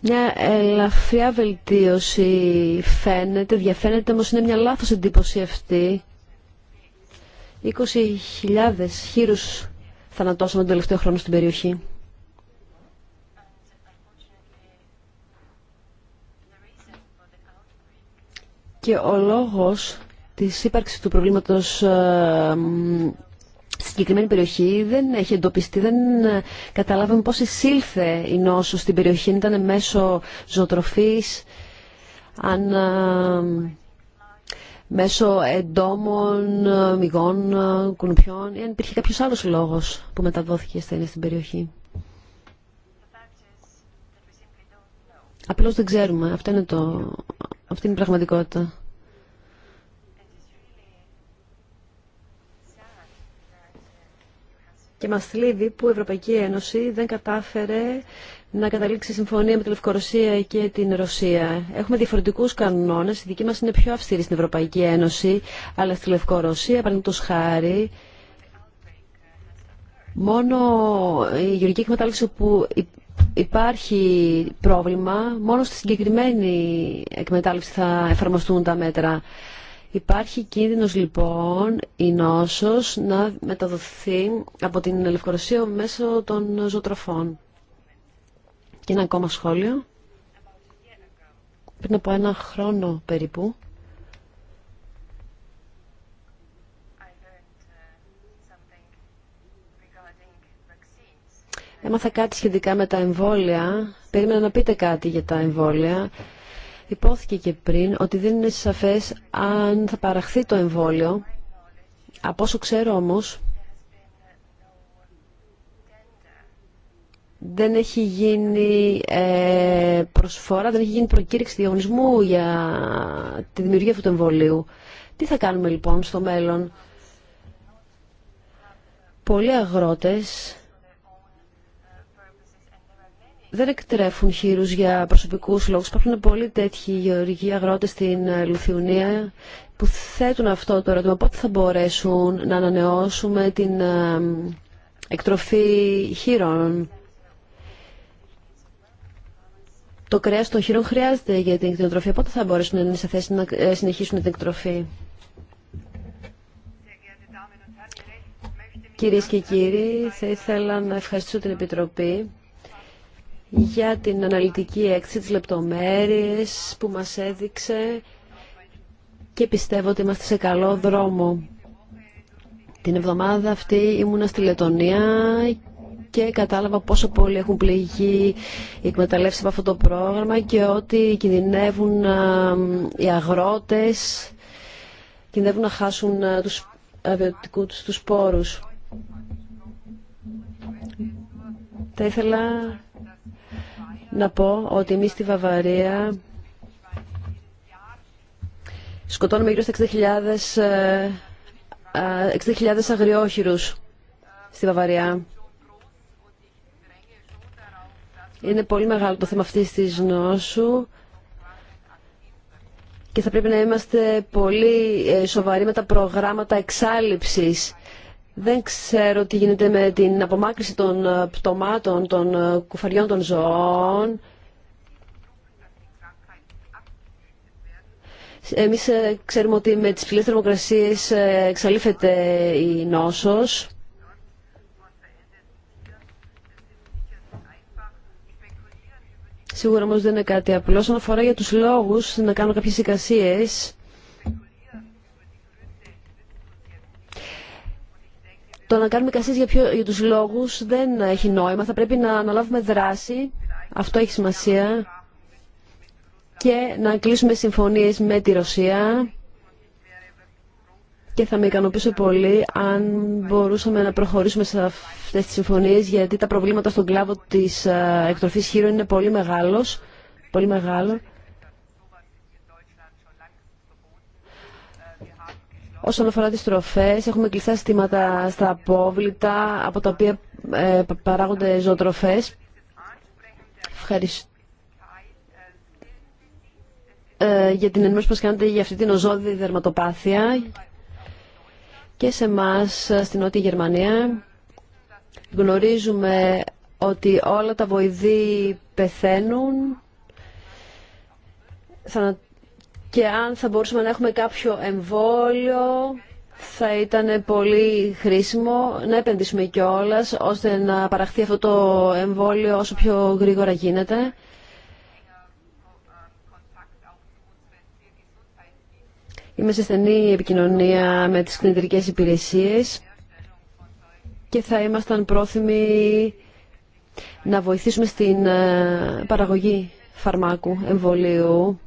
Μια ελαφριά βελτίωση φαίνεται, διαφαίνεται, όμως είναι μια λάθος εντύπωση αυτή. 20.000 χείρους θανατώσαμε τον τελευταίο χρόνο στην περιοχή. Και ο λόγος της ύπαρξης του προβλήματος στην ε, συγκεκριμένη περιοχή δεν έχει εντοπιστεί, δεν ε, καταλάβαμε πώς εισήλθε η νόσο στην περιοχή, ήταν μέσω ζωοτροφής, αν ε, μέσω εντόμων, μυγών, κουνουπιών ή αν υπήρχε κάποιος άλλος λόγος που μεταδόθηκε η ασθένεια στην περιοχή. Απλώς δεν ξέρουμε. Αυτό είναι το... Αυτή είναι η πραγματικότητα. Και μας θλίβει που η Ευρωπαϊκή Ένωση δεν κατάφερε να καταλήξει συμφωνία με τη Λευκορωσία και την Ρωσία. Έχουμε διαφορετικού κανόνε, η δική μα είναι πιο αυστηρή στην Ευρωπαϊκή Ένωση, αλλά στη Λευκορωσία, παραδείγματο χάρη, μόνο η γεωργική εκμετάλλευση όπου υπάρχει πρόβλημα, μόνο στη συγκεκριμένη εκμετάλλευση θα εφαρμοστούν τα μέτρα. Υπάρχει κίνδυνος λοιπόν η νόσος να μεταδοθεί από την Λευκορωσία μέσω των ζωοτροφών. Και ένα ακόμα σχόλιο. Πριν από ένα χρόνο περίπου, Έμαθα κάτι σχετικά με τα εμβόλια. Περίμενα να πείτε κάτι για τα εμβόλια. Υπόθηκε και πριν ότι δεν είναι σαφές αν θα παραχθεί το εμβόλιο. Από όσο ξέρω όμως, δεν έχει γίνει ε, προσφορά, δεν έχει γίνει προκήρυξη διαγωνισμού για τη δημιουργία αυτού του εμβολίου. Τι θα κάνουμε λοιπόν στο μέλλον. Πολλοί αγρότες δεν εκτρέφουν χείρους για προσωπικούς λόγους. Υπάρχουν πολλοί τέτοιοι γεωργοί αγρότες στην ε, Λουθιουνία που θέτουν αυτό το ερώτημα. Πότε θα μπορέσουν να ανανεώσουμε την ε, εκτροφή χείρων. το κρέας των χείρων χρειάζεται για την εκτροφή. Πότε θα μπορέσουν να είναι σε θέση να ε, συνεχίσουν την εκτροφή. Κυρίες και κύριοι, θα ήθελα να ευχαριστήσω την Επιτροπή για την αναλυτική έκθεση της λεπτομέρειες που μας έδειξε και πιστεύω ότι είμαστε σε καλό δρόμο. Την εβδομάδα αυτή ήμουνα στη Λετωνία και κατάλαβα πόσο πολύ έχουν πληγεί οι εκμεταλλεύσεις από αυτό το πρόγραμμα και ότι κινδυνεύουν οι αγρότες, κινδυνεύουν να χάσουν τους αβιωτικούς τους πόρους. Θα ήθελα να πω ότι εμείς στη Βαβαρία σκοτώνουμε γύρω στα 60.000 60.000 ε, αγριόχειρους στη Βαβαρία. Είναι πολύ μεγάλο το θέμα αυτής της νόσου και θα πρέπει να είμαστε πολύ ε, σοβαροί με τα προγράμματα εξάλληψης. Δεν ξέρω τι γίνεται με την απομάκρυση των ε, πτωμάτων, των ε, κουφαριών των ζωών. Εμείς ξέρουμε ότι με τις ψηλές θερμοκρασίες εξαλείφεται η νόσος. Σίγουρα όμω δεν είναι κάτι απλό. Όσον αφορά για τους λόγους να κάνω κάποιες εικασίε. το να κάνουμε εικασίε για, για τους λόγους δεν έχει νόημα. Θα πρέπει να αναλάβουμε δράση. Αυτό έχει σημασία. Και να κλείσουμε συμφωνίες με τη Ρωσία και θα με ικανοποιήσω πολύ αν μπορούσαμε να προχωρήσουμε σε αυτές τις συμφωνίες γιατί τα προβλήματα στον κλάβο της ε, εκτροφής χείρων είναι πολύ μεγάλος, πολύ μεγάλο. Όσον αφορά τις τροφές, έχουμε κλειστά συστήματα στα απόβλητα από τα οποία ε, παράγονται ζωοτροφές. Ευχαριστώ ε, για την ενημέρωση που κάνετε για αυτή την οζόδη δερματοπάθεια και σε εμά στην Νότια Γερμανία γνωρίζουμε ότι όλα τα βοηδή πεθαίνουν και αν θα μπορούσαμε να έχουμε κάποιο εμβόλιο θα ήταν πολύ χρήσιμο να επενδύσουμε κιόλας ώστε να παραχθεί αυτό το εμβόλιο όσο πιο γρήγορα γίνεται Είμαι σε στενή επικοινωνία με τις κλινιτρικές υπηρεσίες και θα ήμασταν πρόθυμοι να βοηθήσουμε στην ε, παραγωγή φαρμάκου, εμβολίου,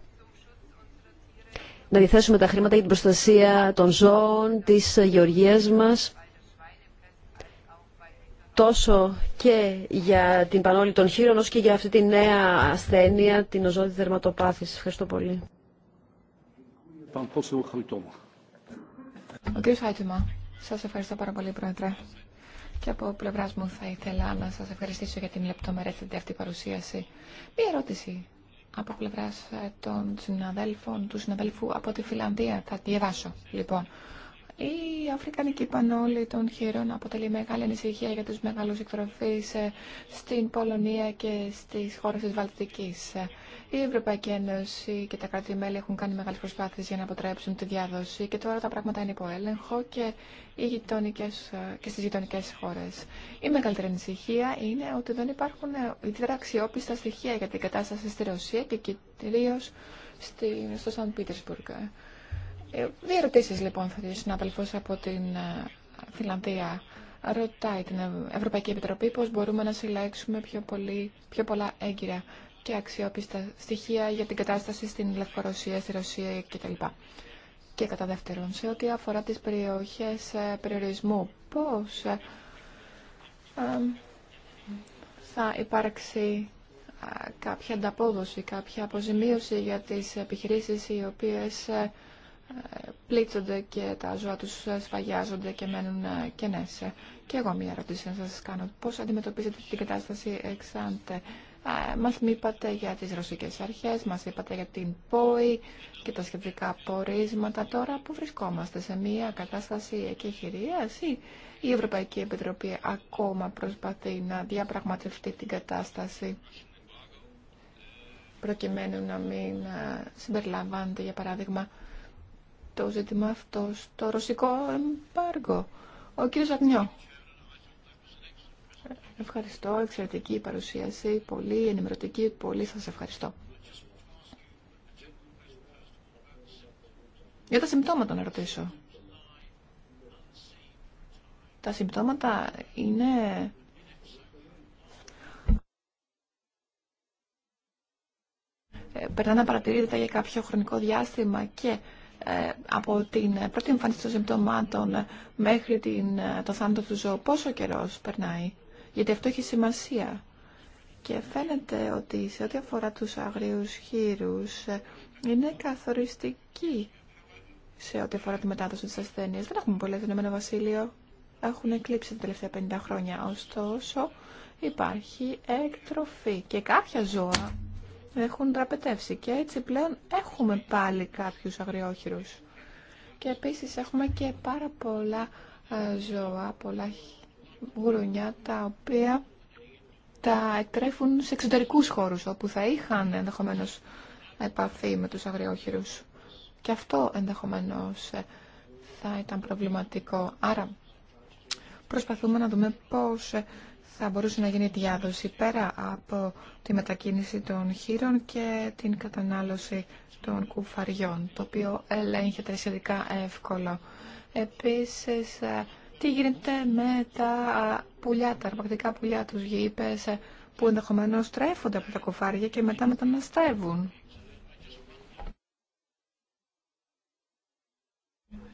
να διαθέσουμε τα χρήματα για την προστασία των ζώων, της γεωργίας μας, τόσο και για την πανόλη των χείρων, όσο και για αυτή τη νέα ασθένεια, την οζόνη δερματοπάθηση. Ευχαριστώ πολύ. Ο κ. Χάιτουμα, σας ευχαριστώ πάρα πολύ, Πρόεδρε. Και από πλευρά μου θα ήθελα να σας ευχαριστήσω για την λεπτομερέστατη αυτή παρουσίαση. Μία ερώτηση από πλευρά ε, των συναδέλφων, του συναδέλφου από τη Φιλανδία. Θα διαβάσω, λοιπόν. Η Αφρικανική Πανόλη των Χείρων αποτελεί μεγάλη ανησυχία για τους μεγάλου εκτροφείς ε, στην Πολωνία και στι χώρε τη Βαλτική. Ε, η Ευρωπαϊκή Ένωση και τα κράτη-μέλη έχουν κάνει μεγάλες προσπάθειες για να αποτρέψουν τη διάδοση και τώρα τα πράγματα είναι υπό έλεγχο και, οι γειτονικές, και στις γειτονικέ χώρες. Η μεγαλύτερη ανησυχία είναι ότι δεν υπάρχουν ιδιαίτερα αξιόπιστα στοιχεία για την κατάσταση στη Ρωσία και κυρίω στο Σαν Πίτερσπουργκ. Ε, δύο ερωτήσει λοιπόν θα συνάδελφο από την ε, Φιλανδία ρωτάει την Ευρωπαϊκή Επιτροπή πώ μπορούμε να συλλέξουμε πιο, πολύ, πιο πολλά έγκυρα και αξιόπιστα στοιχεία για την κατάσταση στην Λευκορωσία, στη Ρωσία κτλ. Και κατά δεύτερον, σε ό,τι αφορά τις περιοχές ε, περιορισμού, πώς ε, θα υπάρξει κάποια ανταπόδοση, κάποια αποζημίωση για τις επιχειρήσεις οι οποίες ε, πλήττονται και τα ζώα τους σφαγιάζονται και μένουν κενές. Και εγώ μία ερώτηση να σας κάνω. Πώς αντιμετωπίζετε την κατάσταση εξάντε μας είπατε για τις ρωσικές αρχές, μας είπατε για την ΠΟΗ και τα σχετικά πορίσματα. Τώρα που βρισκόμαστε σε μια κατάσταση εκεχηρίας ή η Ευρωπαϊκή Επιτροπή ακόμα προσπαθεί να διαπραγματευτεί την κατάσταση προκειμένου να μην συμπεριλαμβάνεται, για παράδειγμα, το ζήτημα αυτό στο ρωσικό εμπάργο. Ο κύριος Αγνιό. Ευχαριστώ, εξαιρετική παρουσίαση, πολύ ενημερωτική, πολύ σας ευχαριστώ. Για τα συμπτώματα να ρωτήσω. Τα συμπτώματα είναι... Ε, περνάνε παρατηρήτητα για κάποιο χρονικό διάστημα και ε, από την πρώτη εμφάνιση των συμπτωμάτων μέχρι την, ε, το θάνατο του ζώου, πόσο καιρός περνάει γιατί αυτό έχει σημασία. Και φαίνεται ότι σε ό,τι αφορά τους αγρίους χείρους ε, είναι καθοριστική σε ό,τι αφορά τη μετάδοση της ασθένειας. Δεν έχουμε πολλές δυνομένο Βασίλειο. Έχουν εκλείψει τα τελευταία 50 χρόνια. Ωστόσο υπάρχει εκτροφή και κάποια ζώα έχουν τραπετεύσει και έτσι πλέον έχουμε πάλι κάποιους αγριόχειρους. Και επίσης έχουμε και πάρα πολλά ε, ζώα, πολλά γουρουνιά τα οποία τα εκτρέφουν σε εξωτερικούς χώρους όπου θα είχαν ενδεχομένως επαφή με τους αγριόχειρους. Και αυτό ενδεχομένως ε, θα ήταν προβληματικό. Άρα προσπαθούμε να δούμε πώς ε, θα μπορούσε να γίνει η διάδοση πέρα από τη μετακίνηση των χείρων και την κατανάλωση των κουφαριών, το οποίο ελέγχεται σχετικά εύκολο. Επίσης, ε, τι γίνεται με τα πουλιά, τα αρπακτικά πουλιά, τους γήπες ε, που ενδεχομένως στρέφονται από τα κοφάρια και μετά μεταναστεύουν.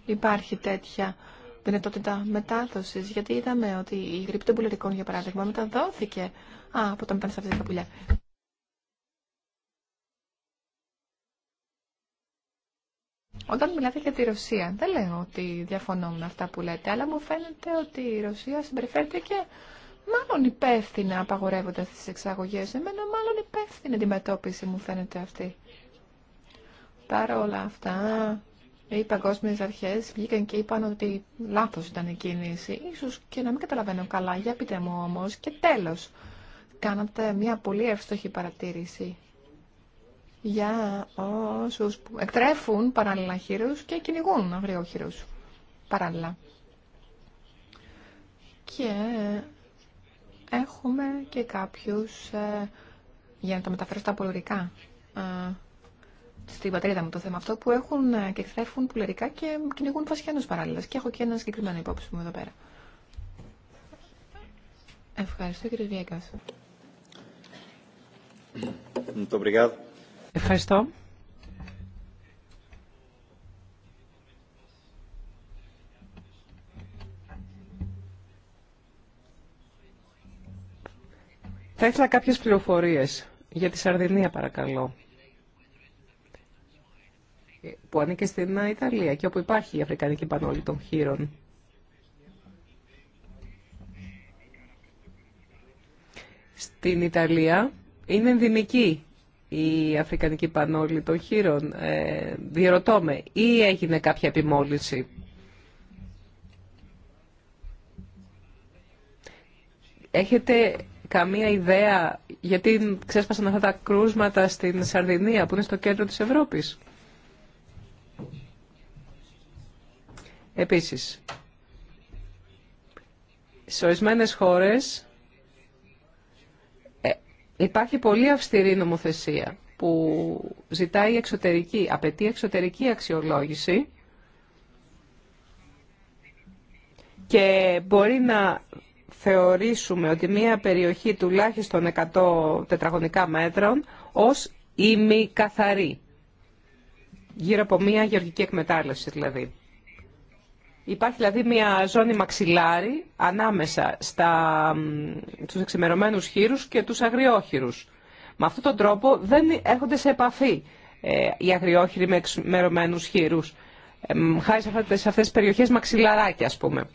Υπάρχει τέτοια δυνατότητα μετάδοσης, γιατί είδαμε ότι η γρήπη των πουλερικών, για παράδειγμα, μεταδόθηκε από τα μεταναστευτικά πουλιά. Όταν μιλάτε για τη Ρωσία, δεν λέω ότι διαφωνώ με αυτά που λέτε, αλλά μου φαίνεται ότι η Ρωσία συμπεριφέρεται και μάλλον υπεύθυνα απαγορεύοντας τις εξαγωγές. Εμένα μάλλον υπεύθυνη αντιμετώπιση μου φαίνεται αυτή. Παρ' όλα αυτά, οι παγκόσμιες αρχές βγήκαν και είπαν ότι λάθος ήταν η κίνηση. Ίσως και να μην καταλαβαίνω καλά, για πείτε μου όμως. Και τέλος, κάνατε μια πολύ εύστοχη παρατήρηση για όσου που εκτρέφουν παράλληλα χείρου και κυνηγούν αγριό παράλληλα. Και έχουμε και κάποιους, ε, για να τα μεταφέρω στα πολυρικά, ε, στην πατρίδα μου το θέμα αυτό, που έχουν ε, και εκτρέφουν πουλερικά και κυνηγούν φασιάνου παράλληλα. Και έχω και ένα συγκεκριμένο υπόψη μου εδώ πέρα. Ευχαριστώ κύριε obrigado. Ευχαριστώ. Θα ήθελα κάποιες πληροφορίες για τη Σαρδινία, παρακαλώ, που ανήκει στην Ιταλία και όπου υπάρχει η Αφρικανική Πανόλη των Χείρων. Στην Ιταλία είναι ενδυμική η Αφρικανική Πανόλη των Χείρων. Ε, διερωτώ με, ή έγινε κάποια επιμόλυνση. Έχετε καμία ιδέα γιατί ξέσπασαν αυτά τα κρούσματα στην Σαρδινία που είναι στο κέντρο της Ευρώπης. Επίσης, σε ορισμένε χώρες Υπάρχει πολύ αυστηρή νομοθεσία που ζητάει εξωτερική, απαιτεί εξωτερική αξιολόγηση και μπορεί να θεωρήσουμε ότι μία περιοχή τουλάχιστον 100 τετραγωνικά μέτρων ως ημικαθαρή, γύρω από μία γεωργική εκμετάλλευση δηλαδή. Υπάρχει δηλαδή μια ζώνη μαξιλάρι ανάμεσα στα, στους εξημερωμένους χείρους και τους αγριόχειρους. Με αυτόν τον τρόπο δεν έρχονται σε επαφή ε, οι αγριόχειροι με εξημερωμένους χείρους. Ε, χάρη σε αυτές, σε αυτές τις περιοχές μαξιλαράκια ας πούμε.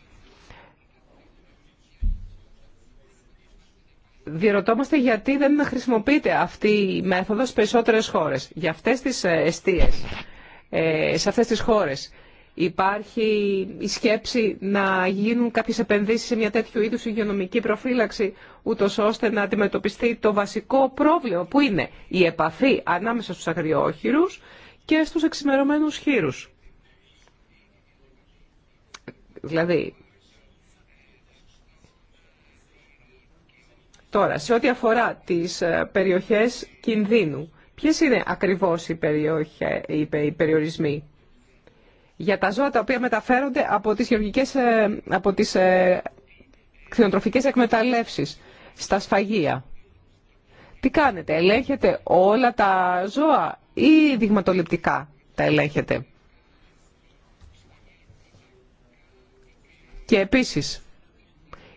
Διερωτόμαστε γιατί δεν χρησιμοποιείται αυτή η μέθοδος σε περισσότερες χώρες. Για αυτές τις εστίες, ε, σε αυτές τις χώρες Υπάρχει η σκέψη να γίνουν κάποιες επενδύσεις σε μια τέτοιου είδους υγειονομική προφύλαξη, ούτω ώστε να αντιμετωπιστεί το βασικό πρόβλημα που είναι η επαφή ανάμεσα στους αγριόχειρους και στους εξημερωμένους χείρους. Δηλαδή, Τώρα, σε ό,τι αφορά τις ε, περιοχές κινδύνου, ποιες είναι ακριβώς οι περιορισμοί για τα ζώα τα οποία μεταφέρονται από τις, γεωργικές, ε, από τις ε, κτηνοτροφικές εκμεταλλεύσεις στα σφαγεία. Τι κάνετε, ελέγχετε όλα τα ζώα ή δειγματοληπτικά τα ελέγχετε. Και επίσης,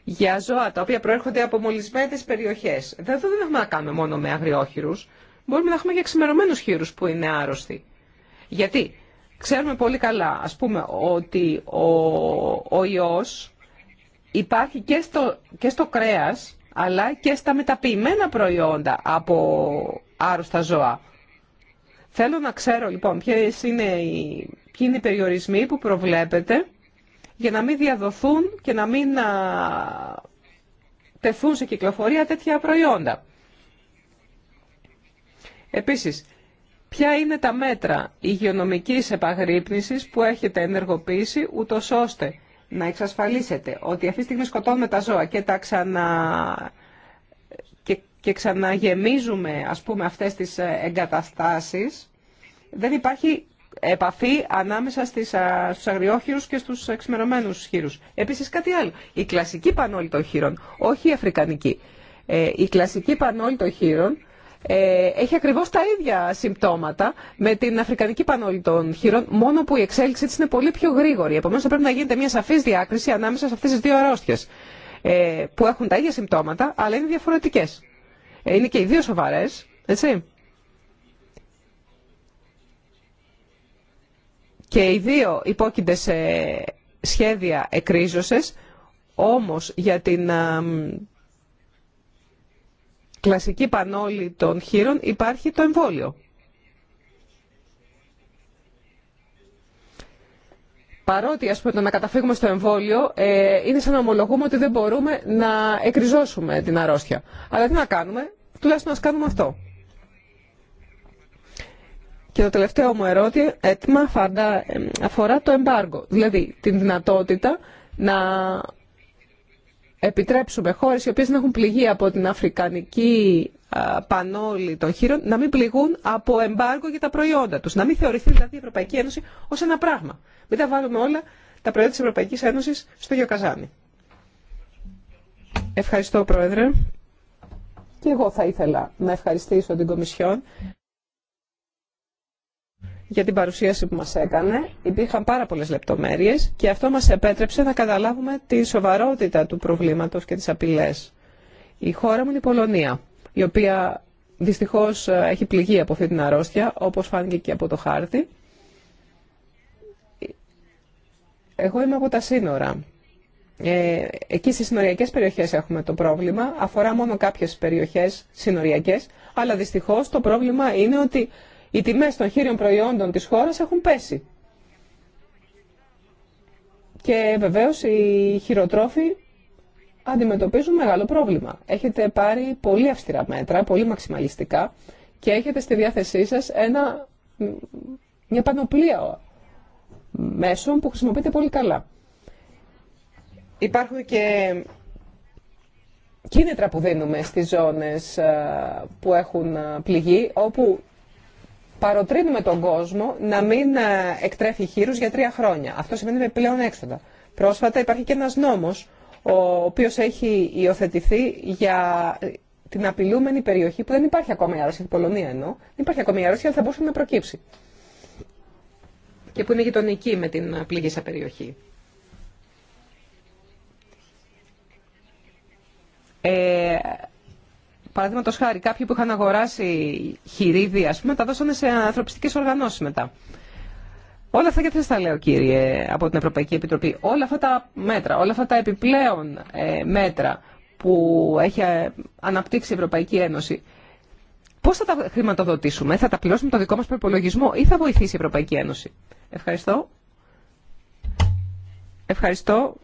για ζώα τα οποία προέρχονται από μολυσμένες περιοχές. Δεν έχουμε να κάνουμε μόνο με αγριόχειρους. Μπορούμε να έχουμε και ξημερωμένους χείρους που είναι άρρωστοι. Γιατί Ξέρουμε πολύ καλά, ας πούμε, ότι ο, ο ιός υπάρχει και στο, και στο κρέας, αλλά και στα μεταποιημένα προϊόντα από άρρωστα ζώα. Θέλω να ξέρω, λοιπόν, ποιες είναι οι, ποιοι είναι οι περιορισμοί που προβλέπετε για να μην διαδοθούν και να μην να τεθούν σε κυκλοφορία τέτοια προϊόντα. Επίσης, Ποια είναι τα μέτρα υγειονομικής επαγρύπνησης που έχετε ενεργοποιήσει ούτω ώστε να εξασφαλίσετε ότι αυτή τη στιγμή σκοτώνουμε τα ζώα και τα ξανα... και, και ξαναγεμίζουμε ας πούμε αυτές τις ε, εγκαταστάσεις δεν υπάρχει επαφή ανάμεσα στις, α, στους αγριόχειρους και στους εξημερωμένους χείρους. Επίσης κάτι άλλο, η κλασική πανόλη των χείρων, όχι η αφρικανική. Ε, η κλασική πανόλη των χείρων ε, έχει ακριβώς τα ίδια συμπτώματα με την αφρικανική πανόλη των χείρων, μόνο που η εξέλιξή της είναι πολύ πιο γρήγορη. Επομένως θα πρέπει να γίνεται μια σαφής διάκριση ανάμεσα σε αυτές τις δύο αρρώστιες ε, που έχουν τα ίδια συμπτώματα αλλά είναι διαφορετικές. Ε, είναι και οι δύο σοβαρές, έτσι. Και οι δύο υπόκεινται σε σχέδια εκρίζωσες, όμως για την κλασική πανόλη των χείρων υπάρχει το εμβόλιο. Παρότι ας πούμε, το να καταφύγουμε στο εμβόλιο ε, είναι σαν να ομολογούμε ότι δεν μπορούμε να εκριζώσουμε την αρρώστια. Αλλά τι να κάνουμε, τουλάχιστον να κάνουμε αυτό. Και το τελευταίο μου ερώτημα αφορά το εμπάργκο, δηλαδή την δυνατότητα να επιτρέψουμε χώρε οι οποίες δεν έχουν πληγεί από την αφρικανική πανόλη των χείρων να μην πληγούν από εμπάργκο για τα προϊόντα τους. Να μην θεωρηθεί δηλαδή η Ευρωπαϊκή Ένωση ως ένα πράγμα. Μην τα βάλουμε όλα τα προϊόντα της Ευρωπαϊκή Ένωση στο Γιοκαζάνι. Ευχαριστώ Πρόεδρε. Και εγώ θα ήθελα να ευχαριστήσω την Κομισιόν για την παρουσίαση που μας έκανε. Υπήρχαν πάρα πολλές λεπτομέρειες και αυτό μας επέτρεψε να καταλάβουμε τη σοβαρότητα του προβλήματος και τις απειλές. Η χώρα μου είναι η Πολωνία, η οποία δυστυχώς ε, έχει πληγεί από αυτή την αρρώστια, όπως φάνηκε και από το χάρτη. Εγώ είμαι από τα σύνορα. Ε, εκεί στις συνοριακές περιοχές έχουμε το πρόβλημα, αφορά μόνο κάποιες περιοχές συνοριακές, αλλά δυστυχώς το πρόβλημα είναι ότι οι τιμές των χείριων προϊόντων της χώρας έχουν πέσει. Και βεβαίως οι χειροτρόφοι αντιμετωπίζουν μεγάλο πρόβλημα. Έχετε πάρει πολύ αυστηρά μέτρα, πολύ μαξιμαλιστικά και έχετε στη διάθεσή σας ένα, μια πανοπλία μέσων που χρησιμοποιείτε πολύ καλά. Υπάρχουν και κίνητρα που δίνουμε στις ζώνες ε, που έχουν ε, πληγεί, όπου παροτρύνουμε τον κόσμο να μην ε, εκτρέφει χείρου για τρία χρόνια. Αυτό σημαίνει με πλέον έξοδα. Πρόσφατα υπάρχει και ένας νόμος, ο οποίος έχει υιοθετηθεί για ε, την απειλούμενη περιοχή που δεν υπάρχει ακόμα η άρρωση, την Πολωνία εννοώ, δεν υπάρχει ακόμα η άρρωση, αλλά θα μπορούσε να προκύψει. Και που είναι γειτονική με την ε, πλήγησα περιοχή. Ε, Παραδείγματο χάρη, κάποιοι που είχαν αγοράσει χειρίδια, α πούμε, τα δώσανε σε ανθρωπιστικέ οργανώσει μετά. Όλα αυτά γιατί σα τα λέω, κύριε, από την Ευρωπαϊκή Επιτροπή. Όλα αυτά τα μέτρα, όλα αυτά τα επιπλέον ε, μέτρα που έχει ε, αναπτύξει η Ευρωπαϊκή Ένωση, πώ θα τα χρηματοδοτήσουμε, θα τα πληρώσουμε το δικό μα προπολογισμό ή θα βοηθήσει η Ευρωπαϊκή Ένωση. Ευχαριστώ. Ευχαριστώ.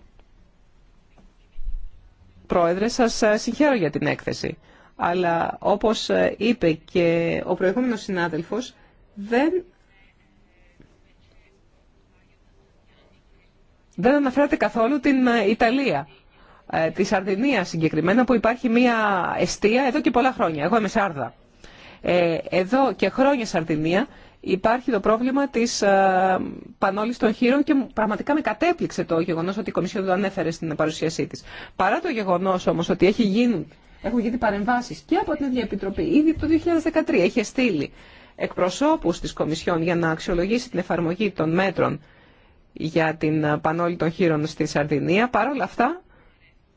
Πρόεδρε, σα ε, συγχαίρω για την έκθεση. Αλλά όπως ε, είπε και ο προηγούμενος συνάδελφος, δεν, δεν αναφέρατε καθόλου την ε, Ιταλία. Ε, τη Σαρδινία συγκεκριμένα που υπάρχει μια εστία εδώ και πολλά χρόνια. Εγώ είμαι Σάρδα. Εδώ και χρόνια Σαρδινία υπάρχει το πρόβλημα τη πανόλης των χείρων και πραγματικά με κατέπληξε το γεγονός ότι η Κομισιόν το ανέφερε στην παρουσίασή της. Παρά το γεγονός όμως ότι έχει γίνει έχουν γίνει παρεμβάσεις και από την ίδια Επιτροπή. Ήδη το 2013 είχε στείλει εκπροσώπους της Κομισιόν για να αξιολογήσει την εφαρμογή των μέτρων για την πανόλη των χείρων στη Σαρδινία. Παρ' όλα αυτά,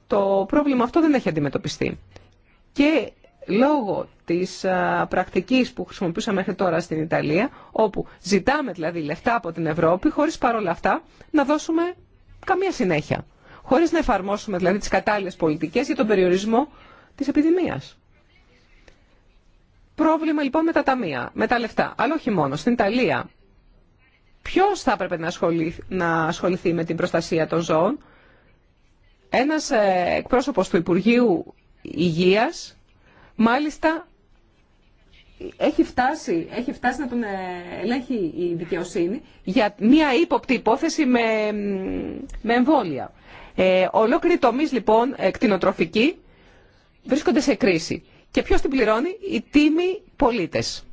το πρόβλημα αυτό δεν έχει αντιμετωπιστεί. Και λόγω της πρακτική πρακτικής που χρησιμοποιούσα μέχρι τώρα στην Ιταλία, όπου ζητάμε δηλαδή λεφτά από την Ευρώπη, χωρίς παρόλα αυτά να δώσουμε καμία συνέχεια. Χωρίς να εφαρμόσουμε δηλαδή τις κατάλληλες πολιτικές για τον περιορισμό της επιδημίας. Πρόβλημα λοιπόν με τα ταμεία, με τα λεφτά, αλλά όχι μόνο. Στην Ιταλία ποιος θα έπρεπε να ασχοληθεί, με την προστασία των ζώων. Ένας ε, εκπρόσωπος του Υπουργείου Υγείας, μάλιστα έχει φτάσει, έχει φτάσει να τον ε, ελέγχει η δικαιοσύνη για μια ύποπτη υπόθεση με, με εμβόλια. Ε, ολόκληρη τομής λοιπόν ε, κτηνοτροφική βρίσκονται σε κρίση. Και ποιος την πληρώνει, οι τίμοι πολίτες.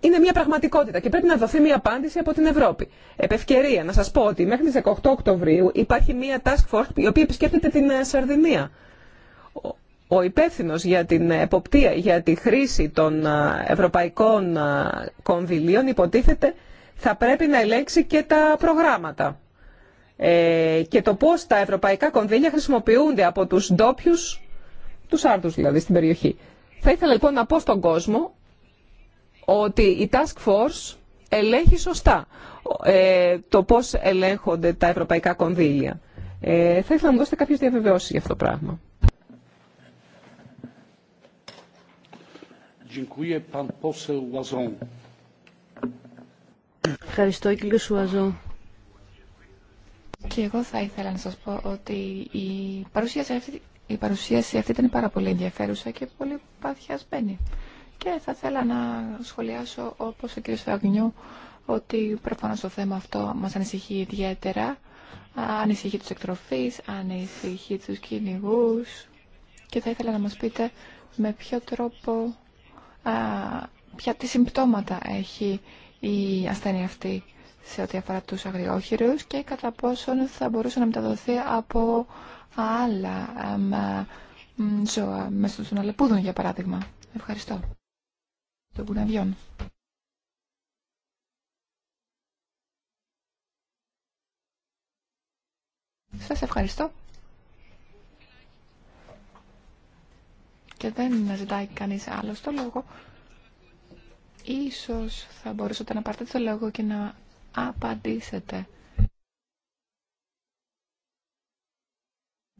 Είναι μια πραγματικότητα και πρέπει να δοθεί μια απάντηση από την Ευρώπη. Επευκαιρία να σας πω ότι μέχρι τις 18 Οκτωβρίου υπάρχει μια task force η οποία επισκέπτεται την ε, Σαρδινία. Ο υπεύθυνο για την εποπτεία, για τη χρήση των ε, ευρωπαϊκών ε, κονδυλίων υποτίθεται θα πρέπει να ελέγξει και τα προγράμματα. Ε, και το πώς τα ευρωπαϊκά κονδύλια χρησιμοποιούνται από τους ντόπιου, τους άρτους δηλαδή στην περιοχή. Θα ήθελα λοιπόν να πω στον κόσμο ότι η Task Force ελέγχει σωστά ε, το πώς ελέγχονται τα ευρωπαϊκά κονδύλια. Ε, θα ήθελα να μου δώσετε κάποιες διαβεβαιώσεις για αυτό το πράγμα. Ευχαριστώ κύριε Σουαζό. Και εγώ θα ήθελα να σας πω ότι η παρουσίαση αυτή, η παρουσίαση αυτή ήταν πάρα πολύ ενδιαφέρουσα και πολύ παθιασμένη. Και θα ήθελα να σχολιάσω όπως ο κ. Αγνιού ότι προφανώς το θέμα αυτό μας ανησυχεί ιδιαίτερα. Ανησυχεί τους εκτροφείς, ανησυχεί τους κυνηγού. Και θα ήθελα να μας πείτε με ποιο τρόπο, α, ποια τι συμπτώματα έχει η ασθένεια αυτή σε ό,τι αφορά τους αγριόχειρους και κατά πόσον θα μπορούσε να μεταδοθεί από άλλα ζώα, μέσω των αλεπούδων για παράδειγμα. Ευχαριστώ. Σα Σας ευχαριστώ. Και δεν ζητάει κανείς άλλο το λόγο. Ίσως θα μπορούσατε να πάρετε το λόγο και να απαντήσετε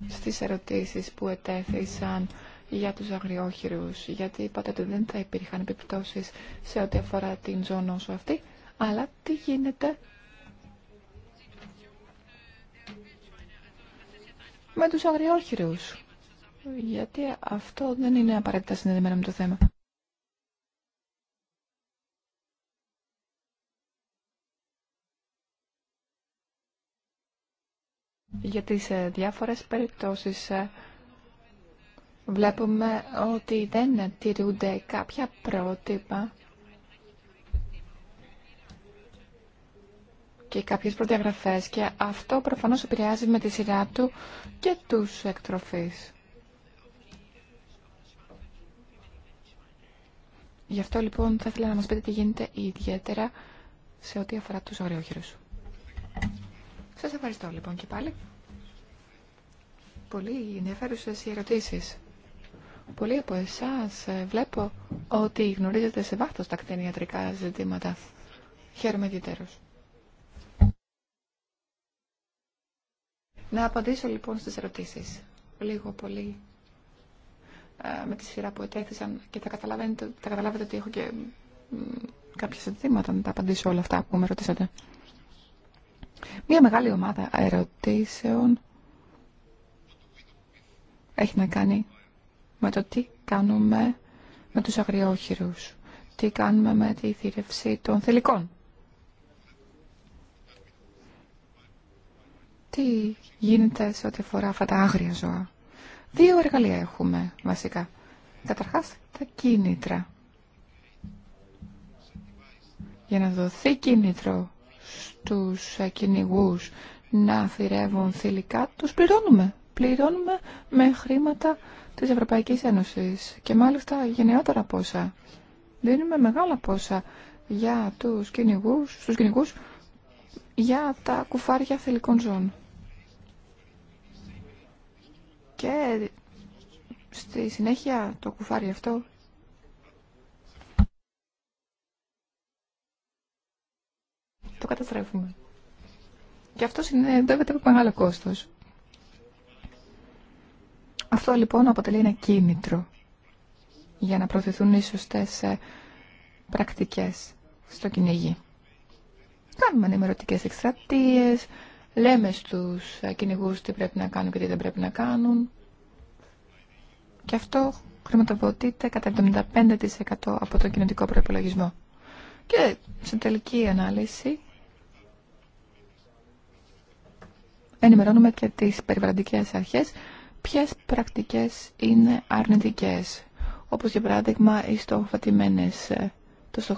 στις ερωτήσεις που ετέθησαν για τους αγριόχειρους, γιατί είπατε ότι δεν θα υπήρχαν επιπτώσεις σε ό,τι αφορά την σου αυτή, αλλά τι γίνεται με τους αγριόχειρους. Γιατί αυτό δεν είναι απαραίτητα συνδεδεμένο με το θέμα. για τις ε, διάφορες περιπτώσεις ε, βλέπουμε ότι δεν τηρούνται κάποια πρότυπα και κάποιες προδιαγραφές και αυτό προφανώς επηρεάζει με τη σειρά του και τους εκτροφείς. Γι' αυτό λοιπόν θα ήθελα να μας πείτε τι γίνεται ιδιαίτερα σε ό,τι αφορά τους αγριόχειρους. Σας ευχαριστώ λοιπόν και πάλι. Πολύ ενδιαφέρουσες οι ερωτήσεις. Πολλοί από εσάς ε, βλέπω ότι γνωρίζετε σε βάθος τα κτηνιατρικά ζητήματα. Χαίρομαι ιδιαίτερως. Να απαντήσω λοιπόν στις ερωτήσεις. Λίγο πολύ ε, με τη σειρά που ετέθησαν και θα καταλάβετε, ότι έχω και κάποια ζητήματα να τα απαντήσω όλα αυτά που με ρωτήσατε. Μία μεγάλη ομάδα ερωτήσεων έχει να κάνει με το τι κάνουμε με τους αγριόχειρους, τι κάνουμε με τη θηρευσή των θηλυκών. Τι γίνεται σε ό,τι αφορά αυτά τα άγρια ζώα. Δύο εργαλεία έχουμε βασικά. Καταρχάς τα κίνητρα. Για να δοθεί κίνητρο τους ε, κυνηγούς να θηρεύουν θηλυκά, τους πληρώνουμε. Πληρώνουμε με χρήματα της Ευρωπαϊκής Ένωσης και μάλιστα γενναιότερα πόσα. Δίνουμε μεγάλα πόσα για τους κυνηγούς, στους κυνηγούς για τα κουφάρια θηλυκών ζώων. Και στη συνέχεια το κουφάρι αυτό το καταστρέφουμε. Και αυτό συνδέεται με μεγάλο κόστο. Αυτό λοιπόν αποτελεί ένα κίνητρο για να προωθηθούν οι σωστέ ε, πρακτικές στο κυνηγή. Κάνουμε ενημερωτικέ εκστρατείε, λέμε στου ε, κυνηγού τι πρέπει να κάνουν και τι δεν πρέπει να κάνουν. Και αυτό χρηματοδοτείται κατά 75% από το κοινωνικό προπολογισμό. Και σε τελική ανάλυση ενημερώνουμε και τις περιβαλλοντικές αρχές ποιες πρακτικές είναι αρνητικές. Όπως για παράδειγμα οι στοχοφατημένες, ε, το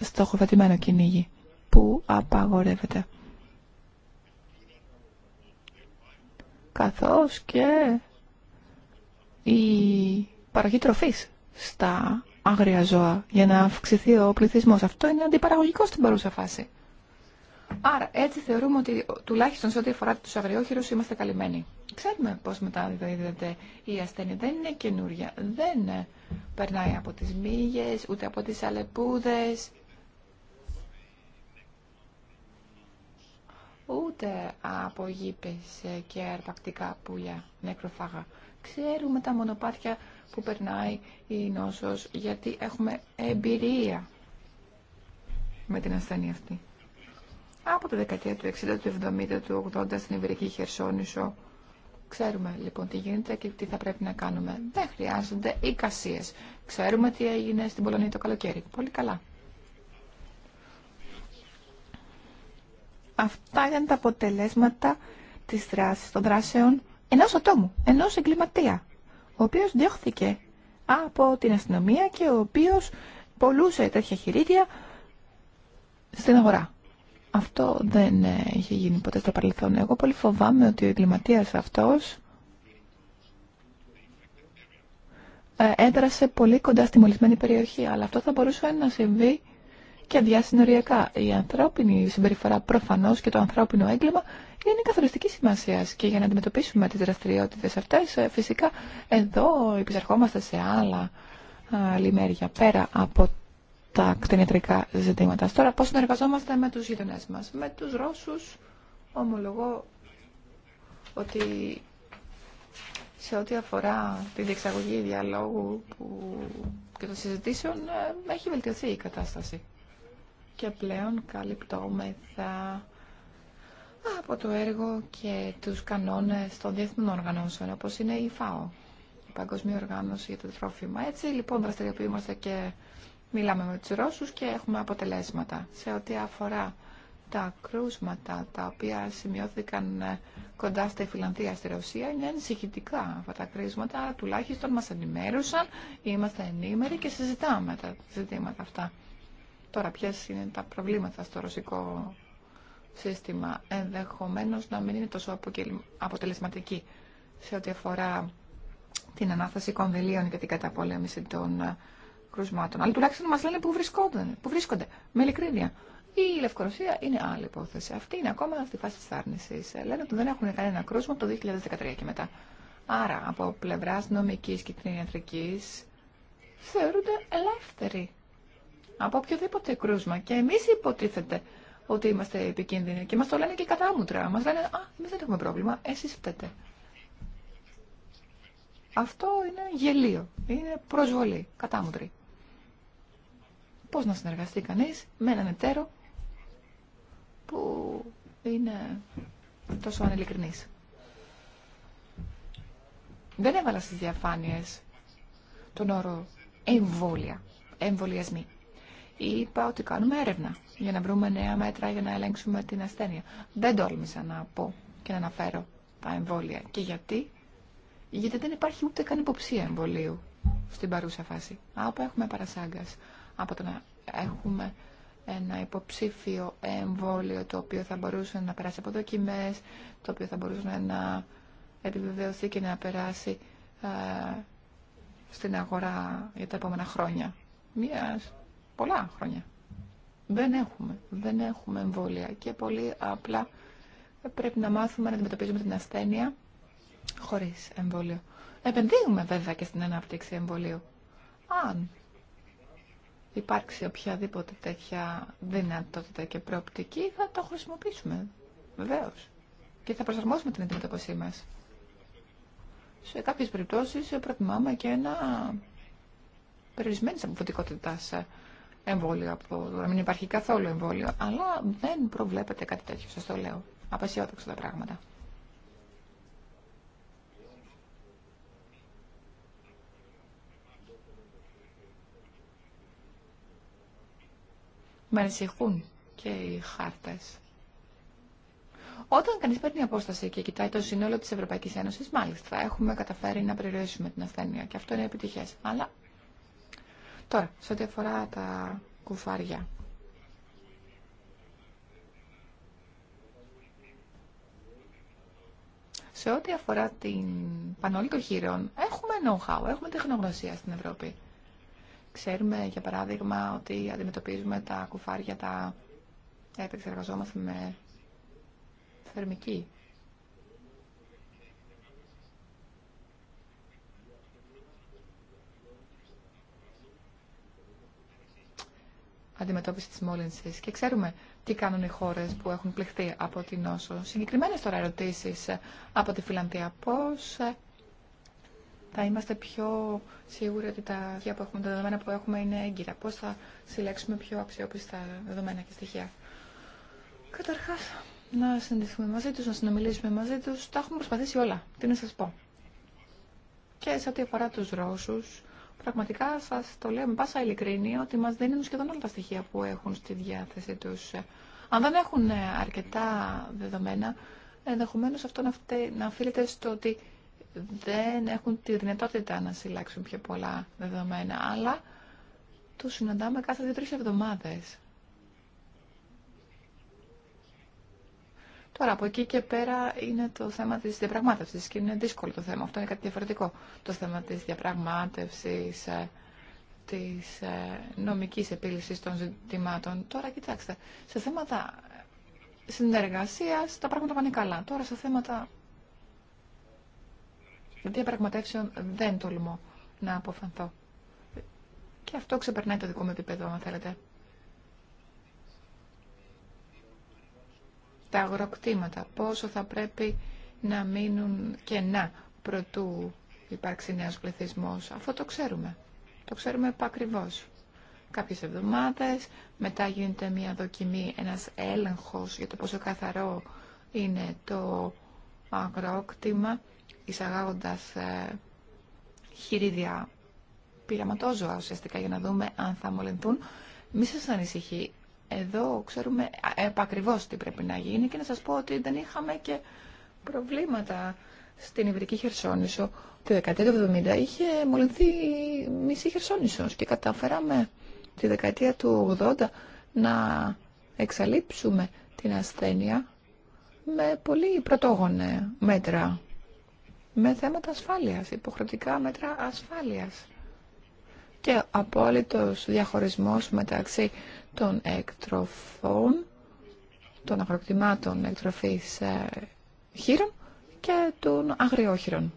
στοχοφατημένο κυνήγι που απαγορεύεται. Καθώς και η παραγή τροφής στα άγρια ζώα για να αυξηθεί ο πληθυσμός. Αυτό είναι αντιπαραγωγικό στην παρούσα φάση. Άρα έτσι θεωρούμε ότι τουλάχιστον σε ό,τι αφορά του αγριόχειρους είμαστε καλυμμένοι. Ξέρουμε πώς μεταδίδεται η ασθένεια. Δεν είναι καινούρια. Δεν ε, περνάει από τις μύγες, ούτε από τις αλεπούδες, ούτε από γήπες ε, και αρπακτικά πουλιά νεκροφάγα. Ξέρουμε τα μονοπάτια που περνάει η νόσος, γιατί έχουμε εμπειρία με την ασθένεια αυτή από το δεκαετία του 60, του 70, του 80 στην Ιβρυκή Χερσόνησο. Ξέρουμε λοιπόν τι γίνεται και τι θα πρέπει να κάνουμε. Δεν χρειάζονται εικασίε. Ξέρουμε τι έγινε στην Πολωνία το καλοκαίρι. Πολύ καλά. Αυτά ήταν τα αποτελέσματα της των δράσεων ενός ατόμου, ενός εγκληματία, ο οποίος διώχθηκε από την αστυνομία και ο οποίος πολλούσε τέτοια χειρίδια στην αγορά. Αυτό δεν ε, είχε γίνει ποτέ στο παρελθόν. Εγώ πολύ φοβάμαι ότι ο εγκληματίας αυτός ε, έδρασε πολύ κοντά στη μολυσμένη περιοχή, αλλά αυτό θα μπορούσε να συμβεί και διασυνοριακά. Η ανθρώπινη συμπεριφορά προφανώς και το ανθρώπινο έγκλημα είναι καθοριστική σημασία και για να αντιμετωπίσουμε τις δραστηριότητε αυτέ, ε, φυσικά εδώ επισερχόμαστε σε άλλα λιμέρια πέρα από τα κτηνιατρικά ζητήματα. Τώρα πώς συνεργαζόμαστε με τους γειτονές μας. Με τους Ρώσους ομολογώ ότι σε ό,τι αφορά τη διεξαγωγή διαλόγου που... και των συζητήσεων ε, έχει βελτιωθεί η κατάσταση. Και πλέον καλυπτόμεθα από το έργο και τους κανόνες των διεθνών οργανώσεων, όπως είναι η ΦΑΟ, η Παγκοσμία Οργάνωση για το Τρόφιμα. Έτσι λοιπόν δραστηριοποιούμαστε και Μιλάμε με τους Ρώσους και έχουμε αποτελέσματα. Σε ό,τι αφορά τα κρούσματα τα οποία σημειώθηκαν ε, κοντά στη Φιλανδία στη Ρωσία είναι ενσυχητικά αυτά τα κρούσματα. Τουλάχιστον μας ενημέρωσαν, είμαστε ενήμεροι και συζητάμε τα ζητήματα αυτά. Τώρα ποιε είναι τα προβλήματα στο ρωσικό σύστημα. Ενδεχομένως να μην είναι τόσο αποτελεσματική σε ό,τι αφορά την ανάθεση κονδυλίων και την καταπολέμηση των ε, κρουσμάτων. Αλλά τουλάχιστον μα λένε πού βρισκόνται, που βρίσκονται. Με ειλικρίνεια. Η Λευκορωσία είναι άλλη υπόθεση. Αυτή είναι ακόμα στη φάση τη άρνηση. Λένε ότι δεν έχουν κανένα κρούσμα από το 2013 και μετά. Άρα, από πλευρά νομική και κτηνιατρική, θεωρούνται ελεύθεροι από οποιοδήποτε κρούσμα. Και εμεί υποτίθεται ότι είμαστε επικίνδυνοι. Και μα το λένε και κατάμουτρα. Μα λένε, Α, εμεί δεν έχουμε πρόβλημα. Εσεί φταίτε. Αυτό είναι γελίο. Είναι προσβολή. Κατάμουτρη πώς να συνεργαστεί κανείς με έναν εταίρο που είναι τόσο ανελικρινής. Δεν έβαλα στις διαφάνειες τον όρο εμβόλια, εμβολιασμοί. Είπα ότι κάνουμε έρευνα για να βρούμε νέα μέτρα για να ελέγξουμε την ασθένεια. Δεν τόλμησα να πω και να αναφέρω τα εμβόλια. Και γιατί? Γιατί δεν υπάρχει ούτε καν υποψία εμβολίου στην παρούσα φάση. Από έχουμε παρασάγκας από το να έχουμε ένα υποψήφιο εμβόλιο το οποίο θα μπορούσε να περάσει από δοκιμές, το οποίο θα μπορούσε να επιβεβαιωθεί και να περάσει ε, στην αγορά για τα επόμενα χρόνια. Μία, πολλά χρόνια. Δεν έχουμε, δεν έχουμε εμβόλια και πολύ απλά πρέπει να μάθουμε να αντιμετωπίζουμε την ασθένεια χωρίς εμβόλιο. Επενδύουμε βέβαια και στην ανάπτυξη εμβολίου. Αν υπάρξει οποιαδήποτε τέτοια δυνατότητα και προοπτική, θα το χρησιμοποιήσουμε. Βεβαίω. Και θα προσαρμόσουμε την αντιμετώπιση μα. Σε κάποιε περιπτώσει ε, προτιμάμε και ένα περιορισμένη αποφωτικότητα ε, εμβόλιο, από, να μην υπάρχει καθόλου εμβόλιο. Αλλά δεν προβλέπεται κάτι τέτοιο, σα το λέω. Απασιόδοξα τα πράγματα. με ανησυχούν και οι χάρτες. Όταν κανείς παίρνει απόσταση και κοιτάει το σύνολο της Ευρωπαϊκής Ένωσης, μάλιστα, έχουμε καταφέρει να περιορίσουμε την ασθένεια και αυτό είναι επιτυχές. Αλλά τώρα, σε ό,τι αφορά τα κουφάρια. Σε ό,τι αφορά την πανόλη των χείρων, έχουμε know-how, έχουμε τεχνογνωσία στην Ευρώπη. Ξέρουμε, για παράδειγμα, ότι αντιμετωπίζουμε τα κουφάρια, τα επεξεργαζόμαστε με θερμική. αντιμετώπιση της μόλυνσης και ξέρουμε τι κάνουν οι χώρες που έχουν πληχθεί από την νόσο. Συγκεκριμένες τώρα ερωτήσεις από τη Φιλανδία. Πώς θα είμαστε πιο σίγουροι ότι τα στοιχεία που έχουμε, τα δεδομένα που έχουμε είναι έγκυρα. Πώς θα συλλέξουμε πιο αξιόπιστα δεδομένα και στοιχεία. Καταρχά να συνδεθούμε μαζί του, να συνομιλήσουμε μαζί του. Τα έχουμε προσπαθήσει όλα. Τι να σας πω. Και σε ό,τι αφορά του Ρώσου, πραγματικά σα το λέω με πάσα ειλικρίνεια ότι μα δίνουν σχεδόν όλα τα στοιχεία που έχουν στη διάθεση του. Αν δεν έχουν αρκετά δεδομένα, ενδεχομένω αυτό να, φταί, να οφείλεται στο ότι δεν έχουν τη δυνατότητα να συλλάξουν πιο πολλά δεδομένα, αλλά το συναντάμε κάθε δύο-τρεις εβδομάδες. Τώρα, από εκεί και πέρα είναι το θέμα της διαπραγμάτευσης και είναι δύσκολο το θέμα. Αυτό είναι κάτι διαφορετικό. Το θέμα της διαπραγμάτευσης, ε, της ε, νομικής επίλυσης των ζητημάτων. Τώρα, κοιτάξτε, σε θέματα συνεργασίας τα πράγματα πάνε καλά. Τώρα, σε θέματα διαπραγματεύσεων δεν τολμώ να αποφανθώ. Και αυτό ξεπερνάει το δικό μου επίπεδο, αν θέλετε. Τα αγροκτήματα, πόσο θα πρέπει να μείνουν κενά προτού υπάρξει νέος πληθυσμός. Αυτό το ξέρουμε. Το ξέρουμε επακριβώς. Κάποιες εβδομάδες, μετά γίνεται μια δοκιμή, ένας έλεγχος για το πόσο καθαρό είναι το αγρόκτημα εισαγάγοντας ε, χειρίδια πειραματόζωα ουσιαστικά για να δούμε αν θα μολυνθούν. Μη σας ανησυχεί. Εδώ ξέρουμε επακριβώς τι πρέπει να γίνει και να σας πω ότι δεν είχαμε και προβλήματα στην Ιβρική Χερσόνησο. Το 1970 είχε μολυνθεί μισή Χερσόνησος και καταφέραμε τη δεκαετία του 80 να εξαλείψουμε την ασθένεια με πολύ πρωτόγονε μέτρα με θέματα ασφάλειας, υποχρεωτικά μέτρα ασφάλειας και απόλυτος διαχωρισμός μεταξύ των εκτροφών, των αγροκτημάτων εκτροφής ε, χείρων και των αγριόχειρων.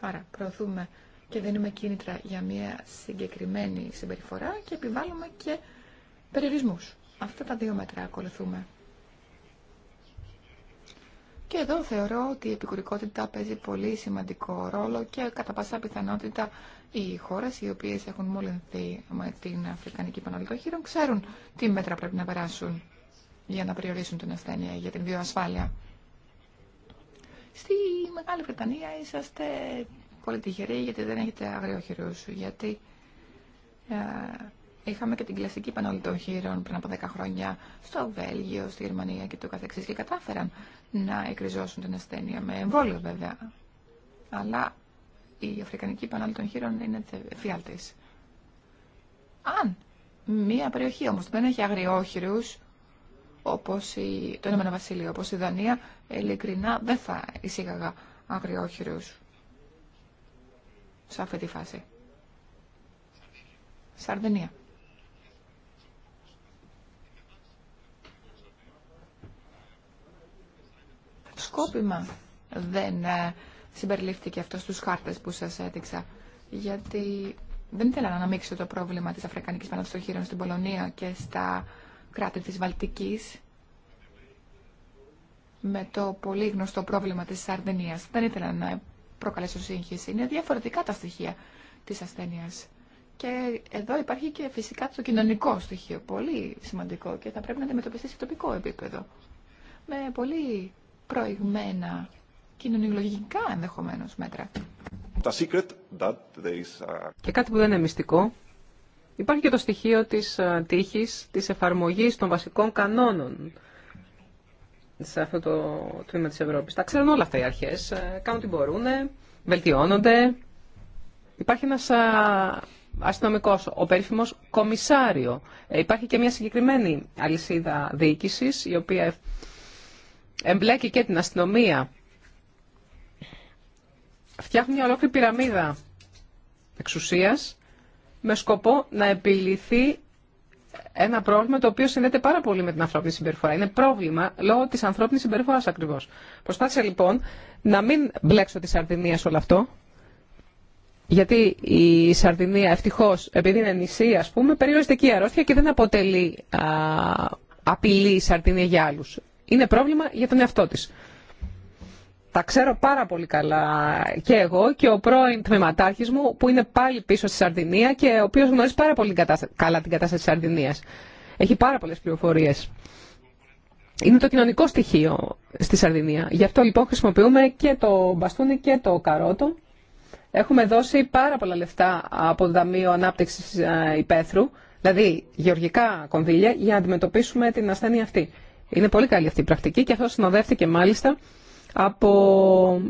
Άρα προωθούμε και δίνουμε κίνητρα για μια συγκεκριμένη συμπεριφορά και επιβάλλουμε και περιορισμούς. Αυτά τα δύο μέτρα ακολουθούμε. Και εδώ θεωρώ ότι η επικουρικότητα παίζει πολύ σημαντικό ρόλο και κατά πάσα πιθανότητα οι χώρε οι οποίε έχουν μολυνθεί με την Αφρικανική Πανόλη των Χείρων ξέρουν τι μέτρα πρέπει να περάσουν για να περιορίσουν την ασθένεια για την βιοασφάλεια. Στη Μεγάλη Βρετανία είσαστε πολύ τυχεροί γιατί δεν έχετε σου γιατί Είχαμε και την κλασική πανόλη των χείρων πριν από 10 χρόνια στο Βέλγιο, στη Γερμανία και το καθεξής και κατάφεραν να εκριζώσουν την ασθένεια με εμβόλιο βέβαια. Αλλά η Αφρικανική Πανάλη των Χείρων είναι φιάλτη. Αν μία περιοχή όμω. δεν έχει αγριόχειρου, όπως η, το Ηνωμένο Βασίλειο, όπως η Δανία, ειλικρινά δεν θα εισήγαγα αγριόχειρου σε αυτή τη φάση. Σαρδενία. σκόπιμα δεν ε, συμπεριλήφθηκε αυτό στους χάρτες που σας έδειξα. Γιατί δεν ήθελα να αναμίξω το πρόβλημα της Αφρικανικής Παναστοχήρων στην Πολωνία και στα κράτη της Βαλτικής με το πολύ γνωστό πρόβλημα της Σαρδενίας. Δεν ήθελα να προκαλέσω σύγχυση. Είναι διαφορετικά τα στοιχεία της ασθένειας. Και εδώ υπάρχει και φυσικά το κοινωνικό στοιχείο, πολύ σημαντικό και θα πρέπει να αντιμετωπιστεί σε τοπικό επίπεδο. Με πολύ προηγμένα κοινωνιολογικά ενδεχομένω μέτρα. Uh, και κάτι που δεν είναι μυστικό, υπάρχει και το στοιχείο της uh, τύχης, της εφαρμογής των βασικών κανόνων σε αυτό το τμήμα της Ευρώπης. Τα ξέρουν όλα αυτά οι αρχές, ε, κάνουν ότι μπορούν, βελτιώνονται. Υπάρχει ένας αστυνομικός, ο περίφημος κομισάριο. Ε, υπάρχει και μια συγκεκριμένη αλυσίδα διοίκησης, η οποία εμπλέκει και την αστυνομία. φτιάχνει μια ολόκληρη πυραμίδα εξουσίας με σκοπό να επιληθεί ένα πρόβλημα το οποίο συνδέεται πάρα πολύ με την ανθρώπινη συμπεριφορά. Είναι πρόβλημα λόγω της ανθρώπινης συμπεριφοράς ακριβώς. Προσπάθησα λοιπόν να μην μπλέξω τη Σαρδινία σε όλο αυτό, γιατί η Σαρδινία ευτυχώ, επειδή είναι νησί, α πούμε, περιοριστική αρρώστια και δεν αποτελεί απειλή η Σαρδινία για άλλου είναι πρόβλημα για τον εαυτό της. Τα ξέρω πάρα πολύ καλά και εγώ και ο πρώην τμήματάρχης μου που είναι πάλι πίσω στη Σαρδινία και ο οποίος γνωρίζει πάρα πολύ καλά την κατάσταση της Σαρδινίας. Έχει πάρα πολλές πληροφορίες. Είναι το κοινωνικό στοιχείο στη Σαρδινία. Γι' αυτό λοιπόν χρησιμοποιούμε και το μπαστούνι και το καρότο. Έχουμε δώσει πάρα πολλά λεφτά από το Δαμείο Ανάπτυξη ε, Υπαίθρου, δηλαδή γεωργικά κονδύλια, για να αντιμετωπίσουμε την ασθένεια αυτή. Είναι πολύ καλή αυτή η πρακτική και αυτό συνοδεύτηκε μάλιστα από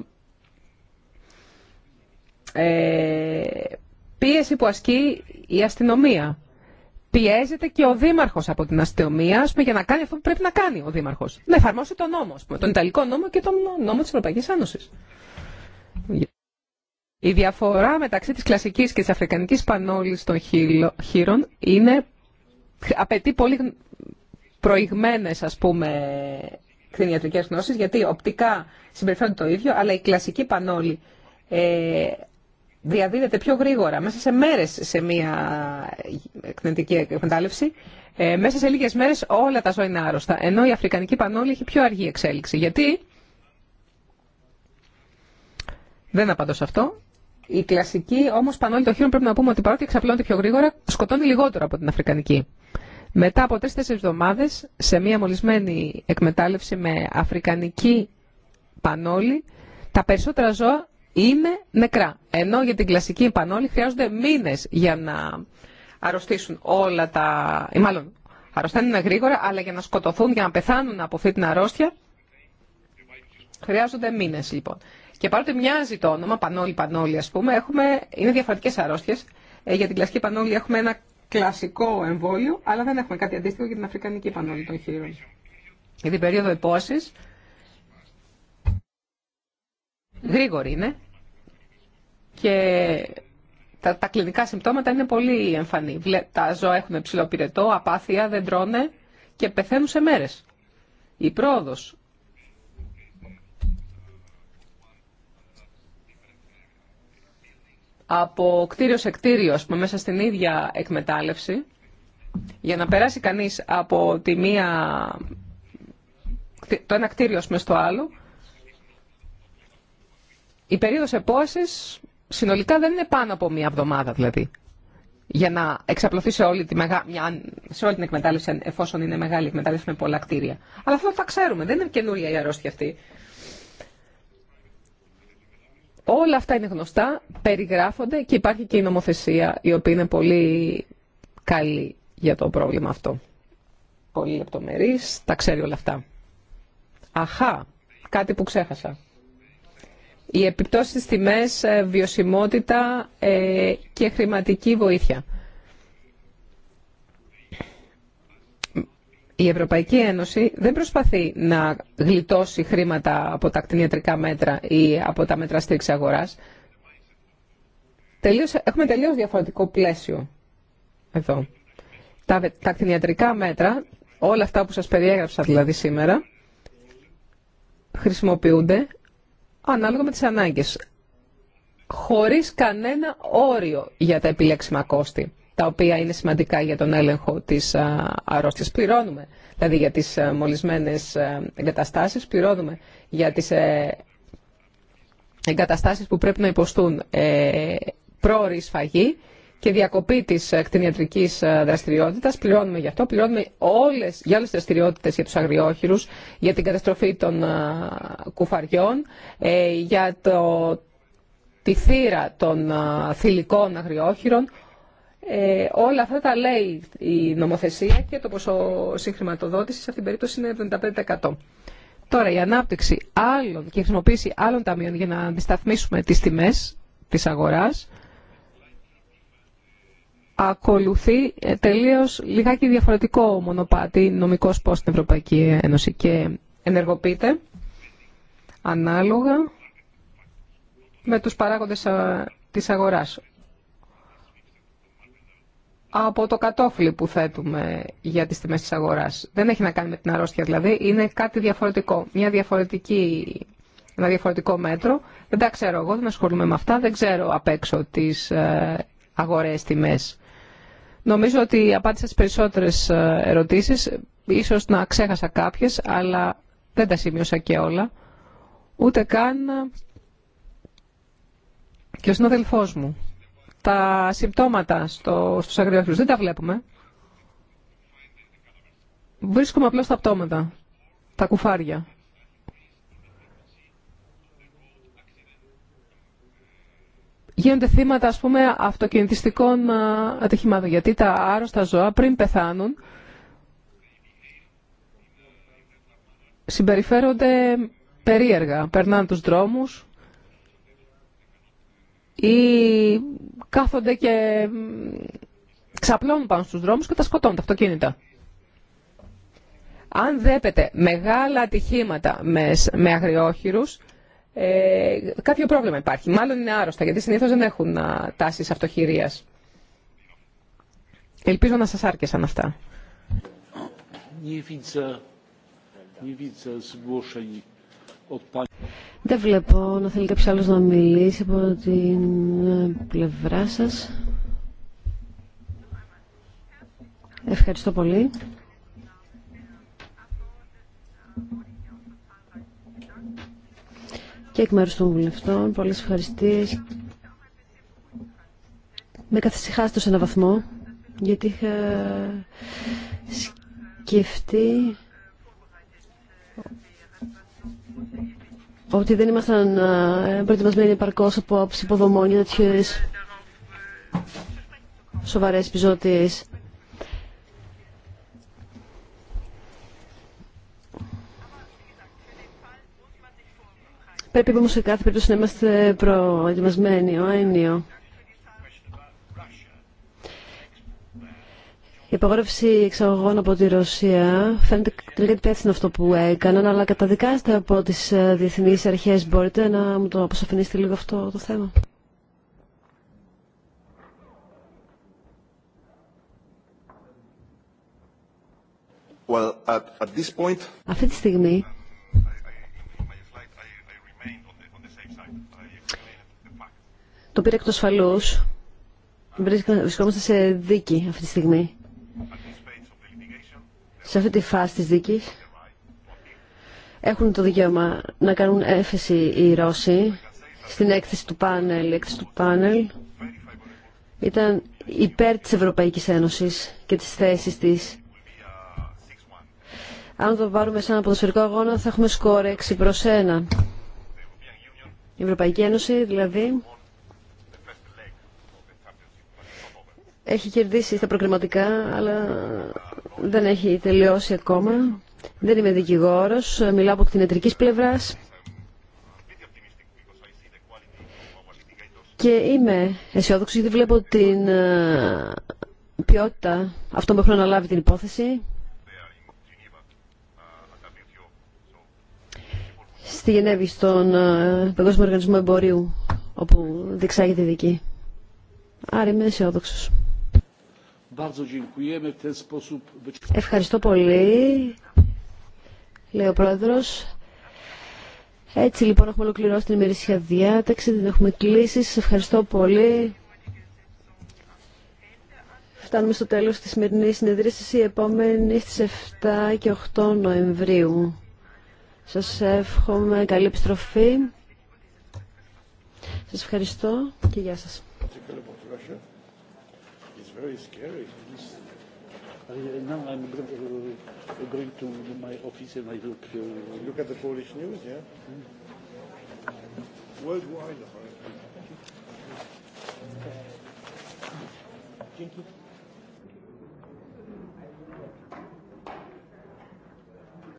ε, πίεση που ασκεί η αστυνομία. Πιέζεται και ο Δήμαρχο από την αστυνομία πούμε, για να κάνει αυτό που πρέπει να κάνει ο Δήμαρχο. Να εφαρμόσει τον νόμο, τον Ιταλικό νόμο και τον νόμο τη Ευρωπαϊκή Ένωση. Η διαφορά μεταξύ της κλασικής και της αφρικανικής πανόλης των χείρων είναι, απαιτεί πολύ προηγμένες ας πούμε κτηνιατρικές γνώσεις, γιατί οπτικά συμπεριφέρονται το ίδιο, αλλά η κλασική πανόλη ε, διαδίδεται πιο γρήγορα, μέσα σε μέρες σε μια κτηνιατρική εκμετάλλευση, ε, μέσα σε λίγες μέρες όλα τα ζώα είναι άρρωστα, ενώ η αφρικανική πανόλη έχει πιο αργή εξέλιξη. Γιατί, δεν απαντώ σε αυτό, η κλασική όμως πανόλη των χείρων πρέπει να πούμε ότι παρότι εξαπλώνεται πιο γρήγορα, σκοτώνει λιγότερο από την αφρικανική. Μετά από τρει-τέσσερι εβδομάδε, σε μία μολυσμένη εκμετάλλευση με αφρικανική πανόλη, τα περισσότερα ζώα είναι νεκρά. Ενώ για την κλασική πανόλη χρειάζονται μήνε για να αρρωστήσουν όλα τα. ή μάλλον αρρωσταίνουν γρήγορα, αλλά για να σκοτωθούν, για να πεθάνουν από αυτή την αρρώστια, χρειάζονται μήνε λοιπόν. Και παρότι μοιάζει το όνομα, πανόλη, πανόλη α πούμε, έχουμε, είναι διαφορετικέ αρρώστιε. Ε, για την κλασική πανόλη έχουμε ένα κλασικό εμβόλιο, αλλά δεν έχουμε κάτι αντίστοιχο για την Αφρικανική Πανόλη των Χείρων. Για την περίοδο επόση. γρήγορη είναι και τα, τα κλινικά συμπτώματα είναι πολύ εμφανή. Τα ζώα έχουν ψηλό πυρετό, απάθεια, δεν τρώνε και πεθαίνουν σε μέρες. Η πρόοδος από κτίριο σε κτίριο, πούμε, μέσα στην ίδια εκμετάλλευση, για να περάσει κανείς από τη μία, το ένα κτίριο πούμε, στο άλλο, η περίοδος επόσης συνολικά δεν είναι πάνω από μία εβδομάδα δηλαδή, για να εξαπλωθεί σε όλη, τη μεγα... σε όλη την εκμετάλλευση, εφόσον είναι μεγάλη εκμετάλλευση με πολλά κτίρια. Αλλά αυτό θα ξέρουμε, δεν είναι καινούρια η αρρώστια αυτή. Όλα αυτά είναι γνωστά, περιγράφονται και υπάρχει και η νομοθεσία η οποία είναι πολύ καλή για το πρόβλημα αυτό. Πολύ λεπτομερής, τα ξέρει όλα αυτά. Αχά, κάτι που ξέχασα. Οι επιπτώσεις στις τιμές, ε, βιωσιμότητα ε, και χρηματική βοήθεια. Η Ευρωπαϊκή Ένωση δεν προσπαθεί να γλιτώσει χρήματα από τα κτηνιατρικά μέτρα ή από τα μέτρα στήριξη αγορά. έχουμε τελείως διαφορετικό πλαίσιο εδώ. Τα, τα κτηνιατρικά μέτρα, όλα αυτά που σας περιέγραψα δηλαδή σήμερα, χρησιμοποιούνται ανάλογα με τις ανάγκες, χωρίς κανένα όριο για τα επιλέξιμα κόστη τα οποία είναι σημαντικά για τον έλεγχο της αρρώστιας. Πληρώνουμε, δηλαδή για τις ε, μολυσμένες ε, εγκαταστάσεις, πληρώνουμε για τις ε, εγκαταστάσεις που πρέπει να υποστούν πρόορη σφαγή και διακοπή της κτηνιατρικής δραστηριότητας. Πληρώνουμε για αυτό, πληρώνουμε όλες, για όλες τις δραστηριότητες για τους αγριόχειρους, για την καταστροφή των κουφαριών, για το, τη θύρα των θηλυκών αγριόχειρων, ε, όλα αυτά τα λέει η νομοθεσία και το ποσό συγχρηματοδότηση σε αυτήν την περίπτωση είναι 75%. Τώρα η ανάπτυξη άλλων και η χρησιμοποίηση άλλων ταμείων για να αντισταθμίσουμε τις τιμές της αγοράς ακολουθεί ε, τελείως λιγάκι διαφορετικό μονοπάτι νομικός πώς στην Ευρωπαϊκή Ένωση και ενεργοποιείται ανάλογα με τους παράγοντες της αγοράς από το κατόφλι που θέτουμε για τις τιμές της αγοράς. Δεν έχει να κάνει με την αρρώστια δηλαδή, είναι κάτι διαφορετικό, μια διαφορετική, ένα διαφορετικό μέτρο. Δεν τα ξέρω εγώ, δεν ασχολούμαι με αυτά, δεν ξέρω απ' έξω τις ε, αγορές τιμές. Νομίζω ότι απάντησα τις περισσότερες ε, ερωτήσεις, ίσως να ξέχασα κάποιες, αλλά δεν τα σημείωσα και όλα. Ούτε καν ε, και ο συναδελφός μου τα συμπτώματα στο, στους αγριόχειρους. Δεν τα βλέπουμε. Βρίσκουμε απλώς τα πτώματα, τα κουφάρια. Γίνονται θύματα, ας πούμε, αυτοκινητιστικών ατυχημάτων, γιατί τα άρρωστα ζώα πριν πεθάνουν συμπεριφέρονται περίεργα. Περνάνε τους δρόμους, ή κάθονται και ξαπλώνουν πάνω στους δρόμους και τα σκοτώνουν τα αυτοκίνητα. Αν δέπετε μεγάλα ατυχήματα με, με αγριόχειρους, ε, κάποιο πρόβλημα υπάρχει. Μάλλον είναι άρρωστα, γιατί συνήθως δεν έχουν α, τάσεις αυτοχειρίας. Ελπίζω να σας άρκεσαν αυτά. Δεν βλέπω να θέλει κάποιο άλλο να μιλήσει από την ε, πλευρά σας. Ευχαριστώ πολύ. Και εκ μέρου των βουλευτών, πολλές ευχαριστίες. Με καθησυχάστε σε έναν βαθμό, γιατί είχα σκεφτεί ότι δεν ήμασταν ε, προετοιμασμένοι επαρκώ από άψη υποδομών για τέτοιε σοβαρέ επιζώτε. Πρέπει όμω σε κάθε περίπτωση να είμαστε προετοιμασμένοι, ο έννοιο. Η απαγόρευση εξαγωγών από τη Ρωσία φαίνεται τελικά υπεύθυνο αυτό που έκαναν, αλλά καταδικάστε από τι διεθνεί αρχέ. Μπορείτε να μου το αποσαφηνίσετε λίγο αυτό το θέμα. Well, at, at this point... Αυτή τη στιγμή το πήρα εκτός φαλούς. Βρισκόμαστε σε δίκη αυτή τη στιγμή σε αυτή τη φάση της δίκης έχουν το δικαίωμα να κάνουν έφεση οι Ρώσοι στην έκθεση του πάνελ. Η έκθεση του πάνελ ήταν υπέρ της Ευρωπαϊκής Ένωσης και της θέσης της. Αν το πάρουμε σαν ποδοσφαιρικό αγώνα θα έχουμε σκόρ 6 προς 1. Η Ευρωπαϊκή Ένωση δηλαδή έχει κερδίσει στα προκριματικά, αλλά δεν έχει τελειώσει ακόμα. Δεν είμαι δικηγόρος, μιλάω από την ιατρικής πλευρά Και είμαι αισιόδοξη γιατί βλέπω την ε, ποιότητα αυτό που έχουν αναλάβει την υπόθεση. Στη Γενέβη, στον ε, Παγκόσμιο Οργανισμό Εμπορίου, όπου διεξάγεται η δική. Άρα είμαι αισιόδοξο. Ευχαριστώ πολύ, λέει ο Πρόεδρος. Έτσι λοιπόν έχουμε ολοκληρώσει την ημερήσια διάταξη, την έχουμε κλείσει. Σας ευχαριστώ πολύ. Φτάνουμε στο τέλος της σημερινή συνεδρίσης, η επόμενη στι 7 και 8 Νοεμβρίου. Σας εύχομαι καλή επιστροφή. Σας ευχαριστώ και γεια σας very scary. Now I'm going to my office and I look. Look at the Polish news, yeah. Worldwide. Thank you.